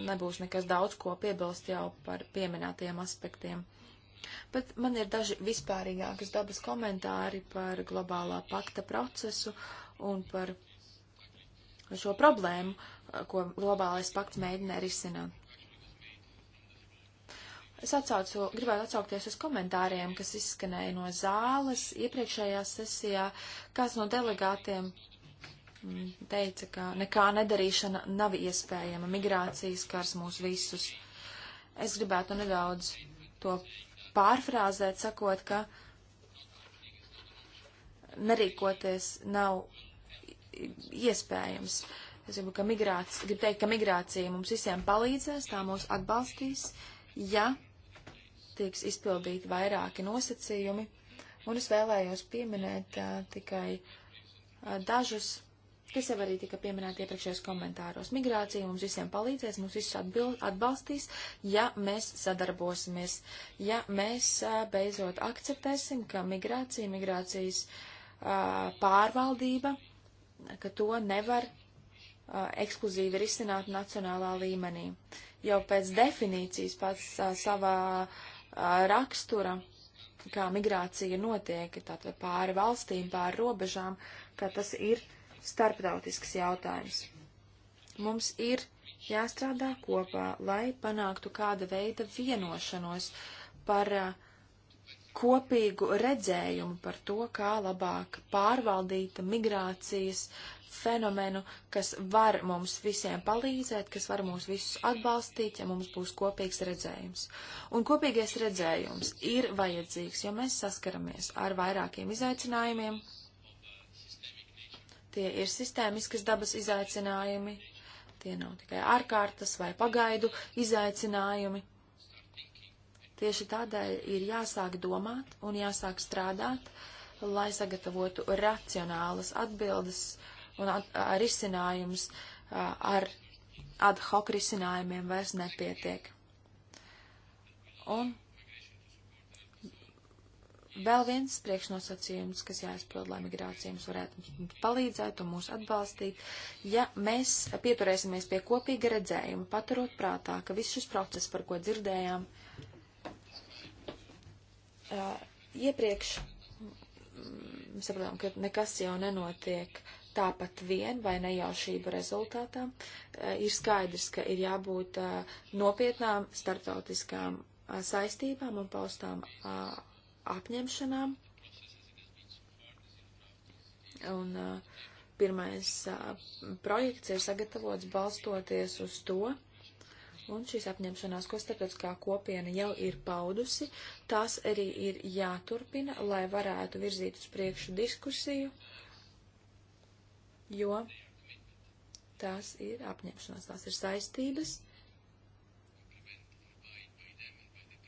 nebūs nekas daudz ko piebilst jau par pieminētajiem aspektiem. Bet man ir daži vispārīgākas dabas komentāri par globālā pakta procesu un par šo problēmu, ko globālais pakts mēģina risināt. Es atsaucu, gribētu atsaukties uz komentāriem, kas izskanēja no zāles iepriekšējā sesijā. Kāds no delegātiem mm, teica, ka nekā nedarīšana nav iespējama. Migrācijas kars mūs visus. Es gribētu nedaudz to pārfrāzēt, sakot, ka nerīkoties nav iespējams. Es gribu, ka migrācija, gribu teikt, ka migrācija mums visiem palīdzēs, tā mūs atbalstīs, ja tiks izpildīti vairāki nosacījumi, un es vēlējos pieminēt uh, tikai uh, dažus, kas jau arī tika pieminēti iepriekšējos komentāros. Migrācija mums visiem palīdzēs, mums visus atbild, atbalstīs, ja mēs sadarbosimies, ja mēs uh, beidzot akceptēsim, ka migrācija, migrācijas uh, pārvaldība, ka to nevar ekskluzīvi risināt nacionālā līmenī. Jau pēc definīcijas pats savā rakstura, kā migrācija notiek, tātad pāri valstīm, pāri robežām, ka tas ir starptautisks jautājums. Mums ir jāstrādā kopā, lai panāktu kāda veida vienošanos par uh, kopīgu redzējumu par to, kā labāk pārvaldīt migrācijas uh, fenomenu, kas var mums visiem palīdzēt, kas var mūs visus atbalstīt, ja mums būs kopīgs redzējums. Un kopīgais redzējums ir vajadzīgs, jo mēs saskaramies ar vairākiem izaicinājumiem. Tie ir sistēmiskas dabas izaicinājumi, tie nav tikai ārkārtas vai pagaidu izaicinājumi. Tieši tādēļ ir jāsāk domāt un jāsāk strādāt, lai sagatavotu racionālas atbildes uh, un at, ar risinājums ar ad hoc risinājumiem vairs nepietiek. Un vēl viens priekšnosacījums, kas jāizprot, lai migrācija mums varētu palīdzēt un mūs atbalstīt, ja mēs pieturēsimies pie kopīga redzējuma, paturot prātā, ka viss šis process, par ko dzirdējām, iepriekš saprotam, ka nekas jau nenotiek uh, Tāpat vien vai nejaušību rezultātā eh, ir skaidrs, ka ir jābūt eh, nopietnām starptautiskām eh, saistībām un paustām apņemšanām. Un pirmais projekts ir sagatavots balstoties uz to, Un šīs apņemšanās, ko starptautiskā kopiena jau ir paudusi, tās arī ir jāturpina, lai varētu virzīt uz priekšu diskusiju jo tās ir apņemšanās, tās ir saistības.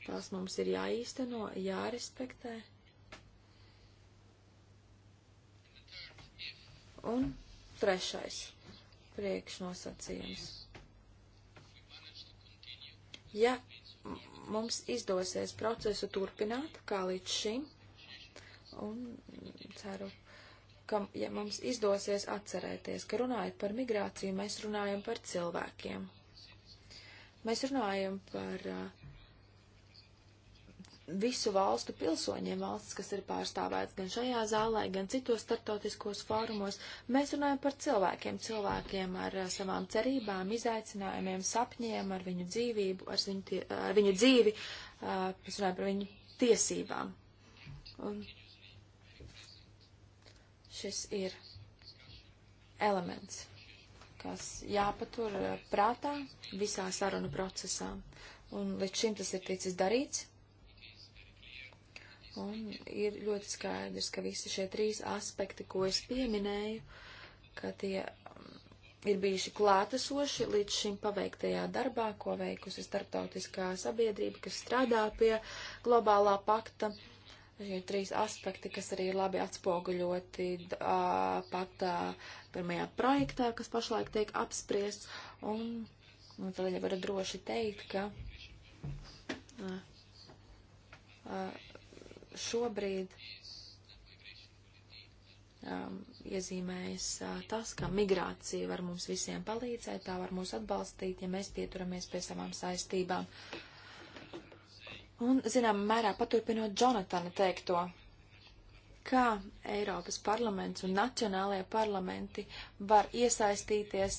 Tās mums ir jāīsteno, jārespektē. Un trešais priekšnosacījums. Ja mums izdosies procesu turpināt kā līdz šim, un ceru, ka ka, ja mums izdosies atcerēties, ka runājot par migrāciju, mēs runājam par cilvēkiem. Mēs runājam par uh, visu valstu pilsoņiem, valsts, kas ir pārstāvēts gan šajā zālē, gan citos startautiskos fórumos. Mēs runājam par cilvēkiem, cilvēkiem ar uh, savām cerībām, izaicinājumiem, sapņiem, ar viņu dzīvību, ar viņu, tie, ar viņu dzīvi, uh, mēs runājam par viņu tiesībām. Un Šis ir elements, kas jāpatur prātā visā sarunu procesā. Un līdz šim tas ir ticis darīts. Un ir ļoti skaidrs, ka visi šie trīs aspekti, ko es pieminēju, ka tie mm, ir bijuši klātesoši līdz šim paveiktajā darbā, ko veikusi starptautiskā sabiedrība, kas strādā pie globālā pakta ir trīs aspekti, kas arī labi atspoguļoti uh, pat uh, pirmajā projektā, kas pašlaik tiek apspriests. Un, un tad jau var droši teikt, ka uh, uh, šobrīd um, iezīmējas uh, tas, ka migrācija var mums visiem palīdzēt, tā var mūs atbalstīt, ja mēs pieturamies pie savām saistībām. Uh, Un, zinām, mērā paturpinot Jonatana teikto, kā Eiropas parlaments un nacionālajie parlamenti var iesaistīties.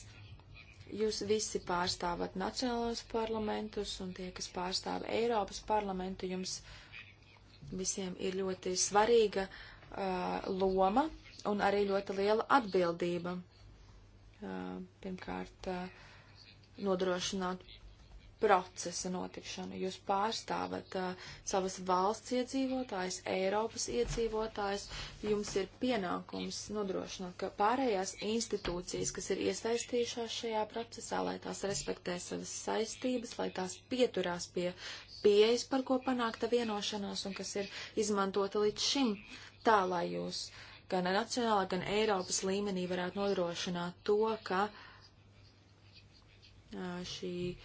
Jūs visi pārstāvat nacionālos parlamentus, un tie, kas pārstāv Eiropas parlamentu, jums visiem ir ļoti svarīga uh, loma un arī ļoti liela atbildība. Uh, pirmkārt, uh, nodrošināt procesa notikšanu. Jūs pārstāvat uh, savas valsts iedzīvotājs, Eiropas iedzīvotājs. Jums ir pienākums nodrošināt, ka pārējās institūcijas, kas ir iesaistījušās šajā procesā, lai tās respektē savas saistības, lai tās pieturās pie pieejas, par ko panākta vienošanās un kas ir izmantota līdz šim, tā lai jūs gan nacionālā, gan Eiropas līmenī varētu nodrošināt to, ka uh, šī uh,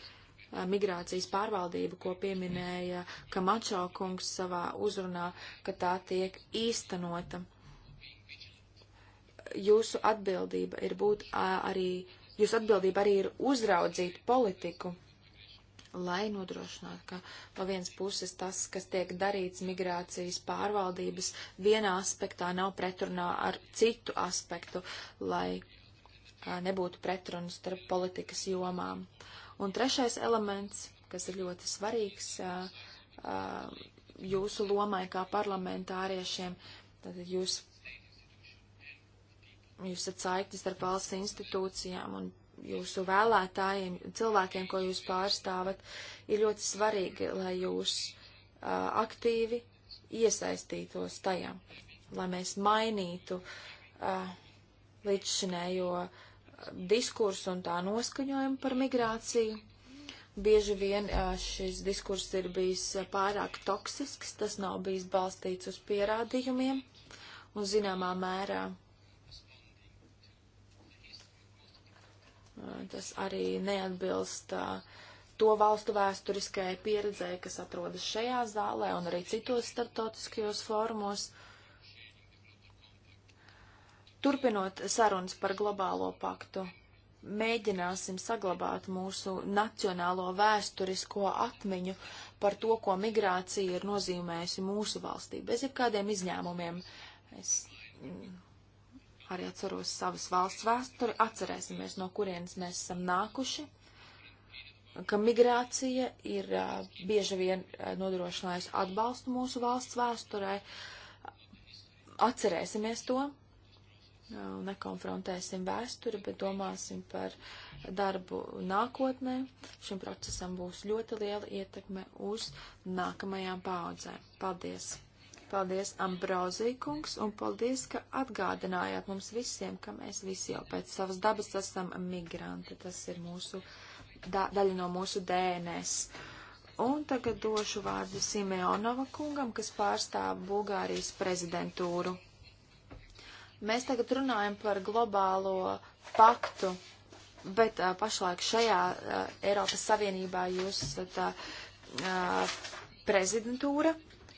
migrācijas pārvaldību, ko pieminēja Kamačo kungs savā uzrunā, ka tā tiek īstenota. Jūsu atbildība ir būt arī, jūsu atbildība arī ir uzraudzīt politiku, lai nodrošinātu, ka no vienas puses tas, kas tiek darīts migrācijas pārvaldības, vienā aspektā nav pretrunā ar citu aspektu, lai nebūtu pretrunu starp politikas jomām. Uh, Un trešais elements, kas ir ļoti svarīgs jūsu lomai kā parlamentāriešiem, tad jūs, jūs esat saiknis ar valsts institūcijām un jūsu vēlētājiem, cilvēkiem, ko jūs pārstāvat, ir ļoti svarīgi, lai jūs uh, aktīvi iesaistītos tajā, lai mēs mainītu uh, līdzšinējo uh, diskursu un tā noskaņojumu par migrāciju. Bieži vien šis diskurss ir bijis pārāk toksisks, tas nav bijis balstīts uz pierādījumiem un zināmā mērā. Tas arī neatbilst to valstu vēsturiskajai pieredzēji, kas atrodas šajā zālē un arī citos starptautiskajos formos. Uh, Turpinot sarunas par globālo paktu, mēģināsim saglabāt mūsu nacionālo vēsturisko atmiņu par to, ko migrācija ir nozīmējusi mūsu valstī, bez jebkādiem izņēmumiem. Es mm, arī atceros savas valsts vēsturi, atcerēsimies, no kurienes mēs esam nākuši, ka migrācija ir bieži vien nodrošinājusi atbalstu mūsu valsts vēsturē. Atcerēsimies to, nekonfrontēsim vēsturi, bet domāsim par darbu nākotnē. Šim procesam būs ļoti liela ietekme uz nākamajām paudzēm. Paldies! Paldies, Ambrozī kungs, un paldies, ka atgādinājāt mums visiem, ka mēs visi jau pēc savas dabas esam migranti. Tas ir mūsu, da, daļa no mūsu DNS. Un tagad došu vārdu Simeonova kungam, kas pārstāv Bulgārijas prezidentūru. Mēs tagad runājam par globālo paktu, bet uh, pašlaik šajā uh, Eiropas Savienībā jūs esat uh, prezidentūra.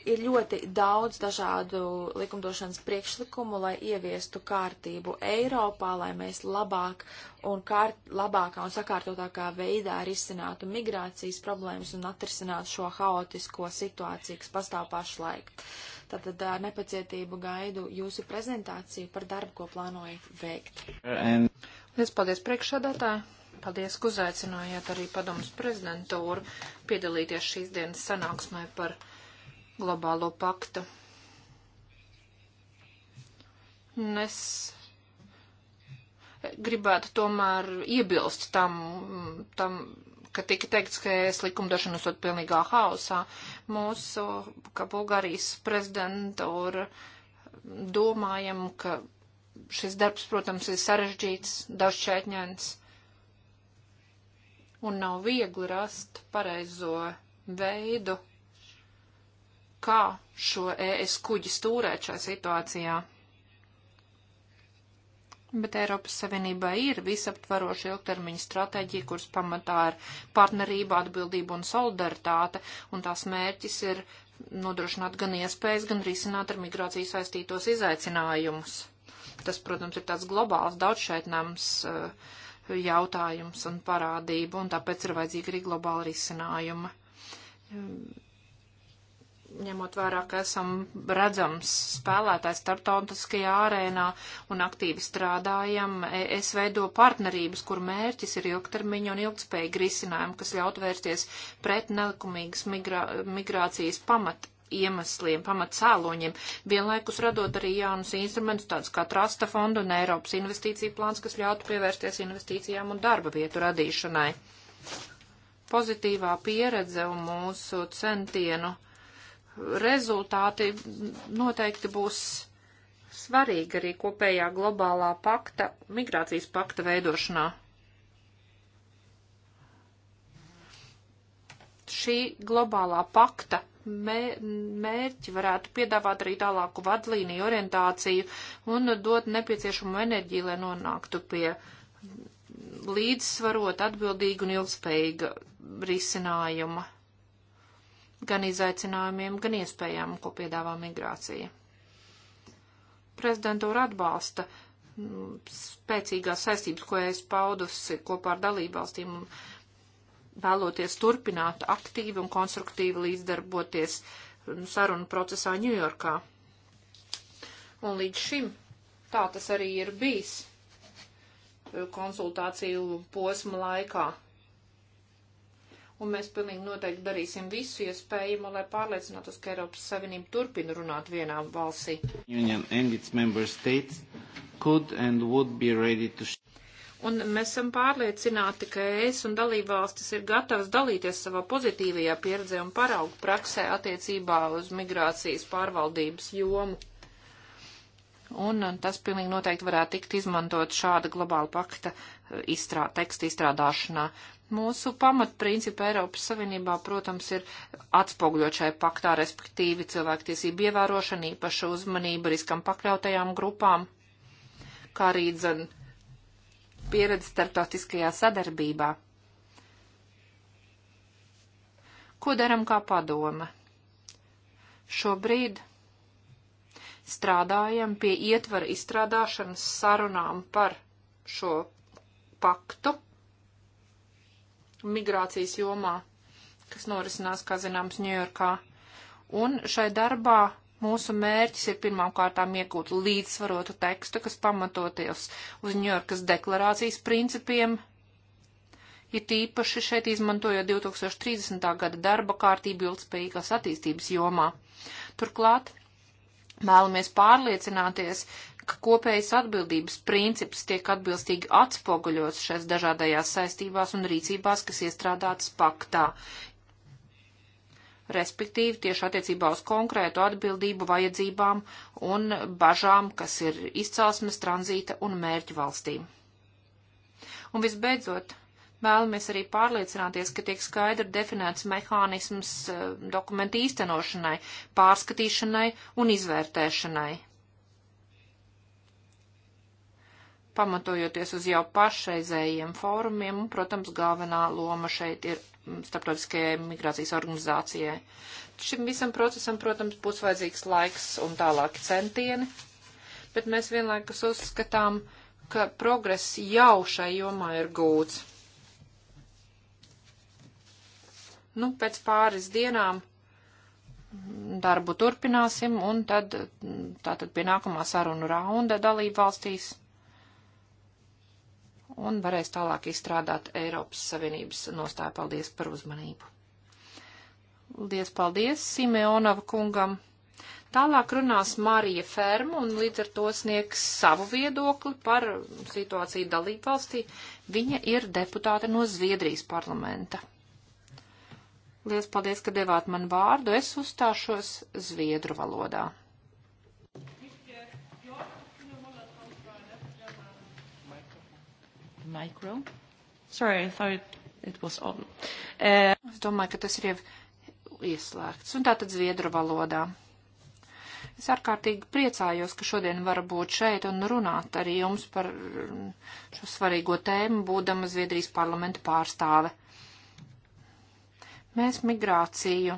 Ir ļoti daudz dažādu likumdošanas priekšlikumu, lai ieviestu kārtību Eiropā, lai mēs labāk un kārt, labākā un sakārtotākā veidā risinātu migrācijas problēmas un atrisinātu šo haotisko situāciju, kas pastāv pašlaik. Uh, Tātad ar nepacietību gaidu jūsu prezentāciju par darbu, ko plānojat veikt. Lies paldies priekšādātāji. Paldies, ka uzaicinājāt arī padomus prezidentūru piedalīties šīs dienas sanāksmē par globālo paktu. Un es gribētu tomēr iebilst tam, tam ka tika teikts, ka es likumdošanu esot pilnīgā hausā. Mūsu, ka Bulgārijas prezidentūra domājam, ka šis darbs, protams, ir sarežģīts, dažšķaitņēns un nav viegli rast pareizo veidu, kā šo ES kuģi stūrēt šajā situācijā. Bet Eiropas Savienībā ir visaptvaroša ilgtermiņa stratēģija, kuras pamatā ir partnerība, atbildība un solidaritāte, un tās mērķis ir nodrošināt gan iespējas, gan risināt ar migrāciju saistītos izaicinājumus. Tas, protams, ir tāds globāls, daudzšķaitnams eh, jautājums un parādība, un tāpēc ir vajadzīga arī globāla risinājuma ņemot vērā, ka esam redzams spēlētājs startautiskajā arēnā un aktīvi strādājam, es veido partnerības, kur mērķis ir ilgtermiņa un ilgspējīgi risinājumi, kas ļaut vērsties pret nelikumīgas migrā migrācijas pamat iemesliem, pamatcēloņiem, vienlaikus radot arī jaunus instrumentus, tādus kā Trasta fonda un Eiropas investīcija plāns, kas ļautu pievērsties investīcijām un darba vietu radīšanai. Pozitīvā pieredze un mūsu centienu uh, rezultāti noteikti būs svarīgi arī kopējā globālā pakta, migrācijas pakta veidošanā. Šī globālā pakta mērķi varētu piedāvāt arī tālāku vadlīniju orientāciju un dot nepieciešamo enerģiju, lai nonāktu pie līdzsvarot atbildīgu un ilgspējīga risinājuma gan izaicinājumiem, gan iespējām, ko piedāvā migrācija. Prezidentūra atbalsta mm, spēcīgās saistības, ko es paudusi kopā ar dalībvalstīm, vēloties turpināt aktīvi un konstruktīvi līdzdarboties sarunu procesā Ņujorkā. Un līdz šim tā tas arī ir bijis konsultāciju posma laikā un mēs pilnīgi noteikti darīsim visu iespējamo, ja lai pārliecinātos, ka Eiropas Savienība turpina runāt vienā valsī. Un mēs esam pārliecināti, ka es un dalībvalstis ir gatavs dalīties savā pozitīvajā pieredzē un paraugu praksē attiecībā uz migrācijas pārvaldības jomu. Un tas pilnīgi noteikti varētu tikt izmantot šāda globāla pakta eh, izstrā, teksta izstrādāšanā. Mūsu pamatprincipi Eiropas Savienībā, protams, ir atspoguļot šai paktā, respektīvi cilvēktiesību ievērošana, īpaša uzmanība riskam pakļautajām grupām, kā arī dzen pieredze starptautiskajā sadarbībā. Ko daram kā padome? Šobrīd strādājam pie ietvara izstrādāšanas sarunām par šo paktu migrācijas jomā, kas norisinās, kā zināms, Ņujorkā. Un šai darbā mūsu mērķis ir pirmām kārtām iegūt līdzsvarotu tekstu, kas pamatoties uz Ņujorkas deklarācijas principiem, ir tīpaši šeit izmantojot 2030. gada darba kārtību ilgspējīgās attīstības jomā. Turklāt vēlamies pārliecināties, ka kopējas atbildības princips tiek atbilstīgi atspoguļots šais dažādajās saistībās un rīcībās, kas iestrādātas paktā. Respektīvi, tieši attiecībā uz konkrētu atbildību vajadzībām un bažām, kas ir izcelsmes, tranzīta un mērķu valstīm. Un visbeidzot, Vēlamies arī pārliecināties, ka tiek skaidri definēts mehānisms eh, dokumentu īstenošanai, pārskatīšanai un izvērtēšanai, pamatojoties uz jau pašreizējiem fórumiem, un, protams, galvenā loma šeit ir mm, starptautiskajai migrācijas organizācijai. Šim visam procesam, protams, būs vajadzīgs laiks un tālāki centieni, bet mēs vienlaikus uzskatām, ka progress jau šai jomā ir gūts. Nu, pēc pāris dienām mm, darbu turpināsim, un tad, mm, tātad pie nākamā sarunu raunda dalību valstīs un varēs tālāk izstrādāt Eiropas Savienības nostāju. Paldies par uzmanību. Paldies, paldies Simeonava kungam. Tālāk runās Marija Ferma un līdz ar to sniegs savu viedokli par situāciju dalību valstī. Viņa ir deputāte no Zviedrijas parlamenta. Lielas paldies, ka devāt man vārdu. Es uzstāšos Zviedru valodā. micro. Sorry, I thought it was on. Uh, es domāju, ka tas ir jau ieslēgts. Un tā tad zviedru valodā. Es ārkārtīgi priecājos, ka šodien varu būt šeit un runāt arī jums par mm, šo svarīgo tēmu, būdama Zviedrijas parlamenta pārstāve. Mēs migrāciju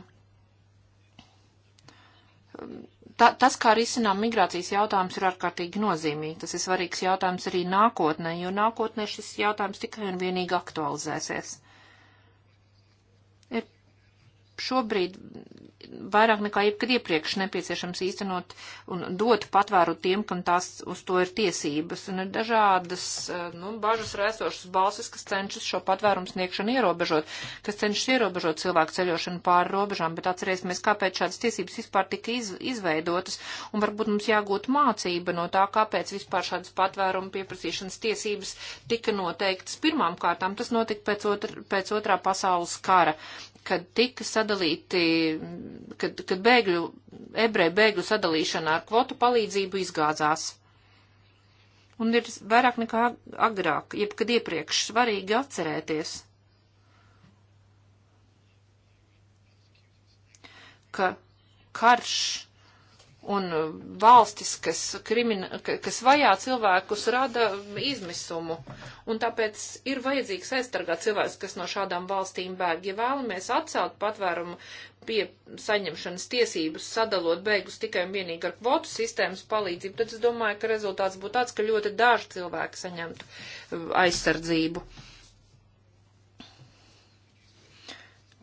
mm, ta, tas, kā risinām migrācijas jautājums, ir ārkārtīgi nozīmīgi. Tas ir svarīgs jautājums arī nākotnē, jo nākotnē šis jautājums tikai un vienīgi aktualizēsies šobrīd vairāk nekā jebkad iepriekš nepieciešams īstenot un dot patvēru tiem, kam tās uz to ir tiesības. Un ir dažādas, eh, nu, bažas rēsošas balsis, kas cenšas šo patvērumu sniegšanu ierobežot, kas cenšas ierobežot cilvēku ceļošanu pāri robežām, bet atcerēsimies, kāpēc šādas tiesības vispār tika iz, izveidotas, un varbūt mums jāgūt mācība no tā, kāpēc vispār šādas patvērumu pieprasīšanas tiesības tika noteiktas pirmām kārtām. Tas notika pēc, otr, pēc otrā pasaules kara kad tika sadalīti, kad, kad bēgļu, ebreju bēgļu sadalīšana ar kvotu palīdzību izgāzās. Un ir vairāk nekā agrāk, jebkad iepriekš svarīgi atcerēties, ka karš Un uh, valstis, kas, krimina, kas vajā cilvēkus, rada izmisumu. Un tāpēc ir vajadzīgs aizstargāt cilvēkus, kas no šādām valstīm bēg. Ja vēlamies atcelt patvērumu pie saņemšanas tiesības, sadalot beigus tikai un vienīgi ar kvotu sistēmas palīdzību, tad es domāju, ka rezultāts būtu tāds, ka ļoti daži cilvēki saņemtu uh, aizsardzību.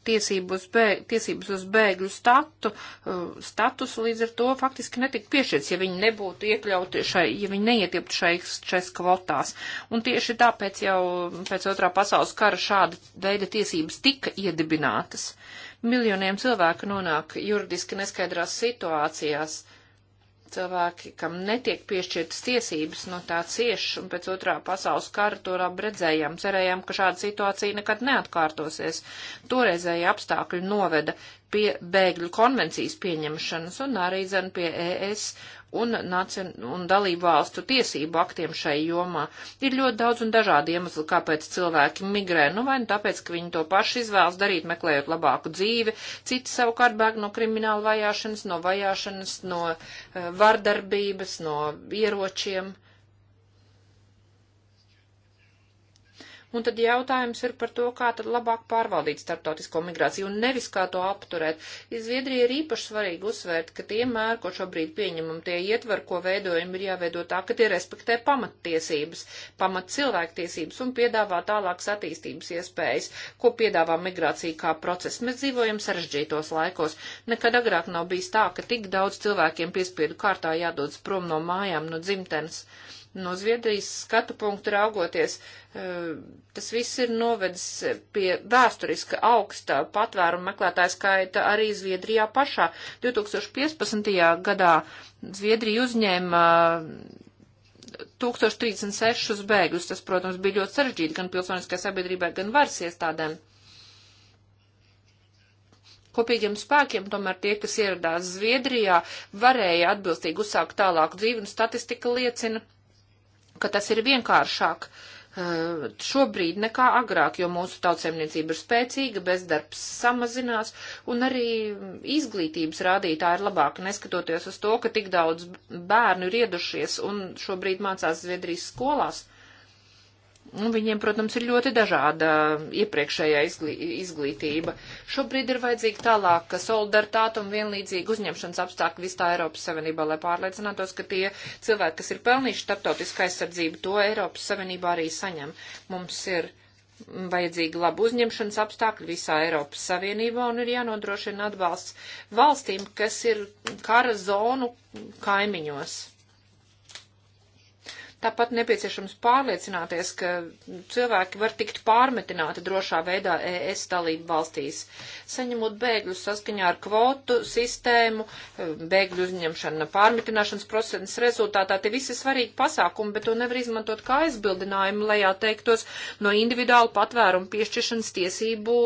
tiesības uz, bēg, tiesības uz bēgļu statu, uh, statusu līdz ar to faktiski netika piešķirts, ja viņi nebūtu iekļauti šai, ja viņi neietieptu šai, šais kvotās. Un tieši tāpēc jau pēc otrā pasaules kara šāda veida tiesības tika iedibinātas. Miljoniem cilvēku nonāk juridiski neskaidrās situācijās. Uh, cilvēki, kam netiek piešķirtas tiesības, no tā cieš, un pēc otrā pasaules kara to labi redzējām, cerējām, ka šāda situācija nekad neatkārtosies. Toreizēja apstākļi noveda pie bēgļu konvencijas pieņemšanas un arī zan pie ES un, nacion, un dalību valstu tiesību aktiem šai jomā. Ir ļoti daudz un dažādi iemesli, kāpēc cilvēki migrē. Nu, vai nu tāpēc, ka viņi to paši izvēlas darīt, meklējot labāku dzīvi, citi savukārt bēg no krimināla vajāšanas, no vajāšanas, no uh, vardarbības, no ieročiem. Uh, Un tad jautājums ir par to, kā tad labāk pārvaldīt starptautisko migrāciju un nevis kā to apturēt. Zviedrija ir īpaši svarīgi uzsvērt, ka tie mēri, ko šobrīd pieņemam, tie ietver, ko veidojam, ir jāveido tā, ka tie respektē pamattiesības, pamat cilvēktiesības un piedāvā tālākas attīstības iespējas, ko piedāvā migrācija kā process. Mēs dzīvojam sarežģītos laikos. Nekad agrāk nav bijis tā, ka tik daudz cilvēkiem piespiedu kārtā jādodas prom no mājām, no dzimtenes. Uh, no Zviedrijas skatu punktu raugoties, eh, tas viss ir novedis pie vēsturiska augsta patvērumu meklētāja skaita arī Zviedrijā pašā. 2015. gadā Zviedrija uzņēma 1036 eh, bēgļus. Tas, protams, bija ļoti sarežģīti gan pilsoniskai sabiedrībai, gan varas iestādēm. Kopīgiem spēkiem tomēr tie, kas ieradās Zviedrijā, varēja atbilstīgi uzsākt tālāku dzīvi, un statistika liecina, ka tas ir vienkāršāk eh, šobrīd nekā agrāk, jo mūsu tautsēmniecība ir spēcīga, bezdarbs samazinās un arī izglītības rādītāji ir labāka, neskatoties uz to, ka tik daudz bērnu ir iedušies un šobrīd mācās Zviedrijas skolās. Un viņiem, protams, ir ļoti dažāda iepriekšējā izglītība. Šobrīd ir vajadzīga tālāka solidaritāte un vienlīdzīga uzņemšanas apstākļi visā Eiropas Savienībā, lai pārliecinātos, ka tie cilvēki, kas ir pelnījuši starptautisku aizsardzību, to Eiropas Savienībā arī saņem. Mums ir vajadzīga laba uzņemšanas apstākļi visā Eiropas Savienībā un ir jānodrošina atbalsts valstīm, kas ir kara zonu kaimiņos. Tāpat nepieciešams pārliecināties, ka cilvēki var tikt pārmetināti drošā veidā ES dalību valstīs. Saņemot bēgļus saskaņā ar kvotu sistēmu, bēgļu uzņemšana pārmetināšanas procesas rezultātā, tie visi svarīgi pasākumi, bet to nevar izmantot kā aizbildinājumu, lai atteiktos no individuālu patvērumu piešķiršanas tiesību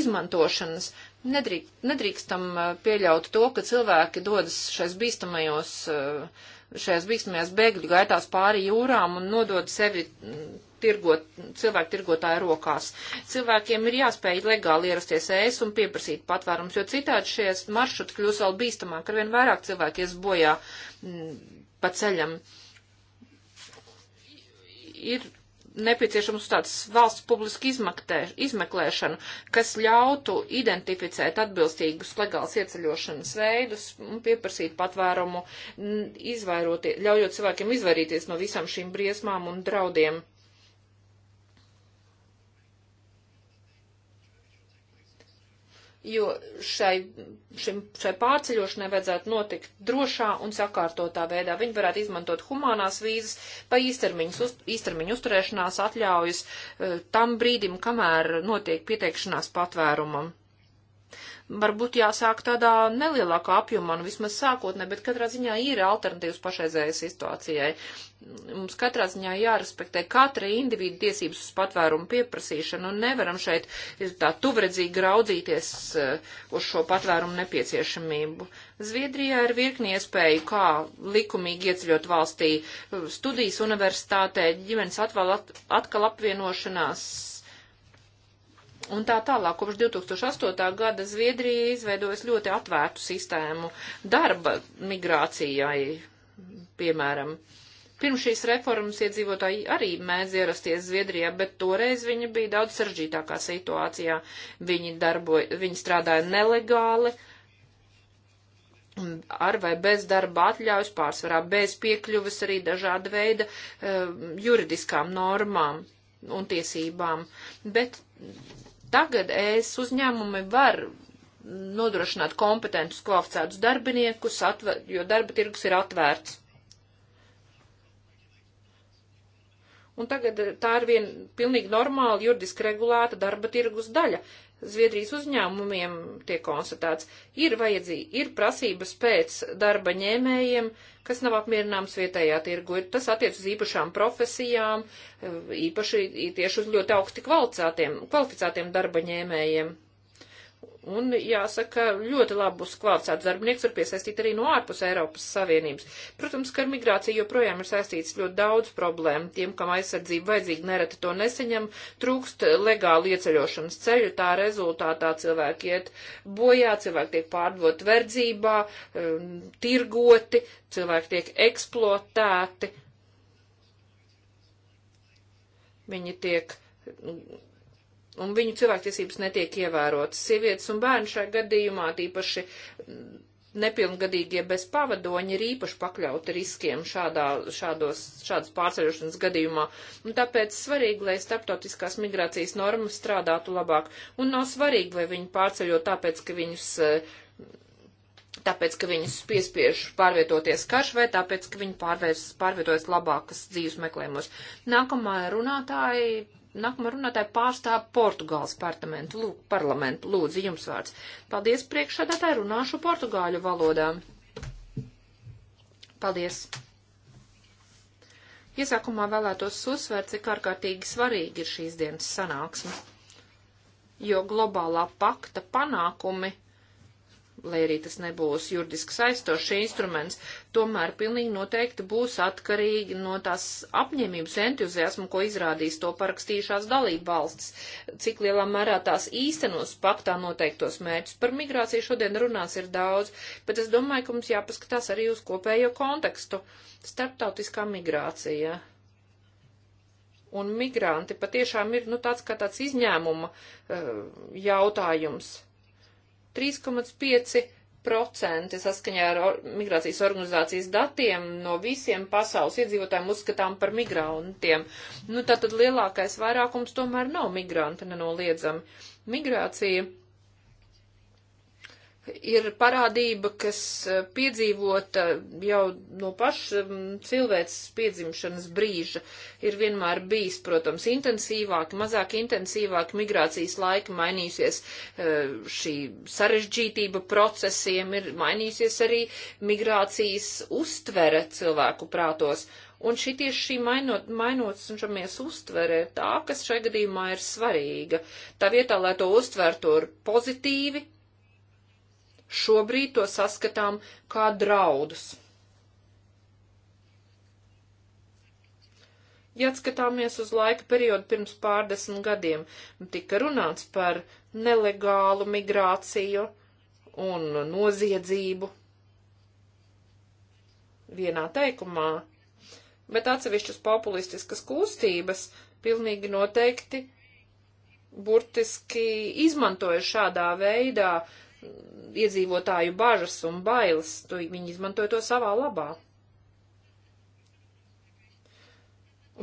izmantošanas. Nedrīk, nedrīkstam uh, pieļaut to, ka cilvēki dodas šais bīstamajos uh, šajās bīkstamajās bēgļu gaitās pāri jūrām un nodod sevi mm, tirgot, cilvēku tirgotāju rokās. Cilvēkiem ir jāspēj legāli ierasties ēs un pieprasīt patvērums, jo citādi šies maršruti kļūs vēl bīstamāk, ar vien vairāk cilvēku ies bojā m, mm, pa ceļam. Ir nepieciešams tāds valsts publiski izmeklēšanu, kas ļautu identificēt atbilstīgus legāls ieceļošanas veidus un pieprasīt patvērumu, ļaujot cilvēkiem izvairīties no visām šīm briesmām un draudiem. jo šai, šim, šai pārceļošanai vajadzētu notikt drošā un sakārtotā veidā. Viņi varētu izmantot humanās vīzas vai īstermiņu uz, uzturēšanās atļaujas eh, tam brīdim, kamēr notiek pieteikšanās patvērumam varbūt jāsāk tādā nelielākā apjomā, nu vismaz sākotnē, bet katrā ziņā ir alternatīvas pašreizējai situācijai. Mums katrā ziņā jārespektē katra individu tiesības uz patvērumu pieprasīšanu un nevaram šeit tā tuvredzīgi raudzīties eh, uz šo patvērumu nepieciešamību. Zviedrijā ir virkni iespēju, kā likumīgi ieceļot valstī eh, studijas universitātē, ģimenes atvēl at, atkal apvienošanās Un tā tālāk, kopš 2008. gada Zviedrija izveidojas ļoti atvērtu sistēmu darba migrācijai, piemēram. Pirms šīs reformas iedzīvotāji arī mēdz ierasties Zviedrijā, bet toreiz viņa bija daudz saržģītākā situācijā. Viņi, darboja, viņi strādāja nelegāli, ar vai bez darba atļaujas, pārsvarā bez piekļuvas arī dažāda veida uh, juridiskām normām un tiesībām. Bet Tagad es uzņēmumi var nodrošināt kompetentus kvalificētus darbiniekus, atver, jo darba tirgus ir atvērts. Un tagad eh, tā ir viena pilnīgi normāla juridiski regulēta darba tirgus daļa. Zviedrijas uzņēmumiem tiek konstatēts, ir vajadzīgi, ir prasības pēc darba ņēmējiem, kas nav apmierināms vietējā tirgu. Tas attiec uz īpašām profesijām, eh, īpaši tieši uz ļoti augsti kvalificētiem, kvalificētiem darba ņēmējiem. Un, jāsaka, ļoti labus kvalificētus darbinieks var piesaistīt arī no ārpus Eiropas Savienības. Protams, ka ar migrāciju joprojām ir saistīts ļoti daudz problēmu. Tiem, kam aizsardzība vajadzīga, nereti to neseņem, trūkst legāli ieceļošanas ceļu, tā rezultātā cilvēki iet bojā, cilvēki tiek pārdot verdzībā, um, tirgoti, cilvēki tiek eksploatēti. Viņi tiek un viņu cilvēktiesības netiek ievērotas. Sievietes un bērni šajā gadījumā, tīpaši mm, nepilngadīgie bez pavadoņa, ir īpaši pakļauti riskiem šādā, šādos, šādas pārceļošanas gadījumā. Un tāpēc svarīgi, lai starptautiskās migrācijas normas strādātu labāk. Un nav svarīgi, lai viņi pārceļo tāpēc, ka viņus. Eh, tāpēc, ka viņus piespiež pārvietoties karš vai tāpēc, ka viņi pārvietojas labākas dzīves meklējumos. Nākamā runātāja nākamā runātāja pārstāv Portugāles parlamentu. Lūk, parlamentu, lūdzu, jums vārds. Paldies priekšsādātāji, runāšu portugāļu valodā. Paldies. Iesākumā vēlētos uzsvērt, cik ārkārtīgi svarīgi ir šīs dienas sanāksme, jo globālā pakta panākumi lai arī tas nebūs juridiski saistošs instruments, tomēr pilnīgi noteikti būs atkarīgi no tās apņēmības entuziasmu, ko izrādīs to parakstījušās dalību valsts, cik lielā mērā tās īstenos paktā noteiktos mērķus. Par migrāciju šodien runās ir daudz, bet es domāju, ka mums jāpaskatās arī uz kopējo kontekstu - starptautiskā migrācija un migranti patiešām ir nu, tāds kā tāds izņēmuma uh, jautājums. 3,5% saskaņā ar or migrācijas organizācijas datiem no visiem pasaules iedzīvotājiem uzskatām par migrantiem. Nu, tātad lielākais vairākums tomēr nav migranti nenoliedzami. Migrācija ir parādība, kas eh, piedzīvota eh, jau no paša mm, cilvēces piedzimšanas brīža, ir vienmēr bijis, protams, intensīvāk, mazāk intensīvāk, migrācijas laika mainīsies eh, šī sarežģītība procesiem, ir mainīsies arī migrācijas uztvere cilvēku prātos. Un šī tieši šī mainot, mainot cenšamies uztverē tā, kas šajā gadījumā ir svarīga. Tā vietā, lai to uztvertu pozitīvi, Šobrīd to saskatām kā draudus. Ja skatāmies uz laika periodu pirms pārdesmit gadiem, tika runāts par nelegālu migrāciju un noziedzību vienā teikumā, bet atsevišķas populistiskas kustības pilnīgi noteikti burtiski izmantoja šādā veidā iedzīvotāju bažas un bailes. To viņi izmantoja to savā labā.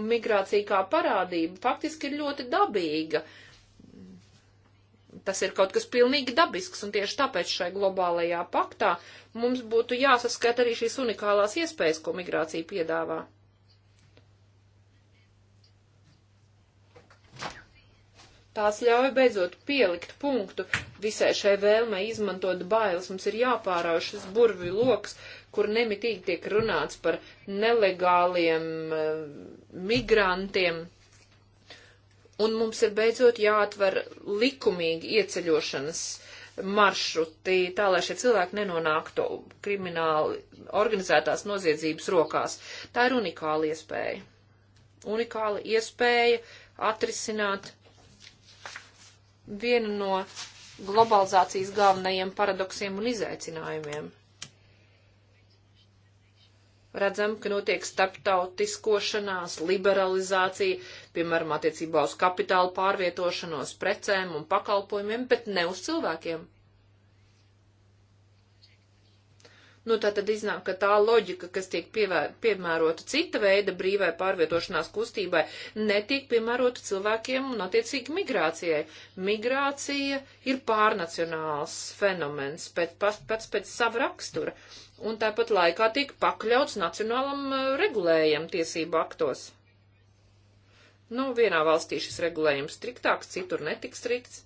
Un migrācija kā parādība faktiski ir ļoti dabīga. Tas ir kaut kas pilnīgi dabisks, un tieši tāpēc šai globālajā paktā mums būtu jāsaskata arī šīs unikālās iespējas, ko migrācija piedāvā. Tās ļauj beidzot pielikt punktu visai šai vēlmei izmantot bailes. Mums ir jāpārauž šis burvju loks, kur nemitīgi tiek runāts par nelegāliem eh, migrantiem. Un mums ir beidzot jāatver likumīgi ieceļošanas maršruti, tā lai šie cilvēki nenonāktu krimināli organizētās noziedzības rokās. Tā ir unikāla iespēja. Unikāla iespēja atrisināt vienu no globalizācijas galvenajiem paradoksiem un izaicinājumiem. Redzam, ka notiek starptautiskošanās, liberalizācija, piemēram, attiecībā uz kapitālu pārvietošanos, precēm un pakalpojumiem, bet ne uz cilvēkiem. Nu, tā tad iznāk, ka tā loģika, kas tiek pievēr, piemērota cita veida brīvai pārvietošanās kustībai, netiek piemērota cilvēkiem un attiecīgi migrācijai. Migrācija ir pārnacionāls fenomens pēc, pats pēc sava rakstura, un tāpat laikā tiek pakļauts nacionālam e, regulējam tiesību aktos. Nu, vienā valstī šis regulējums striktāks, citur netik strikts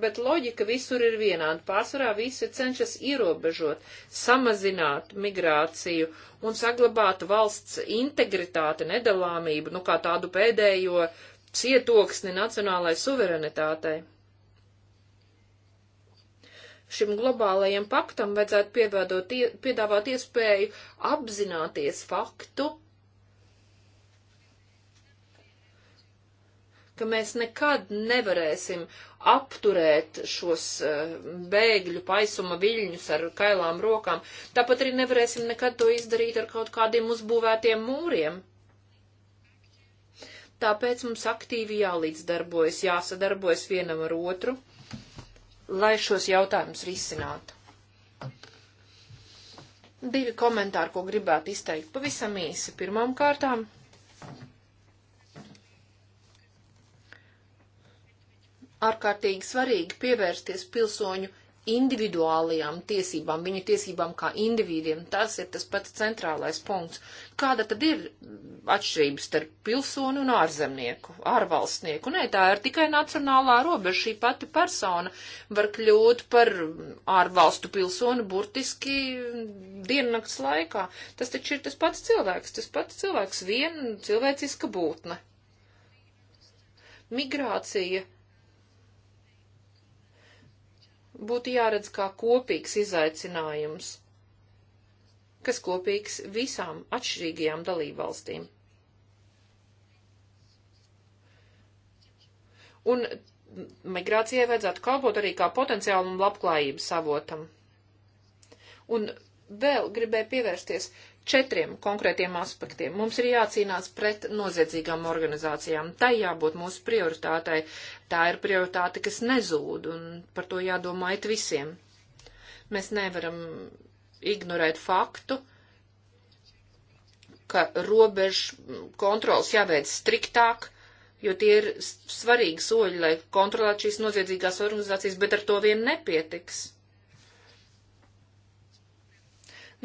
bet loģika visur ir vienāda. Pārsvarā visi cenšas ierobežot, samazināt migrāciju un saglabāt valsts integritāti, nedalāmību, nu kā tādu pēdējo cietoksni nacionālai suverenitātei. Šim globālajam paktam vajadzētu piedāvāt iespēju apzināties faktu, ka mēs nekad nevarēsim apturēt šos eh, bēgļu paisuma viļņus ar kailām rokām. Tāpat arī nevarēsim nekad to izdarīt ar kaut kādiem uzbūvētiem mūriem. Tāpēc mums aktīvi jālīdzdarbojas, jāsadarbojas vienam ar otru, lai šos jautājumus risinātu. Divi komentāri, ko gribētu izteikt pavisam īsi. Pirmām kārtām ārkārtīgi svarīgi pievērsties pilsoņu individuālajām tiesībām, viņu tiesībām kā individiem. Tas ir tas pats centrālais punkts. Kāda tad ir atšķirība starp pilsoni un ārzemnieku, ārvalstnieku? Nē, tā ir tikai nacionālā robeža. Šī pati persona var kļūt par ārvalstu pilsoni burtiski diennakts laikā. Tas taču ir tas pats cilvēks, tas pats cilvēks, viena cilvēciska būtne. Migrācija būtu jāredz kā kopīgs izaicinājums, kas kopīgs visām atšķirīgajām dalībvalstīm. Un migrācijai vajadzētu kalpot arī kā potenciālam labklājības avotam. Un vēl gribēju pievērsties četriem konkrētiem aspektiem. Mums ir jācīnās pret noziedzīgām organizācijām. Tai jābūt mūsu prioritātei. Tā ir prioritāte, kas nezūd, un par to jādomā it visiem. Mēs nevaram ignorēt faktu, ka robežu kontrols jāveic striktāk, jo tie ir svarīgi soļi, lai kontrolētu šīs noziedzīgās organizācijas, bet ar to vien nepietiks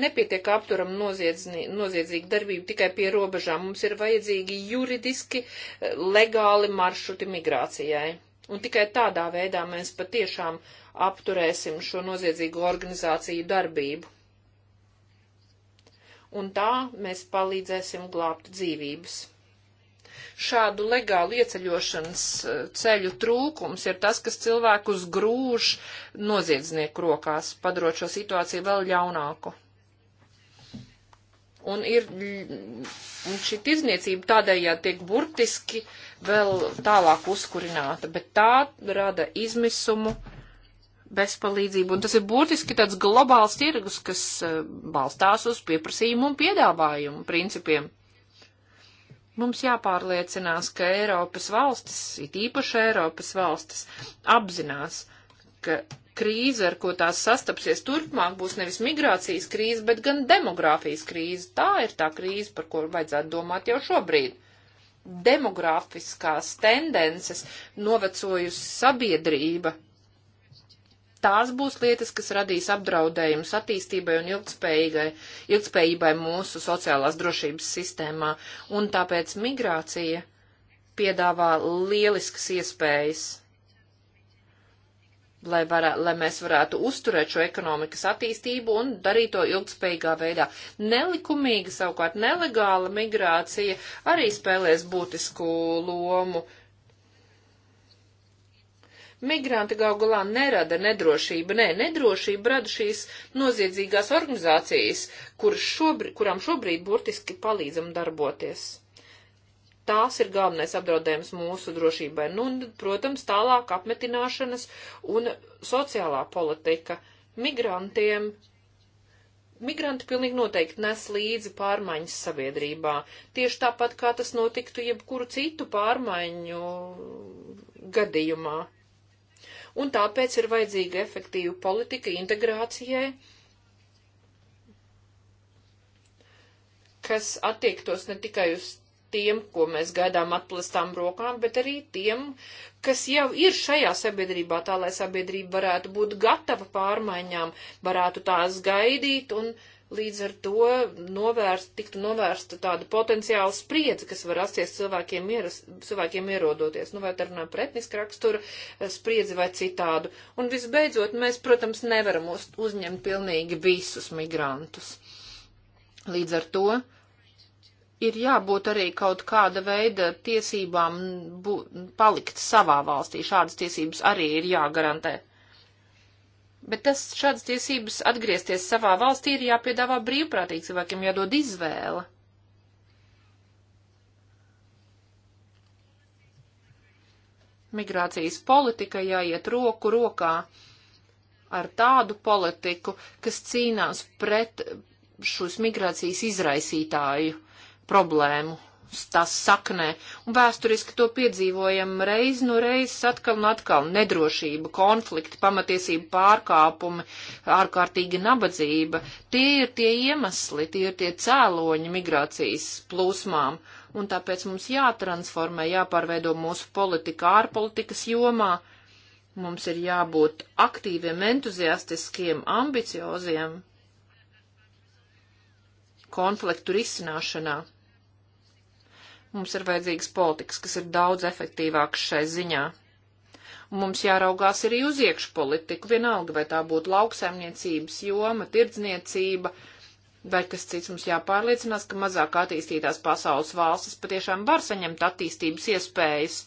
Nepietiek apturam noziedzīgu darbību tikai pie robežām. Mums ir vajadzīgi juridiski eh, legāli maršruti migrācijai. Un tikai tādā veidā mēs patiešām apturēsim šo noziedzīgo organizāciju darbību. Un tā mēs palīdzēsim glābt dzīvības šādu legālu ieceļošanas eh, ceļu trūkums ir tas, kas cilvēkus grūž noziedznieku rokās, padarot šo situāciju vēl ļaunāku. Un, ir, un šī tirzniecība tādējādi tiek burtiski vēl tālāk uzkurināta, bet tā rada izmisumu, bezpalīdzību. Un tas ir būtiski tāds globāls tirgus, kas e, balstās uz pieprasījumu un piedāvājumu principiem. Mums jāpārliecinās, ka Eiropas valstis, it īpaši Eiropas valstis, apzinās, ka krīze, ar ko tās sastapsies turpmāk, būs nevis migrācijas krīze, bet gan demogrāfijas krīze. Tā ir tā krīze, par ko vajadzētu domāt jau šobrīd. Demogrāfiskās tendences, novecojusi sabiedrība, tās būs lietas, kas radīs apdraudējumus attīstībai un ilgspējīgai, ilgspējībai mūsu sociālās drošības sistēmā, un tāpēc migrācija piedāvā lieliskas iespējas lai, varā, lai mēs varētu uzturēt šo ekonomikas attīstību un darīt to ilgspējīgā veidā. Nelikumīga, savukārt nelegāla migrācija arī spēlēs būtisku lomu. Migranti gal galā nerada nedrošību, nē, nedrošību rada šīs noziedzīgās organizācijas, kur šobr kurām šobrīd burtiski palīdzam darboties tās ir galvenais apdraudējums mūsu drošībai. Nu, un, protams, tālāk apmetināšanas un sociālā politika migrantiem. Migranti pilnīgi noteikti nes līdzi pārmaiņas sabiedrībā. Tieši tāpat, kā tas notiktu jebkuru citu pārmaiņu gadījumā. Un tāpēc ir vajadzīga efektīva politika integrācijai, kas attiektos ne tikai uz tiem, ko mēs gaidām atplestām rokām, bet arī tiem, kas jau ir šajā sabiedrībā, tā lai sabiedrība varētu būt gatava pārmaiņām, varētu tās gaidīt un līdz ar to novērst, tiktu novērsta tāda potenciāla spriedze, kas var rasties cilvēkiem, ieras, cilvēkiem ierodoties, nu vai tā runā pretniska rakstura eh, spriedzi vai citādu. Un visbeidzot, mēs, protams, nevaram uz, uzņemt pilnīgi visus migrantus. Līdz ar to ir jābūt arī kaut kāda veida tiesībām bū, palikt savā valstī. Šādas tiesības arī ir jāgarantē. Bet tas šādas tiesības atgriezties savā valstī ir jāpiedāvā brīvprātīgi cilvēkiem, jādod izvēle. Migrācijas politika jāiet roku rokā ar tādu politiku, kas cīnās pret šos migrācijas izraisītāju uh, problēmu tās saknē, un vēsturiski to piedzīvojam reiz no reizes atkal un atkal - nedrošība, konflikti, pamatiesība pārkāpumi, ārkārtīga nabadzība. Tie ir tie iemesli, tie ir tie cēloņi migrācijas plūsmām, un tāpēc mums jātransformē, jāpārveido mūsu politika ārpolitikas jomā. Mums ir jābūt aktīviem, entuziastiskiem, ambicioziem, konfliktu risināšanā. Mums ir vajadzīgs politikas, kas ir daudz efektīvāks šai ziņā. Un mums jāraugās arī uz iekšpolitiku, vienalga vai tā būtu lauksaimniecības joma, tirdzniecība vai kas cits. Mums jāpārliecinās, ka mazāk attīstītās pasaules valstis patiešām var saņemt attīstības iespējas.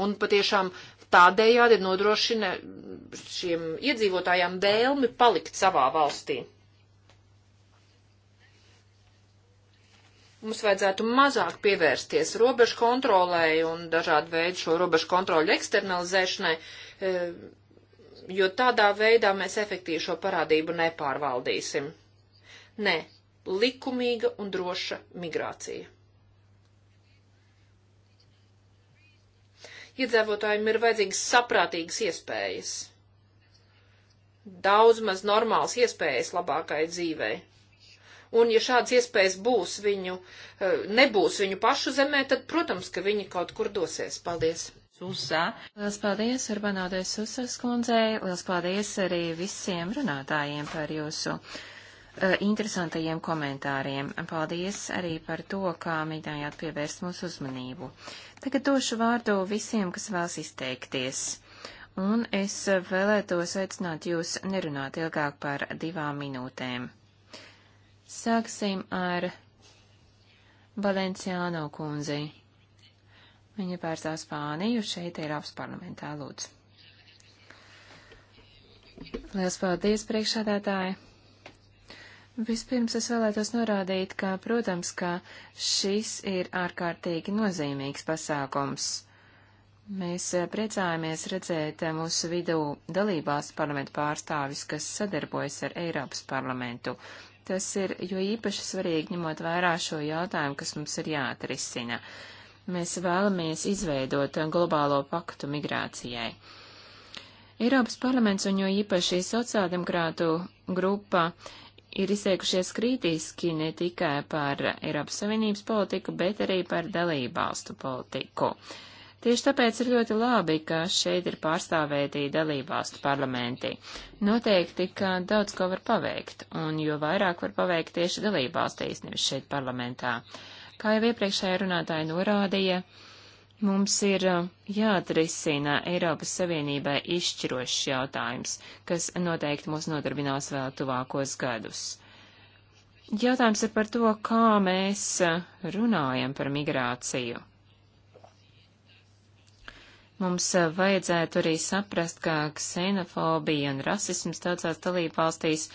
Un patiešām tādējādi nodrošina šiem iedzīvotājiem vēlmi palikt savā valstī. Mums vajadzētu mazāk pievērsties robežu kontrolēji un dažādu veidu šo robežu kontroļu eksternalizēšanai, e, jo tādā veidā mēs efektīvi šo parādību nepārvaldīsim. Nē, likumīga un droša migrācija. iedzīvotājiem ir vajadzīgas saprātīgas iespējas. Daudz maz normāls iespējas labākai dzīvei. Un ja šādas iespējas būs viņu, eh, nebūs viņu pašu zemē, tad, protams, ka viņi kaut kur dosies. Paldies! Susā. Lielas paldies, Urbanādai Susas kundzei. Lielas paldies arī visiem runātājiem par jūsu Eh, interesantajiem komentāriem. Paldies arī par to, kā mēģinājāt pievērst mūsu uzmanību. Tagad došu vārdu visiem, kas vēlas izteikties. Un es vēlētos aicināt jūs nerunāt ilgāk par divām minūtēm. Sāksim ar Valenciāno kundzi. Viņa pārstāv Spāniju šeit Eiropas parlamentā lūdzu. Lielas paldies, priekšādātāji! Vispirms es vēlētos norādīt, ka, protams, ka šis ir ārkārtīgi nozīmīgs pasākums. Mēs eh, priecājamies redzēt eh, mūsu vidū dalībās parlamentu pārstāvis, kas sadarbojas ar Eiropas parlamentu. Tas ir jo īpaši svarīgi ņemot vērā šo jautājumu, kas mums ir jāatrisina. Mēs vēlamies izveidot eh, globālo paktu migrācijai. Eiropas parlaments un jo īpaši sociāldemokrātu grupa ir izteikušies kritiski ne tikai par Eiropas Savienības politiku, bet arī par dalībvalstu politiku. Tieši tāpēc ir ļoti labi, ka šeit ir pārstāvēti dalībvalstu parlamenti. Noteikti, ka daudz ko var paveikt, un jo vairāk var paveikt tieši dalībvalstīs, nevis šeit parlamentā. Kā jau iepriekšējā runātāja norādīja, uh, Mums ir uh, jāatrisina Eiropas Savienībai izšķirošs jautājums, kas noteikti mūs nodarbinās vēl tuvākos gadus. Jautājums ir par to, kā mēs uh, runājam par migrāciju. Mums uh, vajadzētu arī saprast, ka ksenofobija un rasisms daudzās dalībvalstīs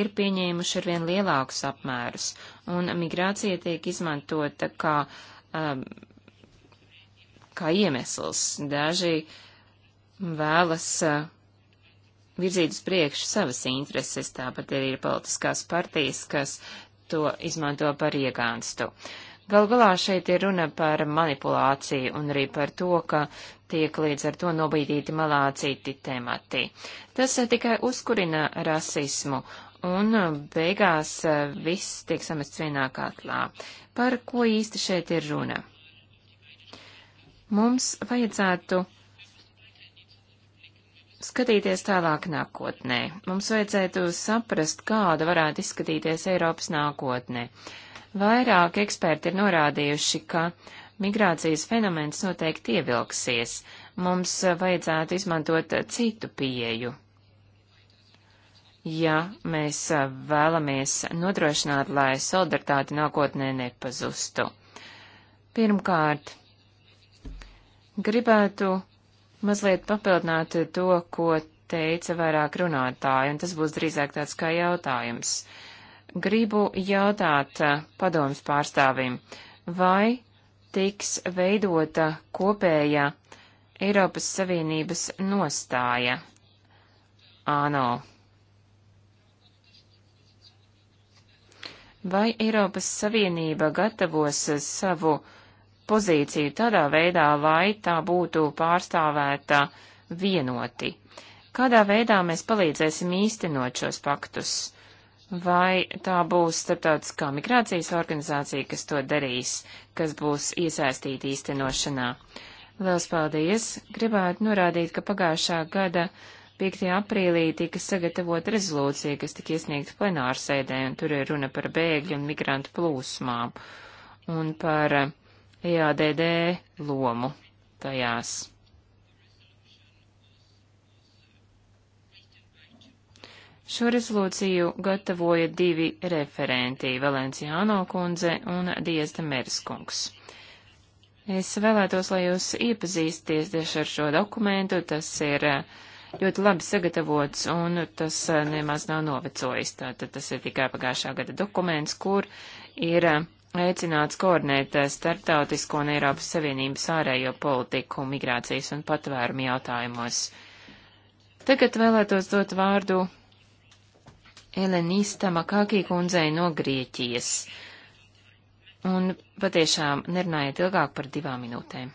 ir pieņēmuši arvien lielākus apmērus, un migrācija tiek izmantota kā um, kā iemesls. Daži vēlas virzīt uz priekšu savas intereses, tāpat arī ir politiskās partijas, kas to izmanto par iegānstu. Gal galā šeit ir runa par manipulāciju un arī par to, ka tiek līdz ar to nobīdīti malā citi temati. Tas tikai uzkurina rasismu un beigās viss tiek samests vienā katlā. Par ko īsti šeit ir runa? Mums vajadzētu skatīties tālāk nākotnē. Mums vajadzētu saprast, kāda varētu izskatīties Eiropas nākotnē. Vairāk eksperti ir norādījuši, ka migrācijas fenomens noteikti ievilksies. Mums vajadzētu izmantot citu pieju. Ja mēs vēlamies nodrošināt, lai solidaritāte nākotnē nepazustu. Pirmkārt, Gribētu mazliet papildināt to, ko teica vairāk runātāji, un tas būs drīzāk tāds kā jautājums. Gribu jautāt eh, padomus pārstāvim, vai tiks veidota kopēja Eiropas Savienības nostāja ANO. Vai Eiropas Savienība gatavos savu pozīciju tādā veidā, lai tā būtu pārstāvēta vienoti. Kādā veidā mēs palīdzēsim īstenot šos paktus? Vai tā būs starptautiskā migrācijas organizācija, kas to darīs, kas būs iesaistīta īstenošanā? Liels paldies! Gribētu norādīt, ka pagājušā gada 5. aprīlī tika sagatavota rezolūcija, kas tika iesniegta plenārsēdē, un tur ir runa par bēgļu un migrantu plūsmām un par EADD lomu tajās. Šo rezolūciju gatavoja divi referenti - Valenciāno kundze un Diezda Merskungs. Es vēlētos, lai jūs iepazīsties ar šo dokumentu, tas ir eh, ļoti labi sagatavots un tas eh, nemaz nav novecojis. Tātad tas ir tikai pagājušā gada dokuments, kur ir eh, aicināts koordinēt eh, starptautisko un Eiropas Savienības ārējo politiku migrācijas un patvērumu jautājumos. Tagad vēlētos dot vārdu Elenista Makakī kundzei no Grieķijas. Un patiešām nerunājiet ilgāk par divām minūtēm.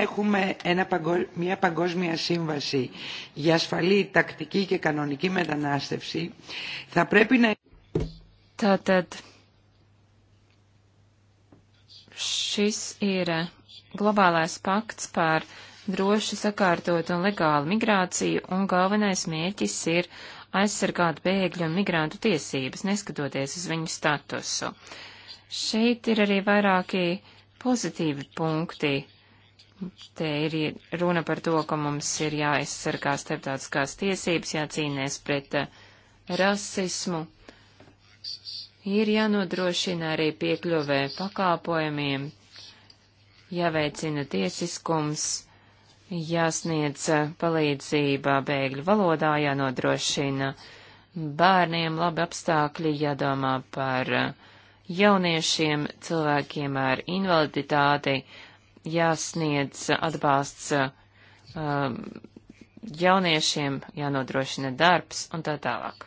έχουμε ένα, μια παγκόσμια σύμβαση για ασφαλή τακτική και κανονική μετανάστευση, θα πρέπει να... Tātad šis ir globālais pakts par droši sakārtot un legālu migrāciju, un galvenais mērķis ir aizsargāt bēgļu un migrantu tiesības, neskatoties uz viņu statusu. Šeit ir arī vairāki pozitīvi punkti, Te ir runa par to, ka mums ir jāaizsargā starptautiskās tiesības, jācīnās pret eh, rasismu. Ir jānodrošina arī piekļuvē pakāpojumiem, jāveicina tiesiskums, jāsniedz eh, palīdzība bēgļu valodā, jānodrošina bērniem labi apstākļi, jādomā par eh, jauniešiem, cilvēkiem ar invaliditāti, jāsniedz atbalsts uh, um, jauniešiem, jānodrošina darbs un tā tālāk.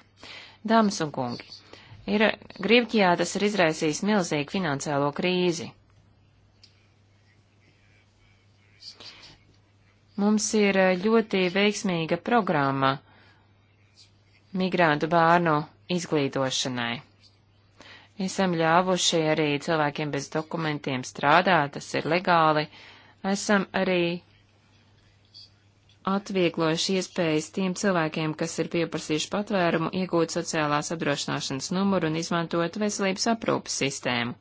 Dāmas un kungi, ir Grieķijā tas ir izraisījis milzīgu finansiālo krīzi. Mums ir uh, ļoti veiksmīga programma migrantu bērnu izglītošanai. Esam ļāvuši arī cilvēkiem bez dokumentiem strādāt, tas ir legāli. Esam arī atvieglojuši iespējas tiem cilvēkiem, kas ir pieprasījuši patvērumu, iegūt sociālās apdrošināšanas numuru un izmantot veselības aprūpas sistēmu.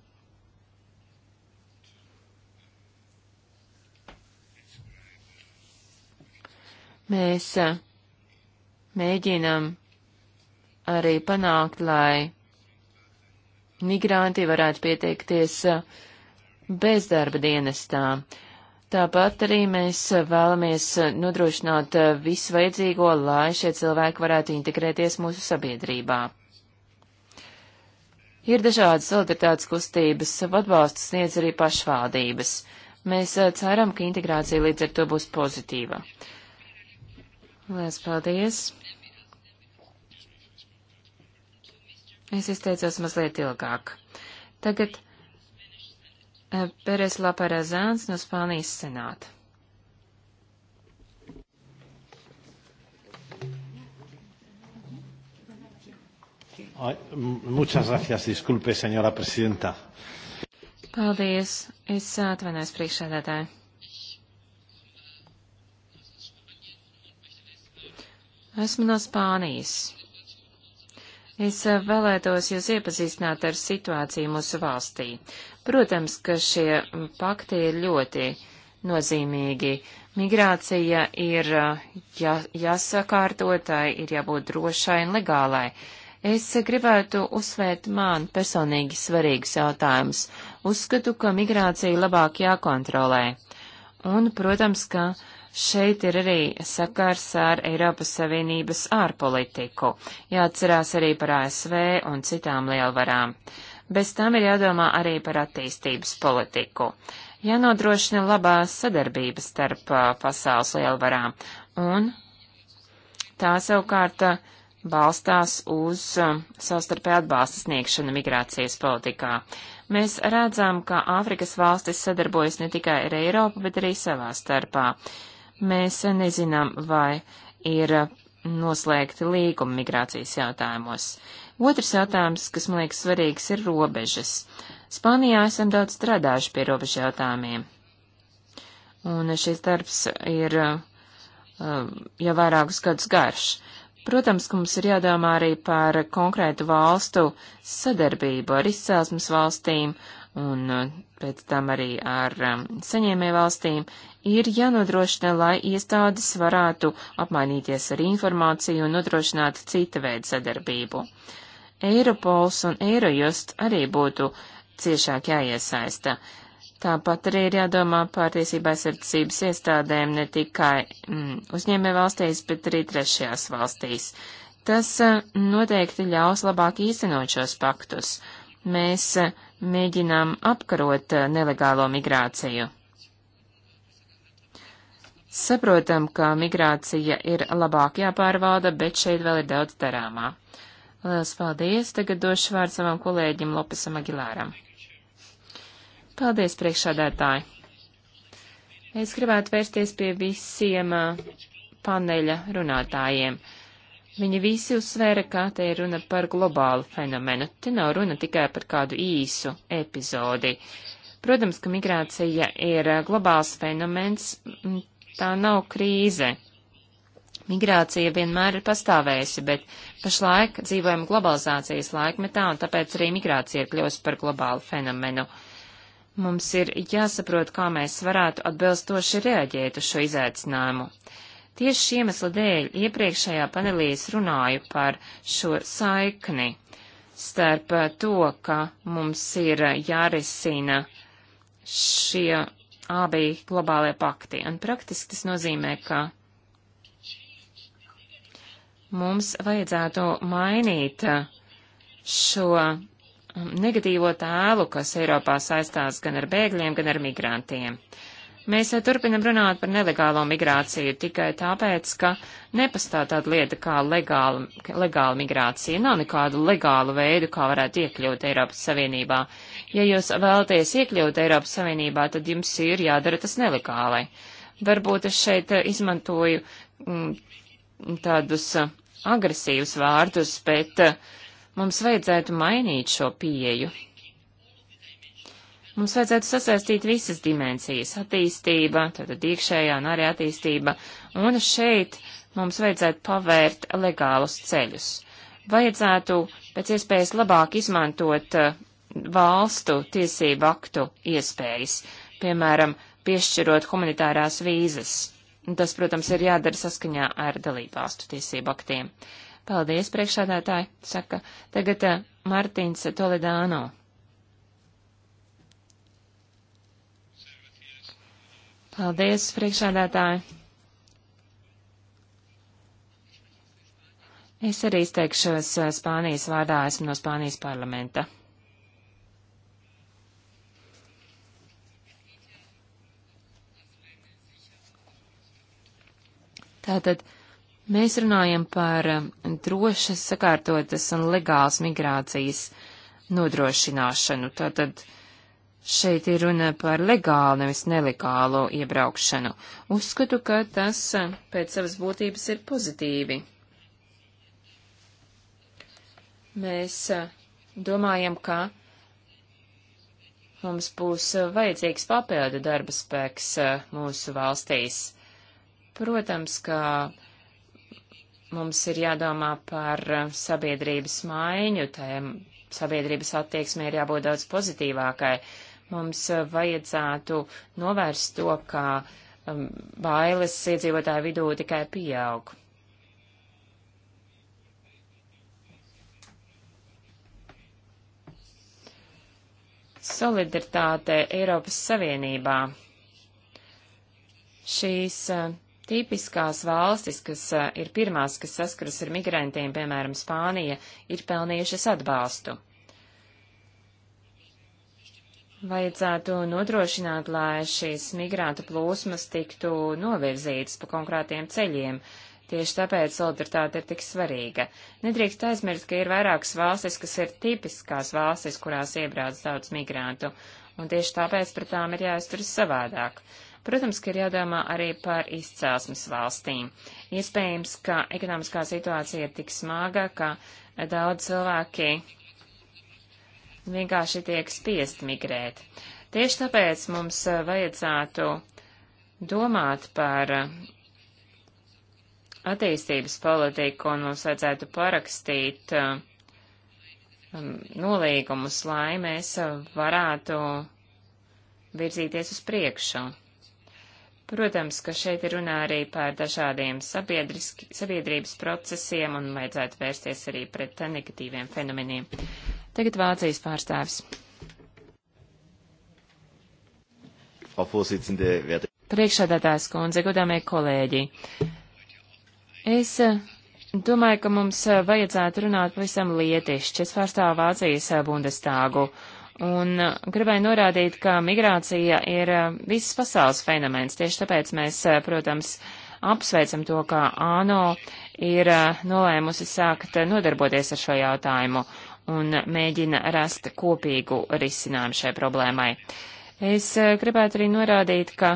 Mēs mēģinam arī panākt, lai migranti varētu pieteikties uh, bezdarba dienestā. Tāpat arī mēs uh, vēlamies uh, nodrošināt visu vajadzīgo, lai šie cilvēki varētu integrēties mūsu sabiedrībā. Ir dažādas solidaritātes kustības, atbalstu sniedz arī pašvaldības. Mēs ceram, ka integrācija līdz ar to būs pozitīva. Lielas paldies! Es izteicos mazliet ilgāk. Tagad eh, Pērēs Laparazāns no Spānijas senāta. Muchas gracias, disculpe, señora presidenta. Paldies, es atvainojos priekšsēdētāji. Esmu no Spānijas. Es eh, vēlētos jūs iepazīstināt ar situāciju mūsu valstī. Protams, ka šie pakti ir ļoti nozīmīgi. Migrācija ir eh, jā, jāsakārtotai, ir jābūt drošai un legālai. Es eh, gribētu uzsvērt man personīgi svarīgus jautājumus. Uzskatu, ka migrācija labāk jākontrolē. Un, protams, ka uh, Šeit ir arī sakars ar Eiropas Savienības ārpolitiku, jāatcerās arī par ASV un citām lielvarām. Bez tam ir jādomā arī par attīstības politiku. Jānodrošina labā sadarbība starp pasaules lielvarām, un tā savukārt balstās uz savstarpēju atbalsta sniegšanu migrācijas politikā mēs redzam, ka Āfrikas valstis sadarbojas ne tikai ar Eiropu, bet arī savā starpā. Mēs nezinām, vai ir noslēgti līgumi migrācijas jautājumos. Otrs jautājums, kas man liekas svarīgs, ir robežas. Spānijā esam daudz strādājuši pie robežu jautājumiem. Un šis darbs ir uh, jau vairākus gadus garš. Protams, ka mums ir jādomā arī par konkrētu valstu sadarbību ar izcelsmes valstīm un uh, pēc tam arī ar um, saņēmē valstīm, ir jānodrošina, lai iestādes varētu apmainīties ar informāciju un nodrošināt cita veida sadarbību. Eiropols un Eirojust arī būtu ciešāk jāiesaista. Tāpat arī ir jādomā par tiesībā aizsardzības iestādēm ne tikai mm, uzņēmē valstīs, bet arī trešajās valstīs. Tas uh, noteikti ļaus labāk īstenot šos paktus. Mēs uh, mēģinām apkarot eh, nelegālo migrāciju. Saprotam, ka migrācija ir labāk jāpārvalda, bet šeit vēl ir daudz darāmā. Lielas paldies! Tagad došu vārdu savam kolēģim Lopesam Agilāram. Paldies, priekšādētāji! Es gribētu vērsties pie visiem eh, paneļa runātājiem. Uh, Viņi visi uzsvēra, kā te ir runa par globālu fenomenu, te nav runa tikai par kādu īsu epizodi. Protams, ka migrācija ir globāls fenomens, tā nav krīze. Migrācija vienmēr ir pastāvējusi, bet pašlaik dzīvojam globalizācijas laikmetā, un tāpēc arī migrācija ir kļūst par globālu fenomenu. Mums ir jāsaprot, kā mēs varētu atbilstoši reaģēt uz šo izaicinājumu. Tieši šī iemesla dēļ iepriekšējā panelī es runāju par šo saikni starp to, ka mums ir jārisina šie abi globālie pakti. Un praktiski tas nozīmē, ka mums vajadzētu mainīt šo negatīvo tēlu, kas Eiropā saistās gan ar bēgļiem, gan ar migrantiem. Mēs eh, turpinam runāt par nelegālo migrāciju tikai tāpēc, ka nepastāv tāda lieta kā legāla, legāla migrācija. Nav nekādu legālu veidu, kā varētu iekļūt Eiropas Savienībā. Ja jūs vēlaties iekļūt Eiropas Savienībā, tad jums ir jādara tas nelegālai. Varbūt es šeit eh, izmantoju m, mm, tādus eh, agresīvus vārdus, bet mums vajadzētu mainīt šo pieeju. Mums vajadzētu sasaistīt visas dimensijas - attīstība, tātad iekšējā un arī attīstība, un šeit mums vajadzētu pavērt legālus ceļus. Vajadzētu pēc iespējas labāk izmantot eh, valstu tiesību aktu iespējas, piemēram, piešķirot humanitārās vīzas. Tas, protams, ir jādara saskaņā ar dalībvalstu tiesību aktiem. Paldies, priekšādātāji, saka tagad eh, Martins Toledāno. Paldies, priekšādātāji. Es arī izteikšos eh, Spānijas vārdā, esmu no Spānijas parlamenta. Tātad mēs runājam par eh, drošas, sakārtotas un legālas migrācijas nodrošināšanu. Tātad Šeit ir runa par legālu, nevis nelegālu iebraukšanu. Uzskatu, ka tas eh, pēc savas būtības ir pozitīvi. Mēs eh, domājam, ka mums būs eh, vajadzīgs papildu darba spēks mūsu valstīs. Protams, ka mums ir jādomā par sabiedrības maiņu, tēm sabiedrības attieksmē ir jābūt daudz pozitīvākai. Mums eh, vajadzētu novērst to, ka um, bailes iedzīvotāju vidū tikai pieaug. Solidaritāte Eiropas Savienībā. Šīs uh, tipiskās valstis, kas uh, ir pirmās, kas saskaras ar migrantiem, piemēram, Spānija, ir pelnījušas atbalstu. Vajadzētu nodrošināt, lai šīs migrāntu plūsmas tiktu novirzītas pa konkrētiem ceļiem. Tieši tāpēc solidaritāte ir tik svarīga. Nedrīkst aizmirst, ka ir vairākas valstis, kas ir tipiskās valstis, kurās iebrauc daudz migrantu, un tieši tāpēc pret tām ir jāizturas savādāk. Protams, ka ir jādomā arī par izcelsmes valstīm. Iespējams, ka ekonomiskā situācija ir tik smaga, ka daudz cilvēki vienkārši tiek spiest migrēt. Tieši tāpēc mums eh, vajadzētu domāt par eh, attīstības politiku un mums vajadzētu parakstīt eh, um, nolīgumus, lai mēs varētu virzīties uz priekšu. Protams, ka šeit ir runā arī par dažādiem sabiedrības procesiem un vajadzētu vērsties arī pret negatīviem fenomeniem. Tagad Vācijas pārstāvis. Priekšsēdētājs kundze, godāmie kolēģi. Es eh, domāju, ka mums eh, vajadzētu runāt pavisam lietišķi. Es pārstāvu Vācijas eh, Bundestāgu. Un gribēju norādīt, ka migrācija ir visas pasaules fenomens. Tieši tāpēc mēs, protams, apsveicam to, ka ANO ir nolēmusi sākt nodarboties ar šo jautājumu un mēģina rast kopīgu risinājumu šai problēmai. Es eh, gribētu arī norādīt, ka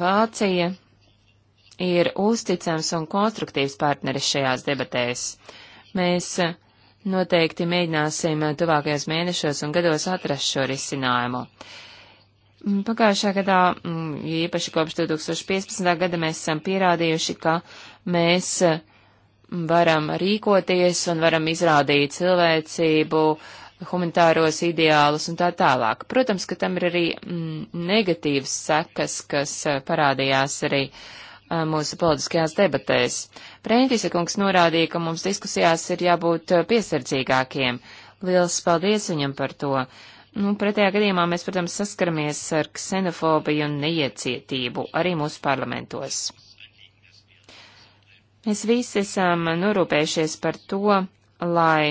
Vācija ir uzticams un konstruktīvs partneris šajās debatēs. Mēs eh, noteikti mēģināsim eh, tuvākajos mēnešos un gados atrast šo risinājumu. Mm, pagājušā gadā, mm, īpaši kopš 2015. gada, mēs esam pierādījuši, ka mēs uh, varam rīkoties un varam izrādīt cilvēcību, humanitāros ideālus un tā tālāk. Protams, ka tam ir arī mm, negatīvas sekas, kas eh, parādījās arī eh, mūsu politiskajās debatēs. Prēntisa kungs norādīja, ka mums diskusijās ir jābūt eh, piesardzīgākiem. Liels paldies viņam par to. Nu, pretējā gadījumā mēs, protams, saskaramies ar ksenofobiju un neiecietību arī mūsu parlamentos. Mēs visi esam norūpējušies par to, lai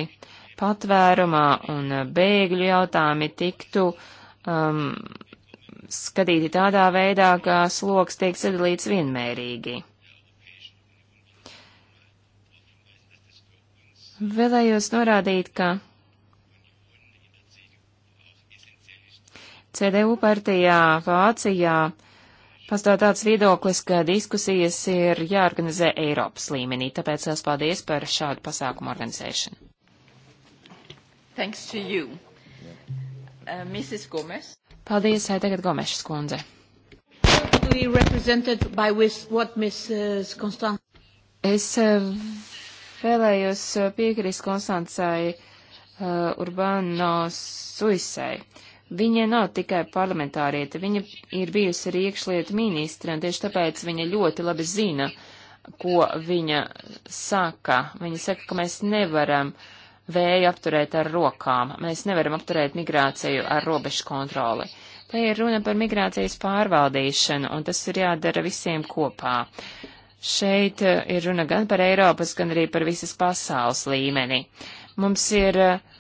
patvērumā un bēgļu jautājumi tiktu um, skatīti tādā veidā, ka sloks tiek sadalīts vienmērīgi. Vēlējos norādīt, ka CDU partijā Vācijā Pastāv tāds viedoklis, ka diskusijas ir jāorganizē Eiropas līmenī, tāpēc es paldies par šādu pasākumu organizēšanu. Thanks to you. Uh, Mrs. Gomes. Paldies, eh, tagad Gomešas kundze. Es eh, vēlējos eh, piekrist Konstancai uh, Urbano Suisai. Uh, Viņa nav tikai parlamentārieta, viņa ir bijusi arī iekšlietu ministra, un tieši tāpēc viņa ļoti labi zina, ko viņa saka. Viņa saka, ka mēs nevaram vēju apturēt ar rokām, mēs nevaram apturēt migrāciju ar robežu kontroli. Te ir runa par migrācijas pārvaldīšanu, un tas ir jādara visiem kopā. Šeit eh, ir runa gan par Eiropas, gan arī par visas pasaules līmeni. Mums ir uh,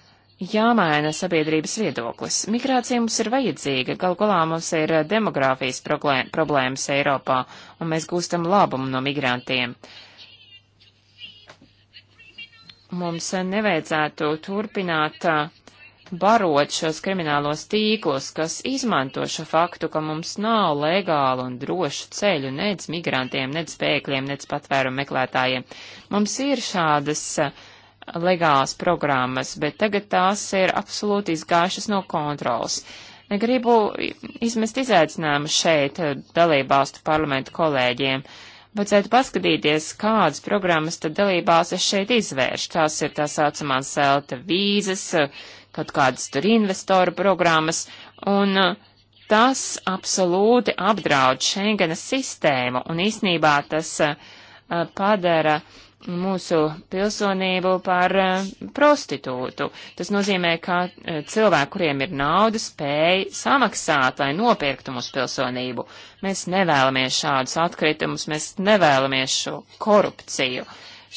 jāmaina sabiedrības viedoklis. Migrācija mums ir vajadzīga, gal galā mums ir eh, demogrāfijas problēmas Eiropā, un mēs gūstam labumu no migrantiem. Mums eh, nevajadzētu turpināt eh, barot šos kriminālos tīklus, kas izmanto šo faktu, ka mums nav legālu un drošu ceļu nec migrantiem, nec bēgļiem, nec patvērumu meklētājiem. Mums ir šādas uh, legālas programmas, bet tagad tās ir absolūti izgājušas no kontrols. Gribu izmest izaicinājumu šeit eh, dalībvalstu parlamentu kolēģiem. Vajadzētu paskatīties, kādas programmas tad dalībās es šeit izvēršu. Tās ir tā saucamās zelta vīzes, eh, kaut kādas tur investoru programmas, un eh, tas absolūti apdraud Schengenas sistēmu, un īsnībā tas uh, padara uh, mūsu pilsonību par eh, prostitūtu. Tas nozīmē, ka eh, cilvēki, kuriem ir nauda, spēj samaksāt, lai nopirktu mūsu pilsonību. Mēs nevēlamies šādus atkritumus, mēs nevēlamies šo korupciju.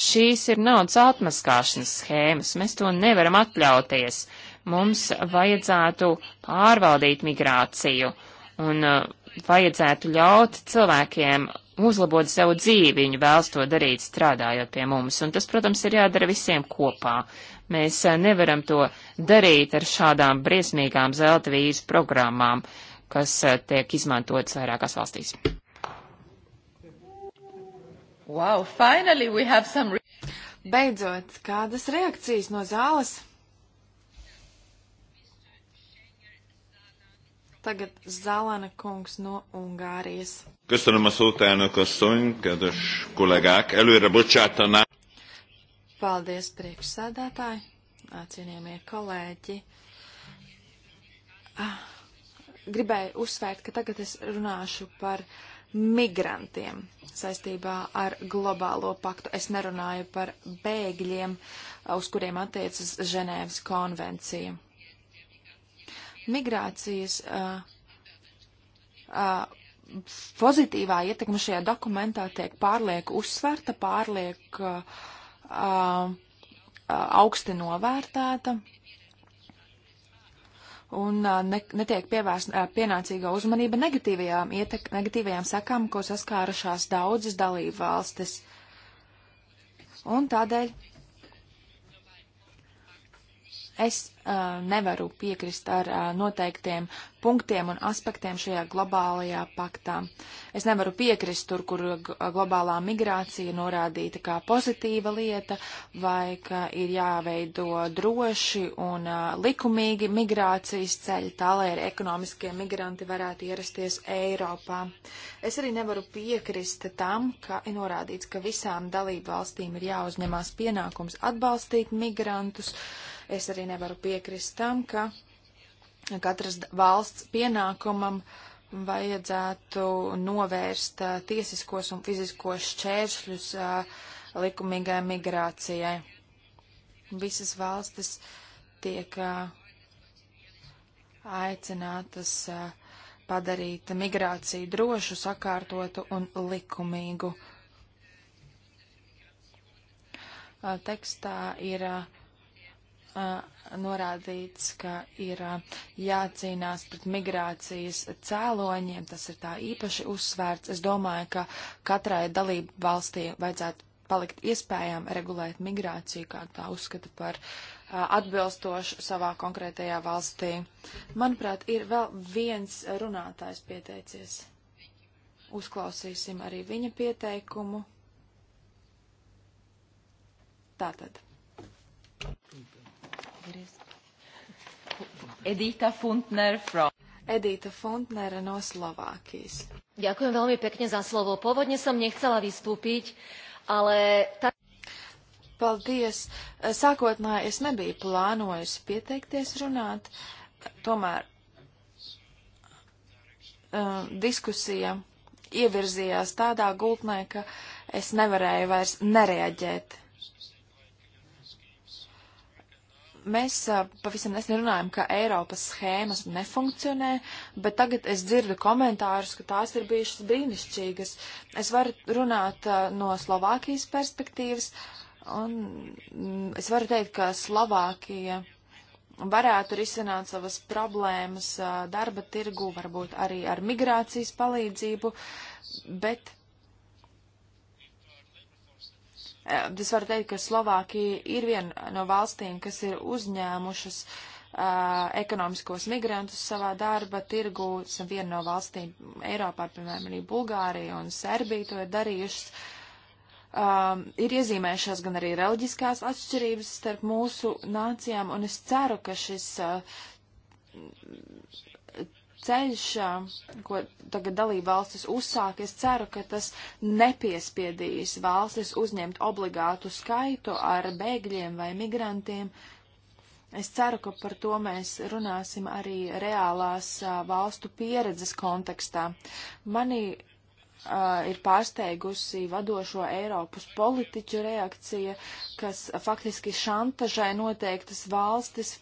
Šīs ir naudas atmaskāšanas schēmas, mēs to nevaram atļauties. Mums vajadzētu pārvaldīt migrāciju un eh, vajadzētu ļaut cilvēkiem uzlabot savu dzīvi, viņi vēlas to darīt strādājot pie mums, un tas, protams, ir jādara visiem kopā. Mēs eh, nevaram to darīt ar šādām briesmīgām zelta vīzu programmām, kas eh, tiek izmantotas vairākās valstīs. Wow, finally we have some... Beidzot, kādas reakcijas no zāles? Tagad Zalana kungs no Ungārijas. Köszönöm a szót, elnök asszony, kedves kollégák. Előre bocsátanám. Paldies, priekšsēdētāji, cienījamie kolēģi. Ah, gribēju uzsvērt, ka tagad es runāšu par migrantiem saistībā ar globālo paktu. Es nerunāju par bēgļiem, uz kuriem attiecas Ženēvas konvencija migrācijas uh, uh, pozitīvā ietekme šajā dokumentā tiek pārlieku uzsverta, pārlieku uh, uh, augsti novērtēta un uh, ne, netiek pievērsta uh, pienācīga uzmanība negatīvajām, ietek, negatīvajām sekām, ko saskārušās daudzas dalību valstis. Un tādēļ es Uh, nevaru piekrist ar uh, noteiktiem punktiem un aspektiem šajā globālajā paktā. Es nevaru piekrist tur, kur uh, globālā migrācija norādīta kā pozitīva lieta, vai ka ir jāveido droši un likumīgi migrācijas ceļi, tā lai arī ekonomiskie migranti varētu ierasties Eiropā. Es arī nevaru piekrist tam, ka ir norādīts, ka visām dalību valstīm ir jāuzņemās pienākums atbalstīt migrantus. Uh, Es arī nevaru piekrist tam, ka katras valsts pienākumam vajadzētu novērst a, tiesiskos un fiziskos šķēršļus a, likumīgai migrācijai. Visas valstis tiek a, aicinātas padarīt migrāciju drošu, sakārtotu un likumīgu. Tekstā ir uh, Uh, norādīts, ka ir uh, jācīnās pret migrācijas cēloņiem. Tas ir tā īpaši uzsvērts. Es domāju, ka katrai dalību valstī vajadzētu palikt iespējām regulēt migrāciju, kā tā uzskata par uh, atbilstošu savā konkrētajā valstī. Manuprāt, ir vēl viens runātājs pieteicies. Uzklausīsim arī viņa pieteikumu. Tātad. Thank you. Edita Funtner from. Edita Funtner no Slovākijas. Ďakujem veľmi pekne za slovo. Pôvodne som nechcela vystúpiť, ale... Ta... Paldies. Sākotnēji es nebiju plānojusi pieteikties runāt, tomēr uh, diskusija ievirzījās tādā gultnē, ka es nevarēju vairs nereaģēt Mēs pavisam nesen runājam, ka Eiropas schēmas nefunkcionē, bet tagad es dzirdu komentārus, ka tās ir bijušas brīnišķīgas. Es varu runāt no Slovākijas perspektīvas, un mm, es varu teikt, ka Slovākija varētu risināt savas problēmas darba tirgu, varbūt arī ar migrācijas palīdzību, bet Eh, es varu teikt, ka Slovākija ir viena no valstīm, kas ir uzņēmušas uh, ekonomiskos migrantus savā darba tirgu. Esam viena no valstīm Eiropā, piemēram, arī Bulgārija un Serbija to ir darījušas. Um, ir iezīmējušās gan arī reliģiskās atšķirības starp mūsu nācijām, un es ceru, ka šis uh, ceļš, ko tagad dalība valstis uzsāk, es ceru, ka tas nepiespiedīs valstis uzņemt obligātu skaitu ar bēgļiem vai migrantiem. Es ceru, ka par to mēs runāsim arī reālās valstu pieredzes kontekstā. Mani Uh, ir pārsteigusi vadošo Eiropas politiķu reakcija, kas faktiski šantažē noteiktas valstis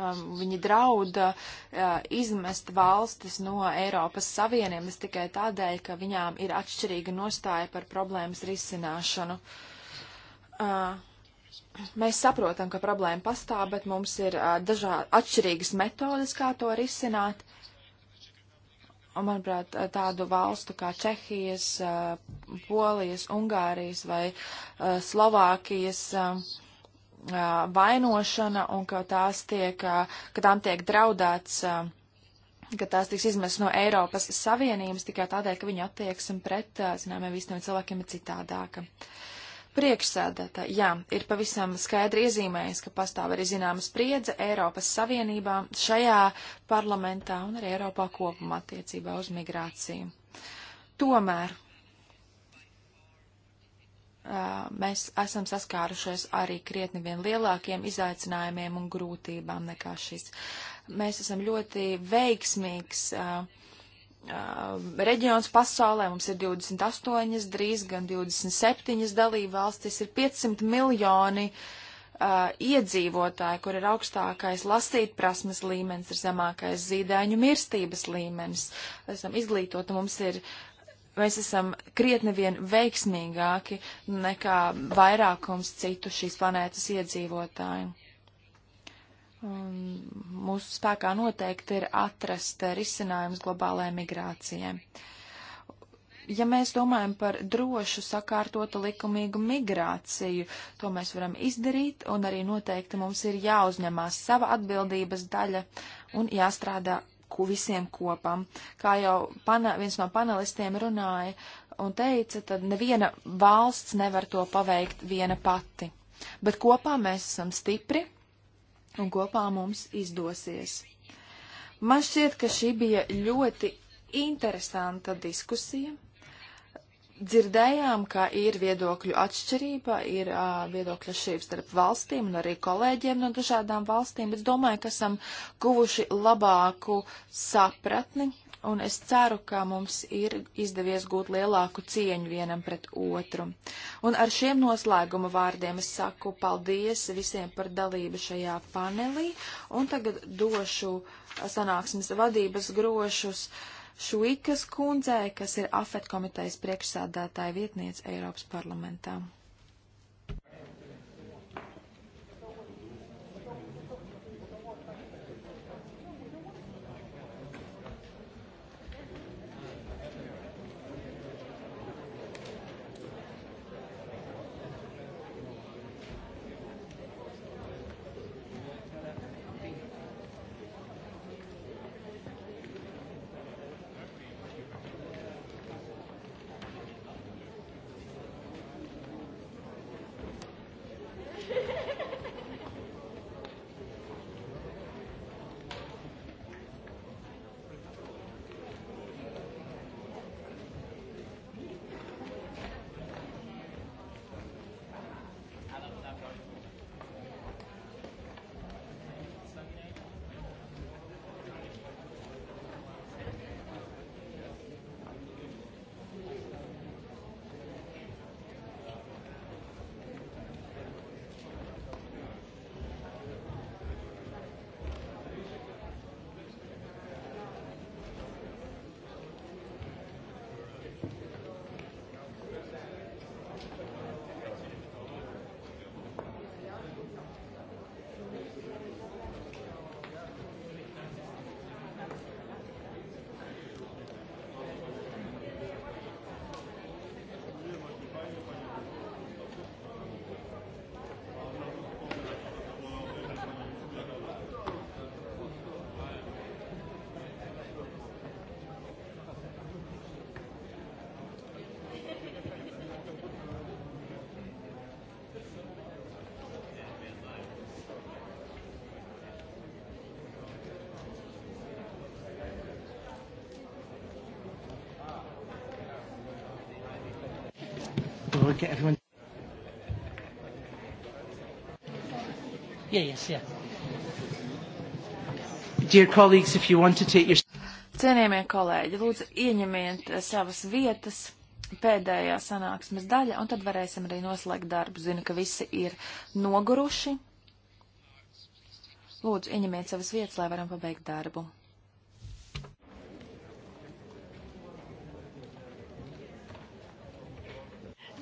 Um, viņi drauda uh, izmest valstis no Eiropas Savienības tikai tādēļ, ka viņām ir atšķirīga nostāja par problēmas risināšanu. Uh, mēs saprotam, ka problēma pastāv, bet mums ir uh, dažādi atšķirīgas metodes, kā to risināt. Un, manuprāt, tādu valstu kā Čehijas, uh, Polijas, Ungārijas vai uh, Slovākijas um, vainošana un ka tās tiek, ka tām tiek draudēts, ka tās tiks izmest no Eiropas Savienības tikai tādēļ, ka viņu attieksme pret, zināmiem, visiem cilvēkiem ir citādāka. Priekšsēdētā, jā, ir pavisam skaidri iezīmējis, ka pastāv arī zināma spriedze Eiropas Savienībā, šajā parlamentā un arī Eiropā kopumā attiecībā uz migrāciju. Tomēr mēs esam saskārušies arī krietni vien lielākiem izaicinājumiem un grūtībām nekā šis. Mēs esam ļoti veiksmīgs reģions pasaulē, mums ir 28, drīz gan 27 dalība valstis, ir 500 miljoni uh, iedzīvotāji, kur ir augstākais lasīt prasmes līmenis, ir zemākais zīdaiņu mirstības līmenis. Esam izglītoti, mums ir mēs esam krietni vien veiksmīgāki nekā vairākums citu šīs planētas iedzīvotāju. Un mūsu spēkā noteikti ir atrast risinājums globālajai migrācijai. Ja mēs domājam par drošu, sakārtotu likumīgu migrāciju, to mēs varam izdarīt, un arī noteikti mums ir jāuzņemās sava atbildības daļa un jāstrādā ko visiem kopam. Kā jau pana, viens no panelistiem runāja un teica, tad neviena valsts nevar to paveikt viena pati. Bet kopā mēs esam stipri un kopā mums izdosies. Man šķiet, ka šī bija ļoti interesanta diskusija dzirdējām, ka ir viedokļu atšķirība, ir uh, viedokļu atšķirības starp valstīm un arī kolēģiem no dažādām valstīm, bet domāju, ka esam guvuši labāku sapratni, un es ceru, ka mums ir izdevies gūt lielāku cieņu vienam pret otru. Un ar šiem noslēguma vārdiem es saku paldies visiem par dalību šajā panelī, un tagad došu sanāksmes vadības grošus. Uh, Šuikas kundzei, kas ir AFET komitejas priekšsādātāja vietniece Eiropas parlamentā. want to get everyone. Yeah, yes, yeah. Dear colleagues, if you want to take your... Cienījamie kolēģi, lūdzu ieņemiet savas vietas pēdējā sanāksmes daļa, un tad varēsim arī noslēgt darbu. Zinu, ka visi ir noguruši. Lūdzu, ieņemiet savas vietas, lai varam pabeigt darbu.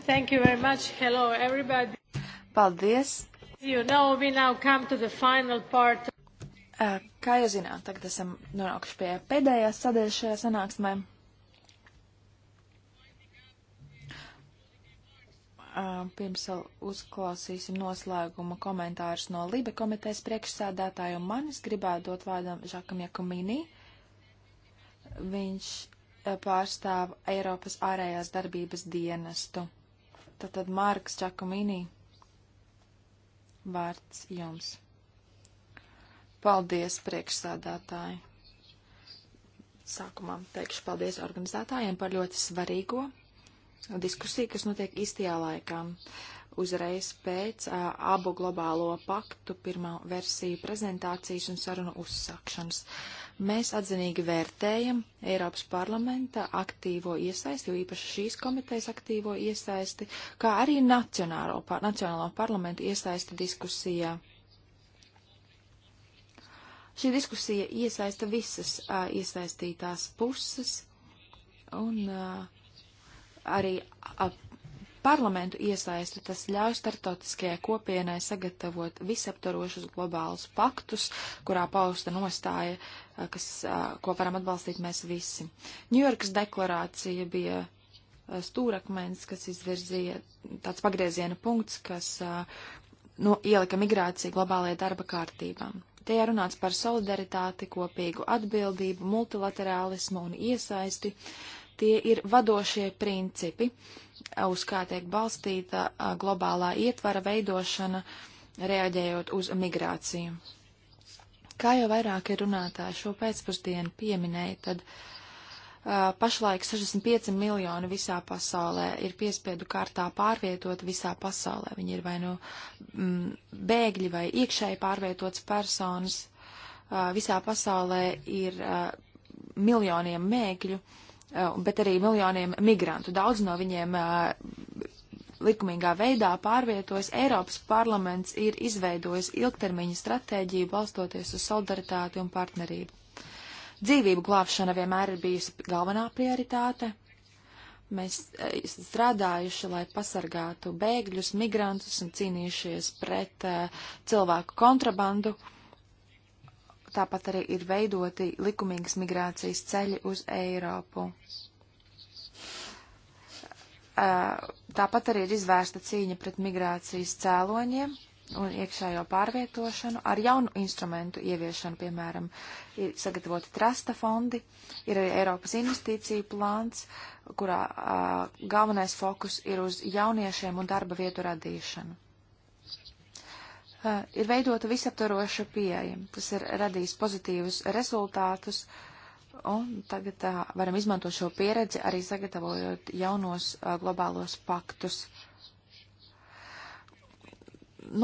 Thank you very much. Hello, everybody. Paldies. You know, we now come to the final part. Kā jūs zināt, tagad esam nonākuši pie pēdējās sadaļas šajā sanāksmē. Pirms vēl uzklausīsim noslēguma komentārus no Libe komitejas priekšsēdētāju un manis gribētu dot vārdam Žakam Jakumīnī. Viņš pārstāv Eiropas ārējās darbības dienestu. Tātad Marks Čakumīnī. Vārds jums. Paldies, priekšsādātāji. Sākumā teikšu paldies organizētājiem par ļoti svarīgo diskusiju, kas notiek īstajā laikā. Uh, uzreiz pēc a, abu globālo paktu pirmā versija prezentācijas un sarunu uzsākšanas. Mēs atzinīgi vērtējam Eiropas parlamenta aktīvo iesaisti, jo īpaši šīs komitejas aktīvo iesaisti, kā arī nacionālo, par, nacionālo parlamentu iesaisti diskusijā. Šī diskusija iesaista visas a, iesaistītās puses un a, arī parlamentu iesaistu, tas ļauj startautiskajai kopienai sagatavot visaptarošus globālus paktus, kurā pausta nostāja, kas, ko varam atbalstīt mēs visi. Ņujorkas deklarācija bija stūrakmens, kas izvirzīja tāds pagrieziena punkts, kas no, nu, ielika migrāciju globālajā darba kārtībām. Te ir runāts par solidaritāti, kopīgu atbildību, multilaterālismu un iesaisti. Tie ir vadošie principi, uh, uz kā tiek balstīta globālā ietvara veidošana, reaģējot uz migrāciju. Kā jau vairāk ir runātāji šo pēcpusdienu pieminēja, tad uh, pašlaik 65 miljoni visā pasaulē ir piespiedu kārtā pārvietot visā pasaulē. Viņi ir vai nu mm, bēgļi vai iekšēji pārvietots personas. Uh, visā pasaulē ir uh, miljoniem mēgļu. Uh, Eh, bet arī miljoniem migrantu. Daudz no viņiem eh, likumīgā veidā pārvietojas. Eiropas parlaments ir izveidojis ilgtermiņa stratēģiju balstoties uz solidaritāti un partnerību. Dzīvību glābšana vienmēr ir bijusi galvenā prioritāte. Mēs eh, strādājuši, lai pasargātu bēgļus, migrantus un cīnījušies pret uh, cilvēku kontrabandu. Uh, tāpat arī ir veidoti likumīgas migrācijas ceļi uz Eiropu. Tāpat arī ir izvērsta cīņa pret migrācijas cēloņiem un iekšējo pārvietošanu ar jaunu instrumentu ieviešanu, piemēram, ir sagatavoti trasta fondi, ir arī Eiropas investīcija plāns, kurā a, galvenais fokus ir uz jauniešiem un darba vietu radīšanu. Eh, ir veidota visaptvaroša pieeja, kas ir radījis pozitīvus rezultātus, un tagad tā, eh, varam izmantot šo pieredzi arī sagatavojot jaunos a, eh, globālos paktus.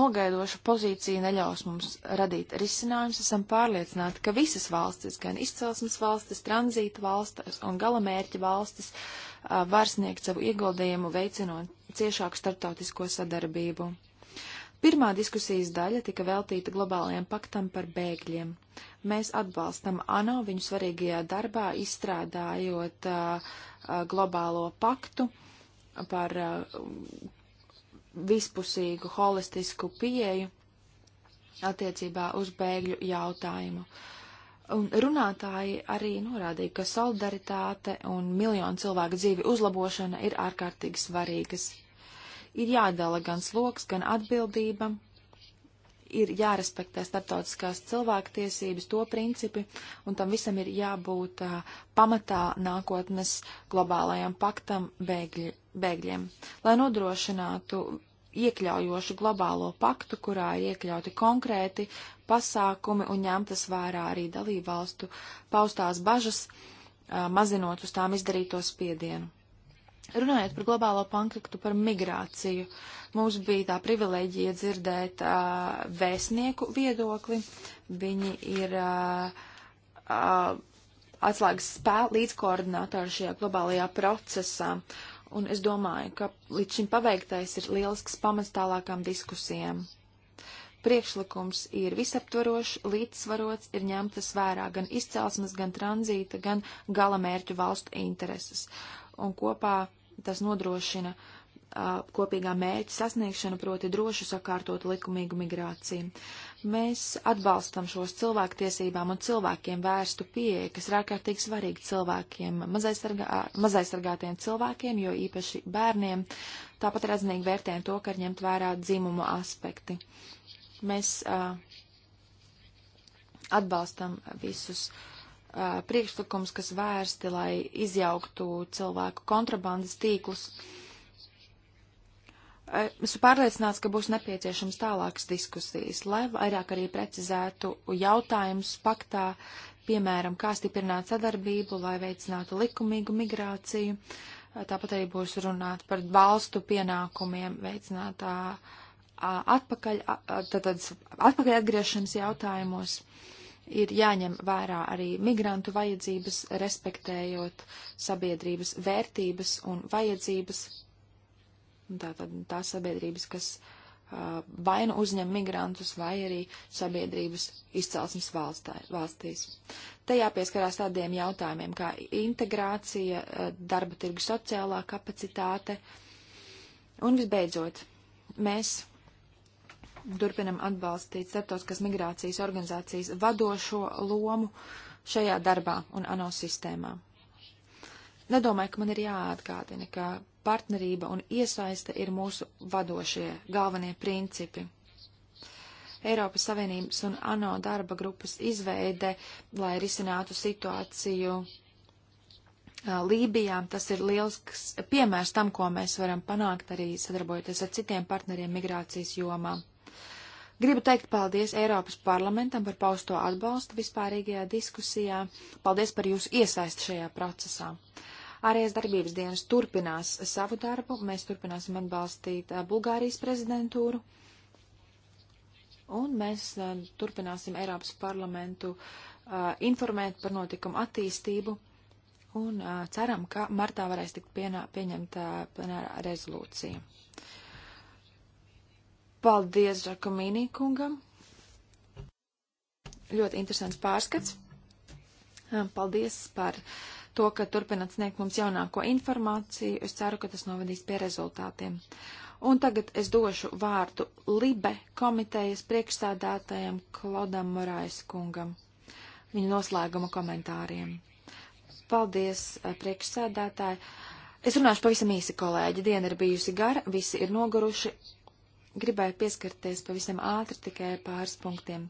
Nogaidoša pozīcija neļaus mums radīt risinājums. Esam pārliecināti, ka visas valstis, gan izcelsmes valstis, tranzīta valstis un galamērķa valstis a, var sniegt savu ieguldījumu, veicinot ciešāku starptautisko sadarbību. Pirmā diskusijas daļa tika veltīta globālajiem paktam par bēgļiem. Mēs atbalstam ANO viņu svarīgajā darbā, izstrādājot uh, uh, globālo paktu par uh, vispusīgu, holistisku pieeju attiecībā uz bēgļu jautājumu. Un runātāji arī norādīja, ka solidaritāte un miljonu cilvēku dzīvi uzlabošana ir ārkārtīgi svarīgas ir jādala gan sloks, gan atbildība, ir jārespektē starptautiskās cilvēktiesības, to principi, un tam visam ir jābūt uh, pamatā nākotnes globālajam paktam bēgļi, bēgļiem. Lai nodrošinātu iekļaujošu globālo paktu, kurā ir iekļauti konkrēti pasākumi un ņemtas vērā arī dalībvalstu paustās bažas, mazinot uz tām izdarīto spiedienu. Runājot par globālo pankaktu par migrāciju, mums bija tā privilēģija dzirdēt uh, vēstnieku viedokli. Viņi ir uh, uh, atslēgas spēl līdzkoordinātori šajā globālajā procesā. Un es domāju, ka līdz šim paveiktais ir lielisks pamats tālākām diskusijām. Priekšlikums ir visaptvarošs, līdzsvarots, ir ņemtas vērā gan izcelsmes, gan tranzīta, gan galamērķu valstu intereses. Un kopā Tas nodrošina uh, kopīgā mērķa sasniegšanu, proti drošu sakārtot likumīgu migrāciju. Mēs atbalstam šos cilvēktiesībām un cilvēkiem vērstu pieeja, kas ir ārkārtīgi svarīgi cilvēkiem, mazaizsargā, mazaizsargātiem cilvēkiem, jo īpaši bērniem. Tāpat ir atzinīgi vērtējam to, ka ir ņemt vērā dzimumu aspekti. Mēs uh, atbalstam visus uh, priekšlikums, kas vērsti, lai izjauktu cilvēku kontrabandas tīklus. Esmu pārliecināts, ka būs nepieciešams tālākas diskusijas, lai vairāk arī precizētu jautājumus paktā, piemēram, kā stiprināt sadarbību, lai veicinātu likumīgu migrāciju. Tāpat arī būs runāt par valstu pienākumiem, veicināt atpakaļ, tātad atpakaļ atgriešanas jautājumos. Uh, ir jāņem vērā arī migrantu vajadzības, respektējot sabiedrības vērtības un vajadzības. Tātad tās sabiedrības, kas uh, vai nu uzņem migrantus, vai arī sabiedrības izcelsmes valstā, valstīs. Te jāpieskarās tādiem jautājumiem kā integrācija, darba tirgu sociālā kapacitāte. Un visbeidzot, mēs turpinam atbalstīt starptautiskās migrācijas organizācijas vadošo lomu šajā darbā un ANO sistēmā. Nedomāju, ka man ir jāatgādina, ka partnerība un iesaiste ir mūsu vadošie galvenie principi. Eiropas Savienības un ANO darba grupas izveide, lai risinātu situāciju Lībijā. Tas ir liels piemērs tam, ko mēs varam panākt arī sadarbojoties ar citiem partneriem migrācijas jomā. Gribu teikt paldies Eiropas parlamentam par pausto atbalstu vispārīgajā diskusijā. Paldies par jūsu iesaistu šajā procesā. Ārējās darbības dienas turpinās savu darbu. Mēs turpināsim atbalstīt Bulgārijas prezidentūru. Un mēs turpināsim Eiropas parlamentu uh, informēt par notikumu attīstību. Un uh, ceram, ka martā varēs tikt pienā, pieņemta plenāra rezolūcija. Paldies Žakomīnī kungam. Ļoti interesants pārskats. Paldies par to, ka turpināt sniegt mums jaunāko informāciju. Es ceru, ka tas novedīs pie rezultātiem. Un tagad es došu vārdu Libe komitejas priekšstādātajam Klodam Morais kungam viņa noslēguma komentāriem. Paldies, priekšsēdētāji. Es runāšu pavisam īsi, kolēģi. Diena ir bijusi gara, visi ir noguruši gribēju pieskarties pavisam ātri tikai pāris punktiem.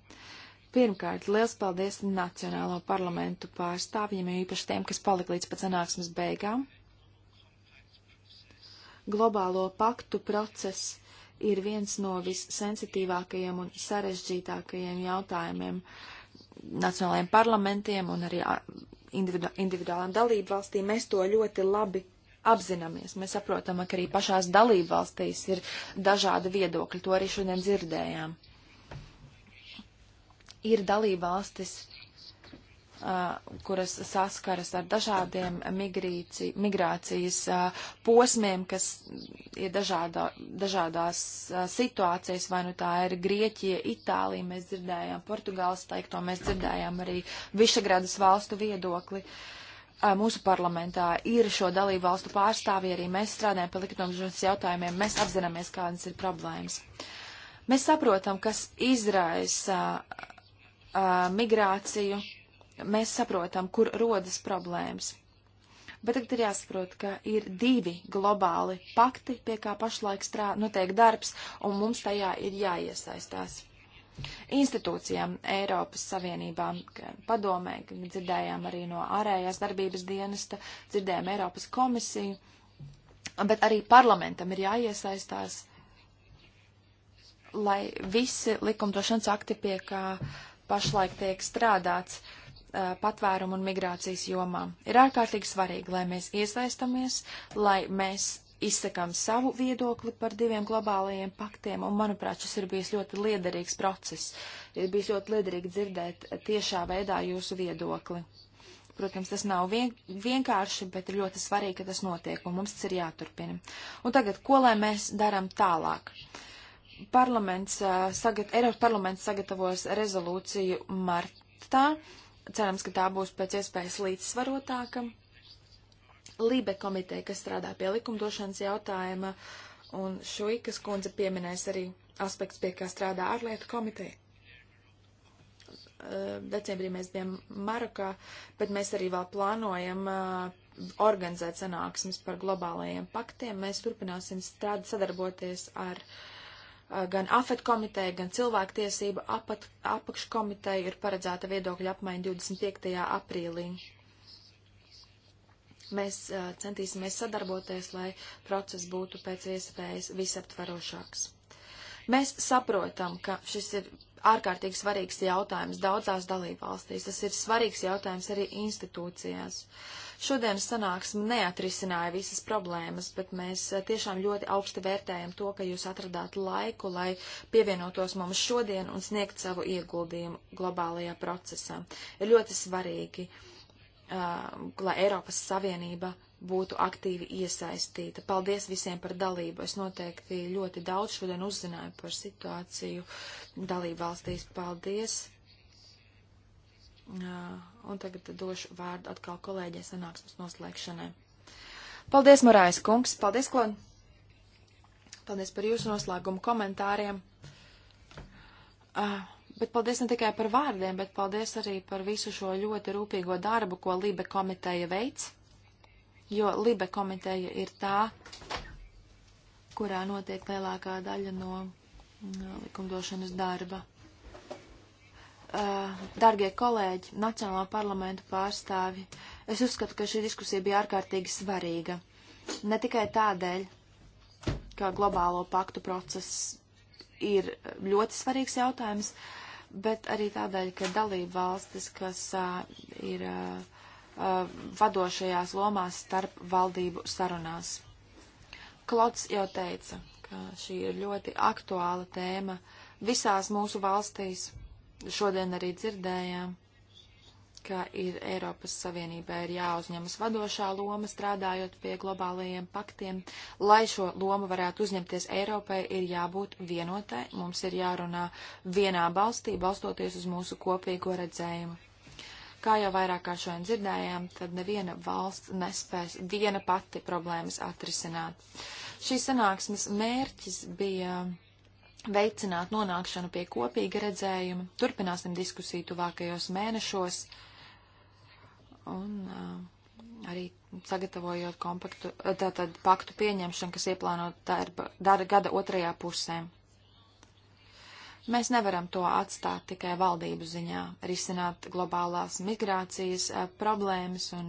Pirmkārt, liels paldies Nacionālo parlamentu pārstāvjiem, jo īpaši tiem, kas palika līdz pat sanāksmes beigām. Globālo paktu process ir viens no vissensitīvākajiem un sarežģītākajiem jautājumiem nacionālajiem parlamentiem un arī individu individuālām dalību valstīm. Mēs to ļoti labi apzināmies. Mēs saprotam, ka arī pašās dalību valstīs ir dažādi viedokļi, to arī šodien dzirdējām. Ir dalību valstis, Uh, kuras saskaras ar dažādiem migrīci, migrācijas uh, posmiem, kas ir dažādā, dažādās uh, situācijas, vai nu tā ir Grieķija, Itālija, mēs dzirdējām Portugāles teikto, mēs dzirdējām arī Višagradas valstu viedokli. Uh, mūsu parlamentā ir šo dalību valstu pārstāvji, arī mēs strādājam pie likumdošanas jautājumiem, mēs apzināmies, kādas ir problēmas. Mēs saprotam, kas izraisa migrāciju, mēs saprotam, kur rodas problēmas. Bet tagad ir jāsaprot, ka ir divi globāli pakti, pie kā pašlaik strādā, notiek nu, darbs, un mums tajā ir jāiesaistās institūcijām Eiropas Savienībā, gan padomē, gan dzirdējām arī no ārējās darbības dienesta, dzirdējām Eiropas komisiju, bet arī parlamentam ir jāiesaistās, lai visi likumdošanas akti, pie kā pašlaik tiek strādāts, patvērumu un migrācijas jomā. Ir ārkārtīgi svarīgi, lai mēs iesaistamies, lai mēs izsakām savu viedokli par diviem globālajiem paktiem, un, manuprāt, šis ir bijis ļoti liederīgs process. Ir bijis ļoti liederīgi dzirdēt tiešā veidā jūsu viedokli. Protams, tas nav vien, vienkārši, bet ir ļoti svarīgi, ka tas notiek, un mums tas ir jāturpina. Un tagad, ko lai mēs darām tālāk? Parlaments, sagat, Eiropas parlaments sagatavos rezolūciju martā. Cerams, ka tā būs pēc iespējas līdzsvarotāka. Libe komiteja, kas strādā pie likumdošanas jautājuma, un Šuikas kundze pieminēs arī aspekts, pie kā strādā ārlietu komiteja. Decembrī mēs bijām Marokā, bet mēs arī vēl plānojam organizēt sanāksmes par globālajiem paktiem. Mēs turpināsim strād, sadarboties ar gan AFET komiteju, gan cilvēktiesību apakškomiteju ir paredzēta viedokļa apmaiņa 25. aprīlī Mēs uh, centīsimies sadarboties, lai process būtu pēc iespējas visaptvarošāks. Mēs saprotam, ka šis ir ārkārtīgi svarīgs jautājums daudzās dalībvalstīs. Tas ir svarīgs jautājums arī institūcijās. Šodienas sanāksme neatrisināja visas problēmas, bet mēs tiešām ļoti augsti vērtējam to, ka jūs atradāt laiku, lai pievienotos mums šodien un sniegt savu ieguldījumu globālajā procesā. Ir ļoti svarīgi. Uh, lai Eiropas Savienība būtu aktīvi iesaistīta. Paldies visiem par dalību. Es noteikti ļoti daudz šodien uzzināju par situāciju dalību valstīs. Paldies! Un tagad došu vārdu atkal kolēģiem sanāksmes noslēgšanai. Paldies, Marājas kungs! Paldies, Klon! Paldies par jūsu noslēgumu komentāriem! Uh. Bet paldies ne tikai par vārdiem, bet paldies arī par visu šo ļoti rūpīgo darbu, ko Libe komiteja veic. Jo Libe komiteja ir tā, kurā notiek lielākā daļa no, no likumdošanas darba. Uh, dargie kolēģi, Nacionālā parlamenta pārstāvi, es uzskatu, ka šī diskusija bija ārkārtīgi svarīga. Ne tikai tādēļ, ka globālo paktu process ir ļoti svarīgs jautājums, uh, bet arī tādēļ, ka dalība valstis, kas uh, ir uh, vadošajās lomās starp valdību sarunās. Klots jau teica, ka šī ir ļoti aktuāla tēma visās mūsu valstīs. Šodien arī dzirdējām ka ir Eiropas Savienībā ir jāuzņemas vadošā loma strādājot pie globālajiem paktiem. Lai šo lomu varētu uzņemties Eiropai, ir jābūt vienotai, mums ir jārunā vienā balstī, balstoties uz mūsu kopīgo redzējumu. Kā jau vairāk kā šodien dzirdējām, tad neviena valsts nespēs viena pati problēmas atrisināt. Šīs sanāksmes mērķis bija veicināt nonākšanu pie kopīga redzējuma. Turpināsim diskusiju tuvākajos mēnešos. Un arī sagatavojot kompaktu, tātad paktu pieņemšanu, kas ieplānot darba, darba gada otrajā pusē. Mēs nevaram to atstāt tikai valdību ziņā, risināt globālās migrācijas problēmas un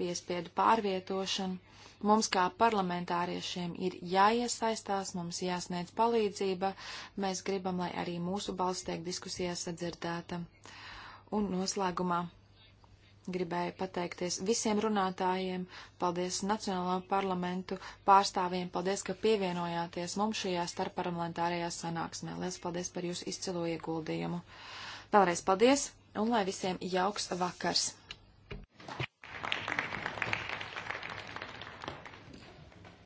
piespiedu pārvietošanu. Mums kā parlamentāriešiem ir jāiesaistās, mums jāsniedz palīdzība, mēs gribam, lai arī mūsu balss tiek diskusijās sadzirdēta. Un noslēgumā Gribēju pateikties visiem runātājiem, paldies Nacionālo parlamentu pārstāvjiem, paldies, ka pievienojāties mums šajā starpparlamentārajā sanāksmē. Lielas paldies par jūsu izcilo ieguldījumu. Vēlreiz paldies un lai visiem jauks vakars!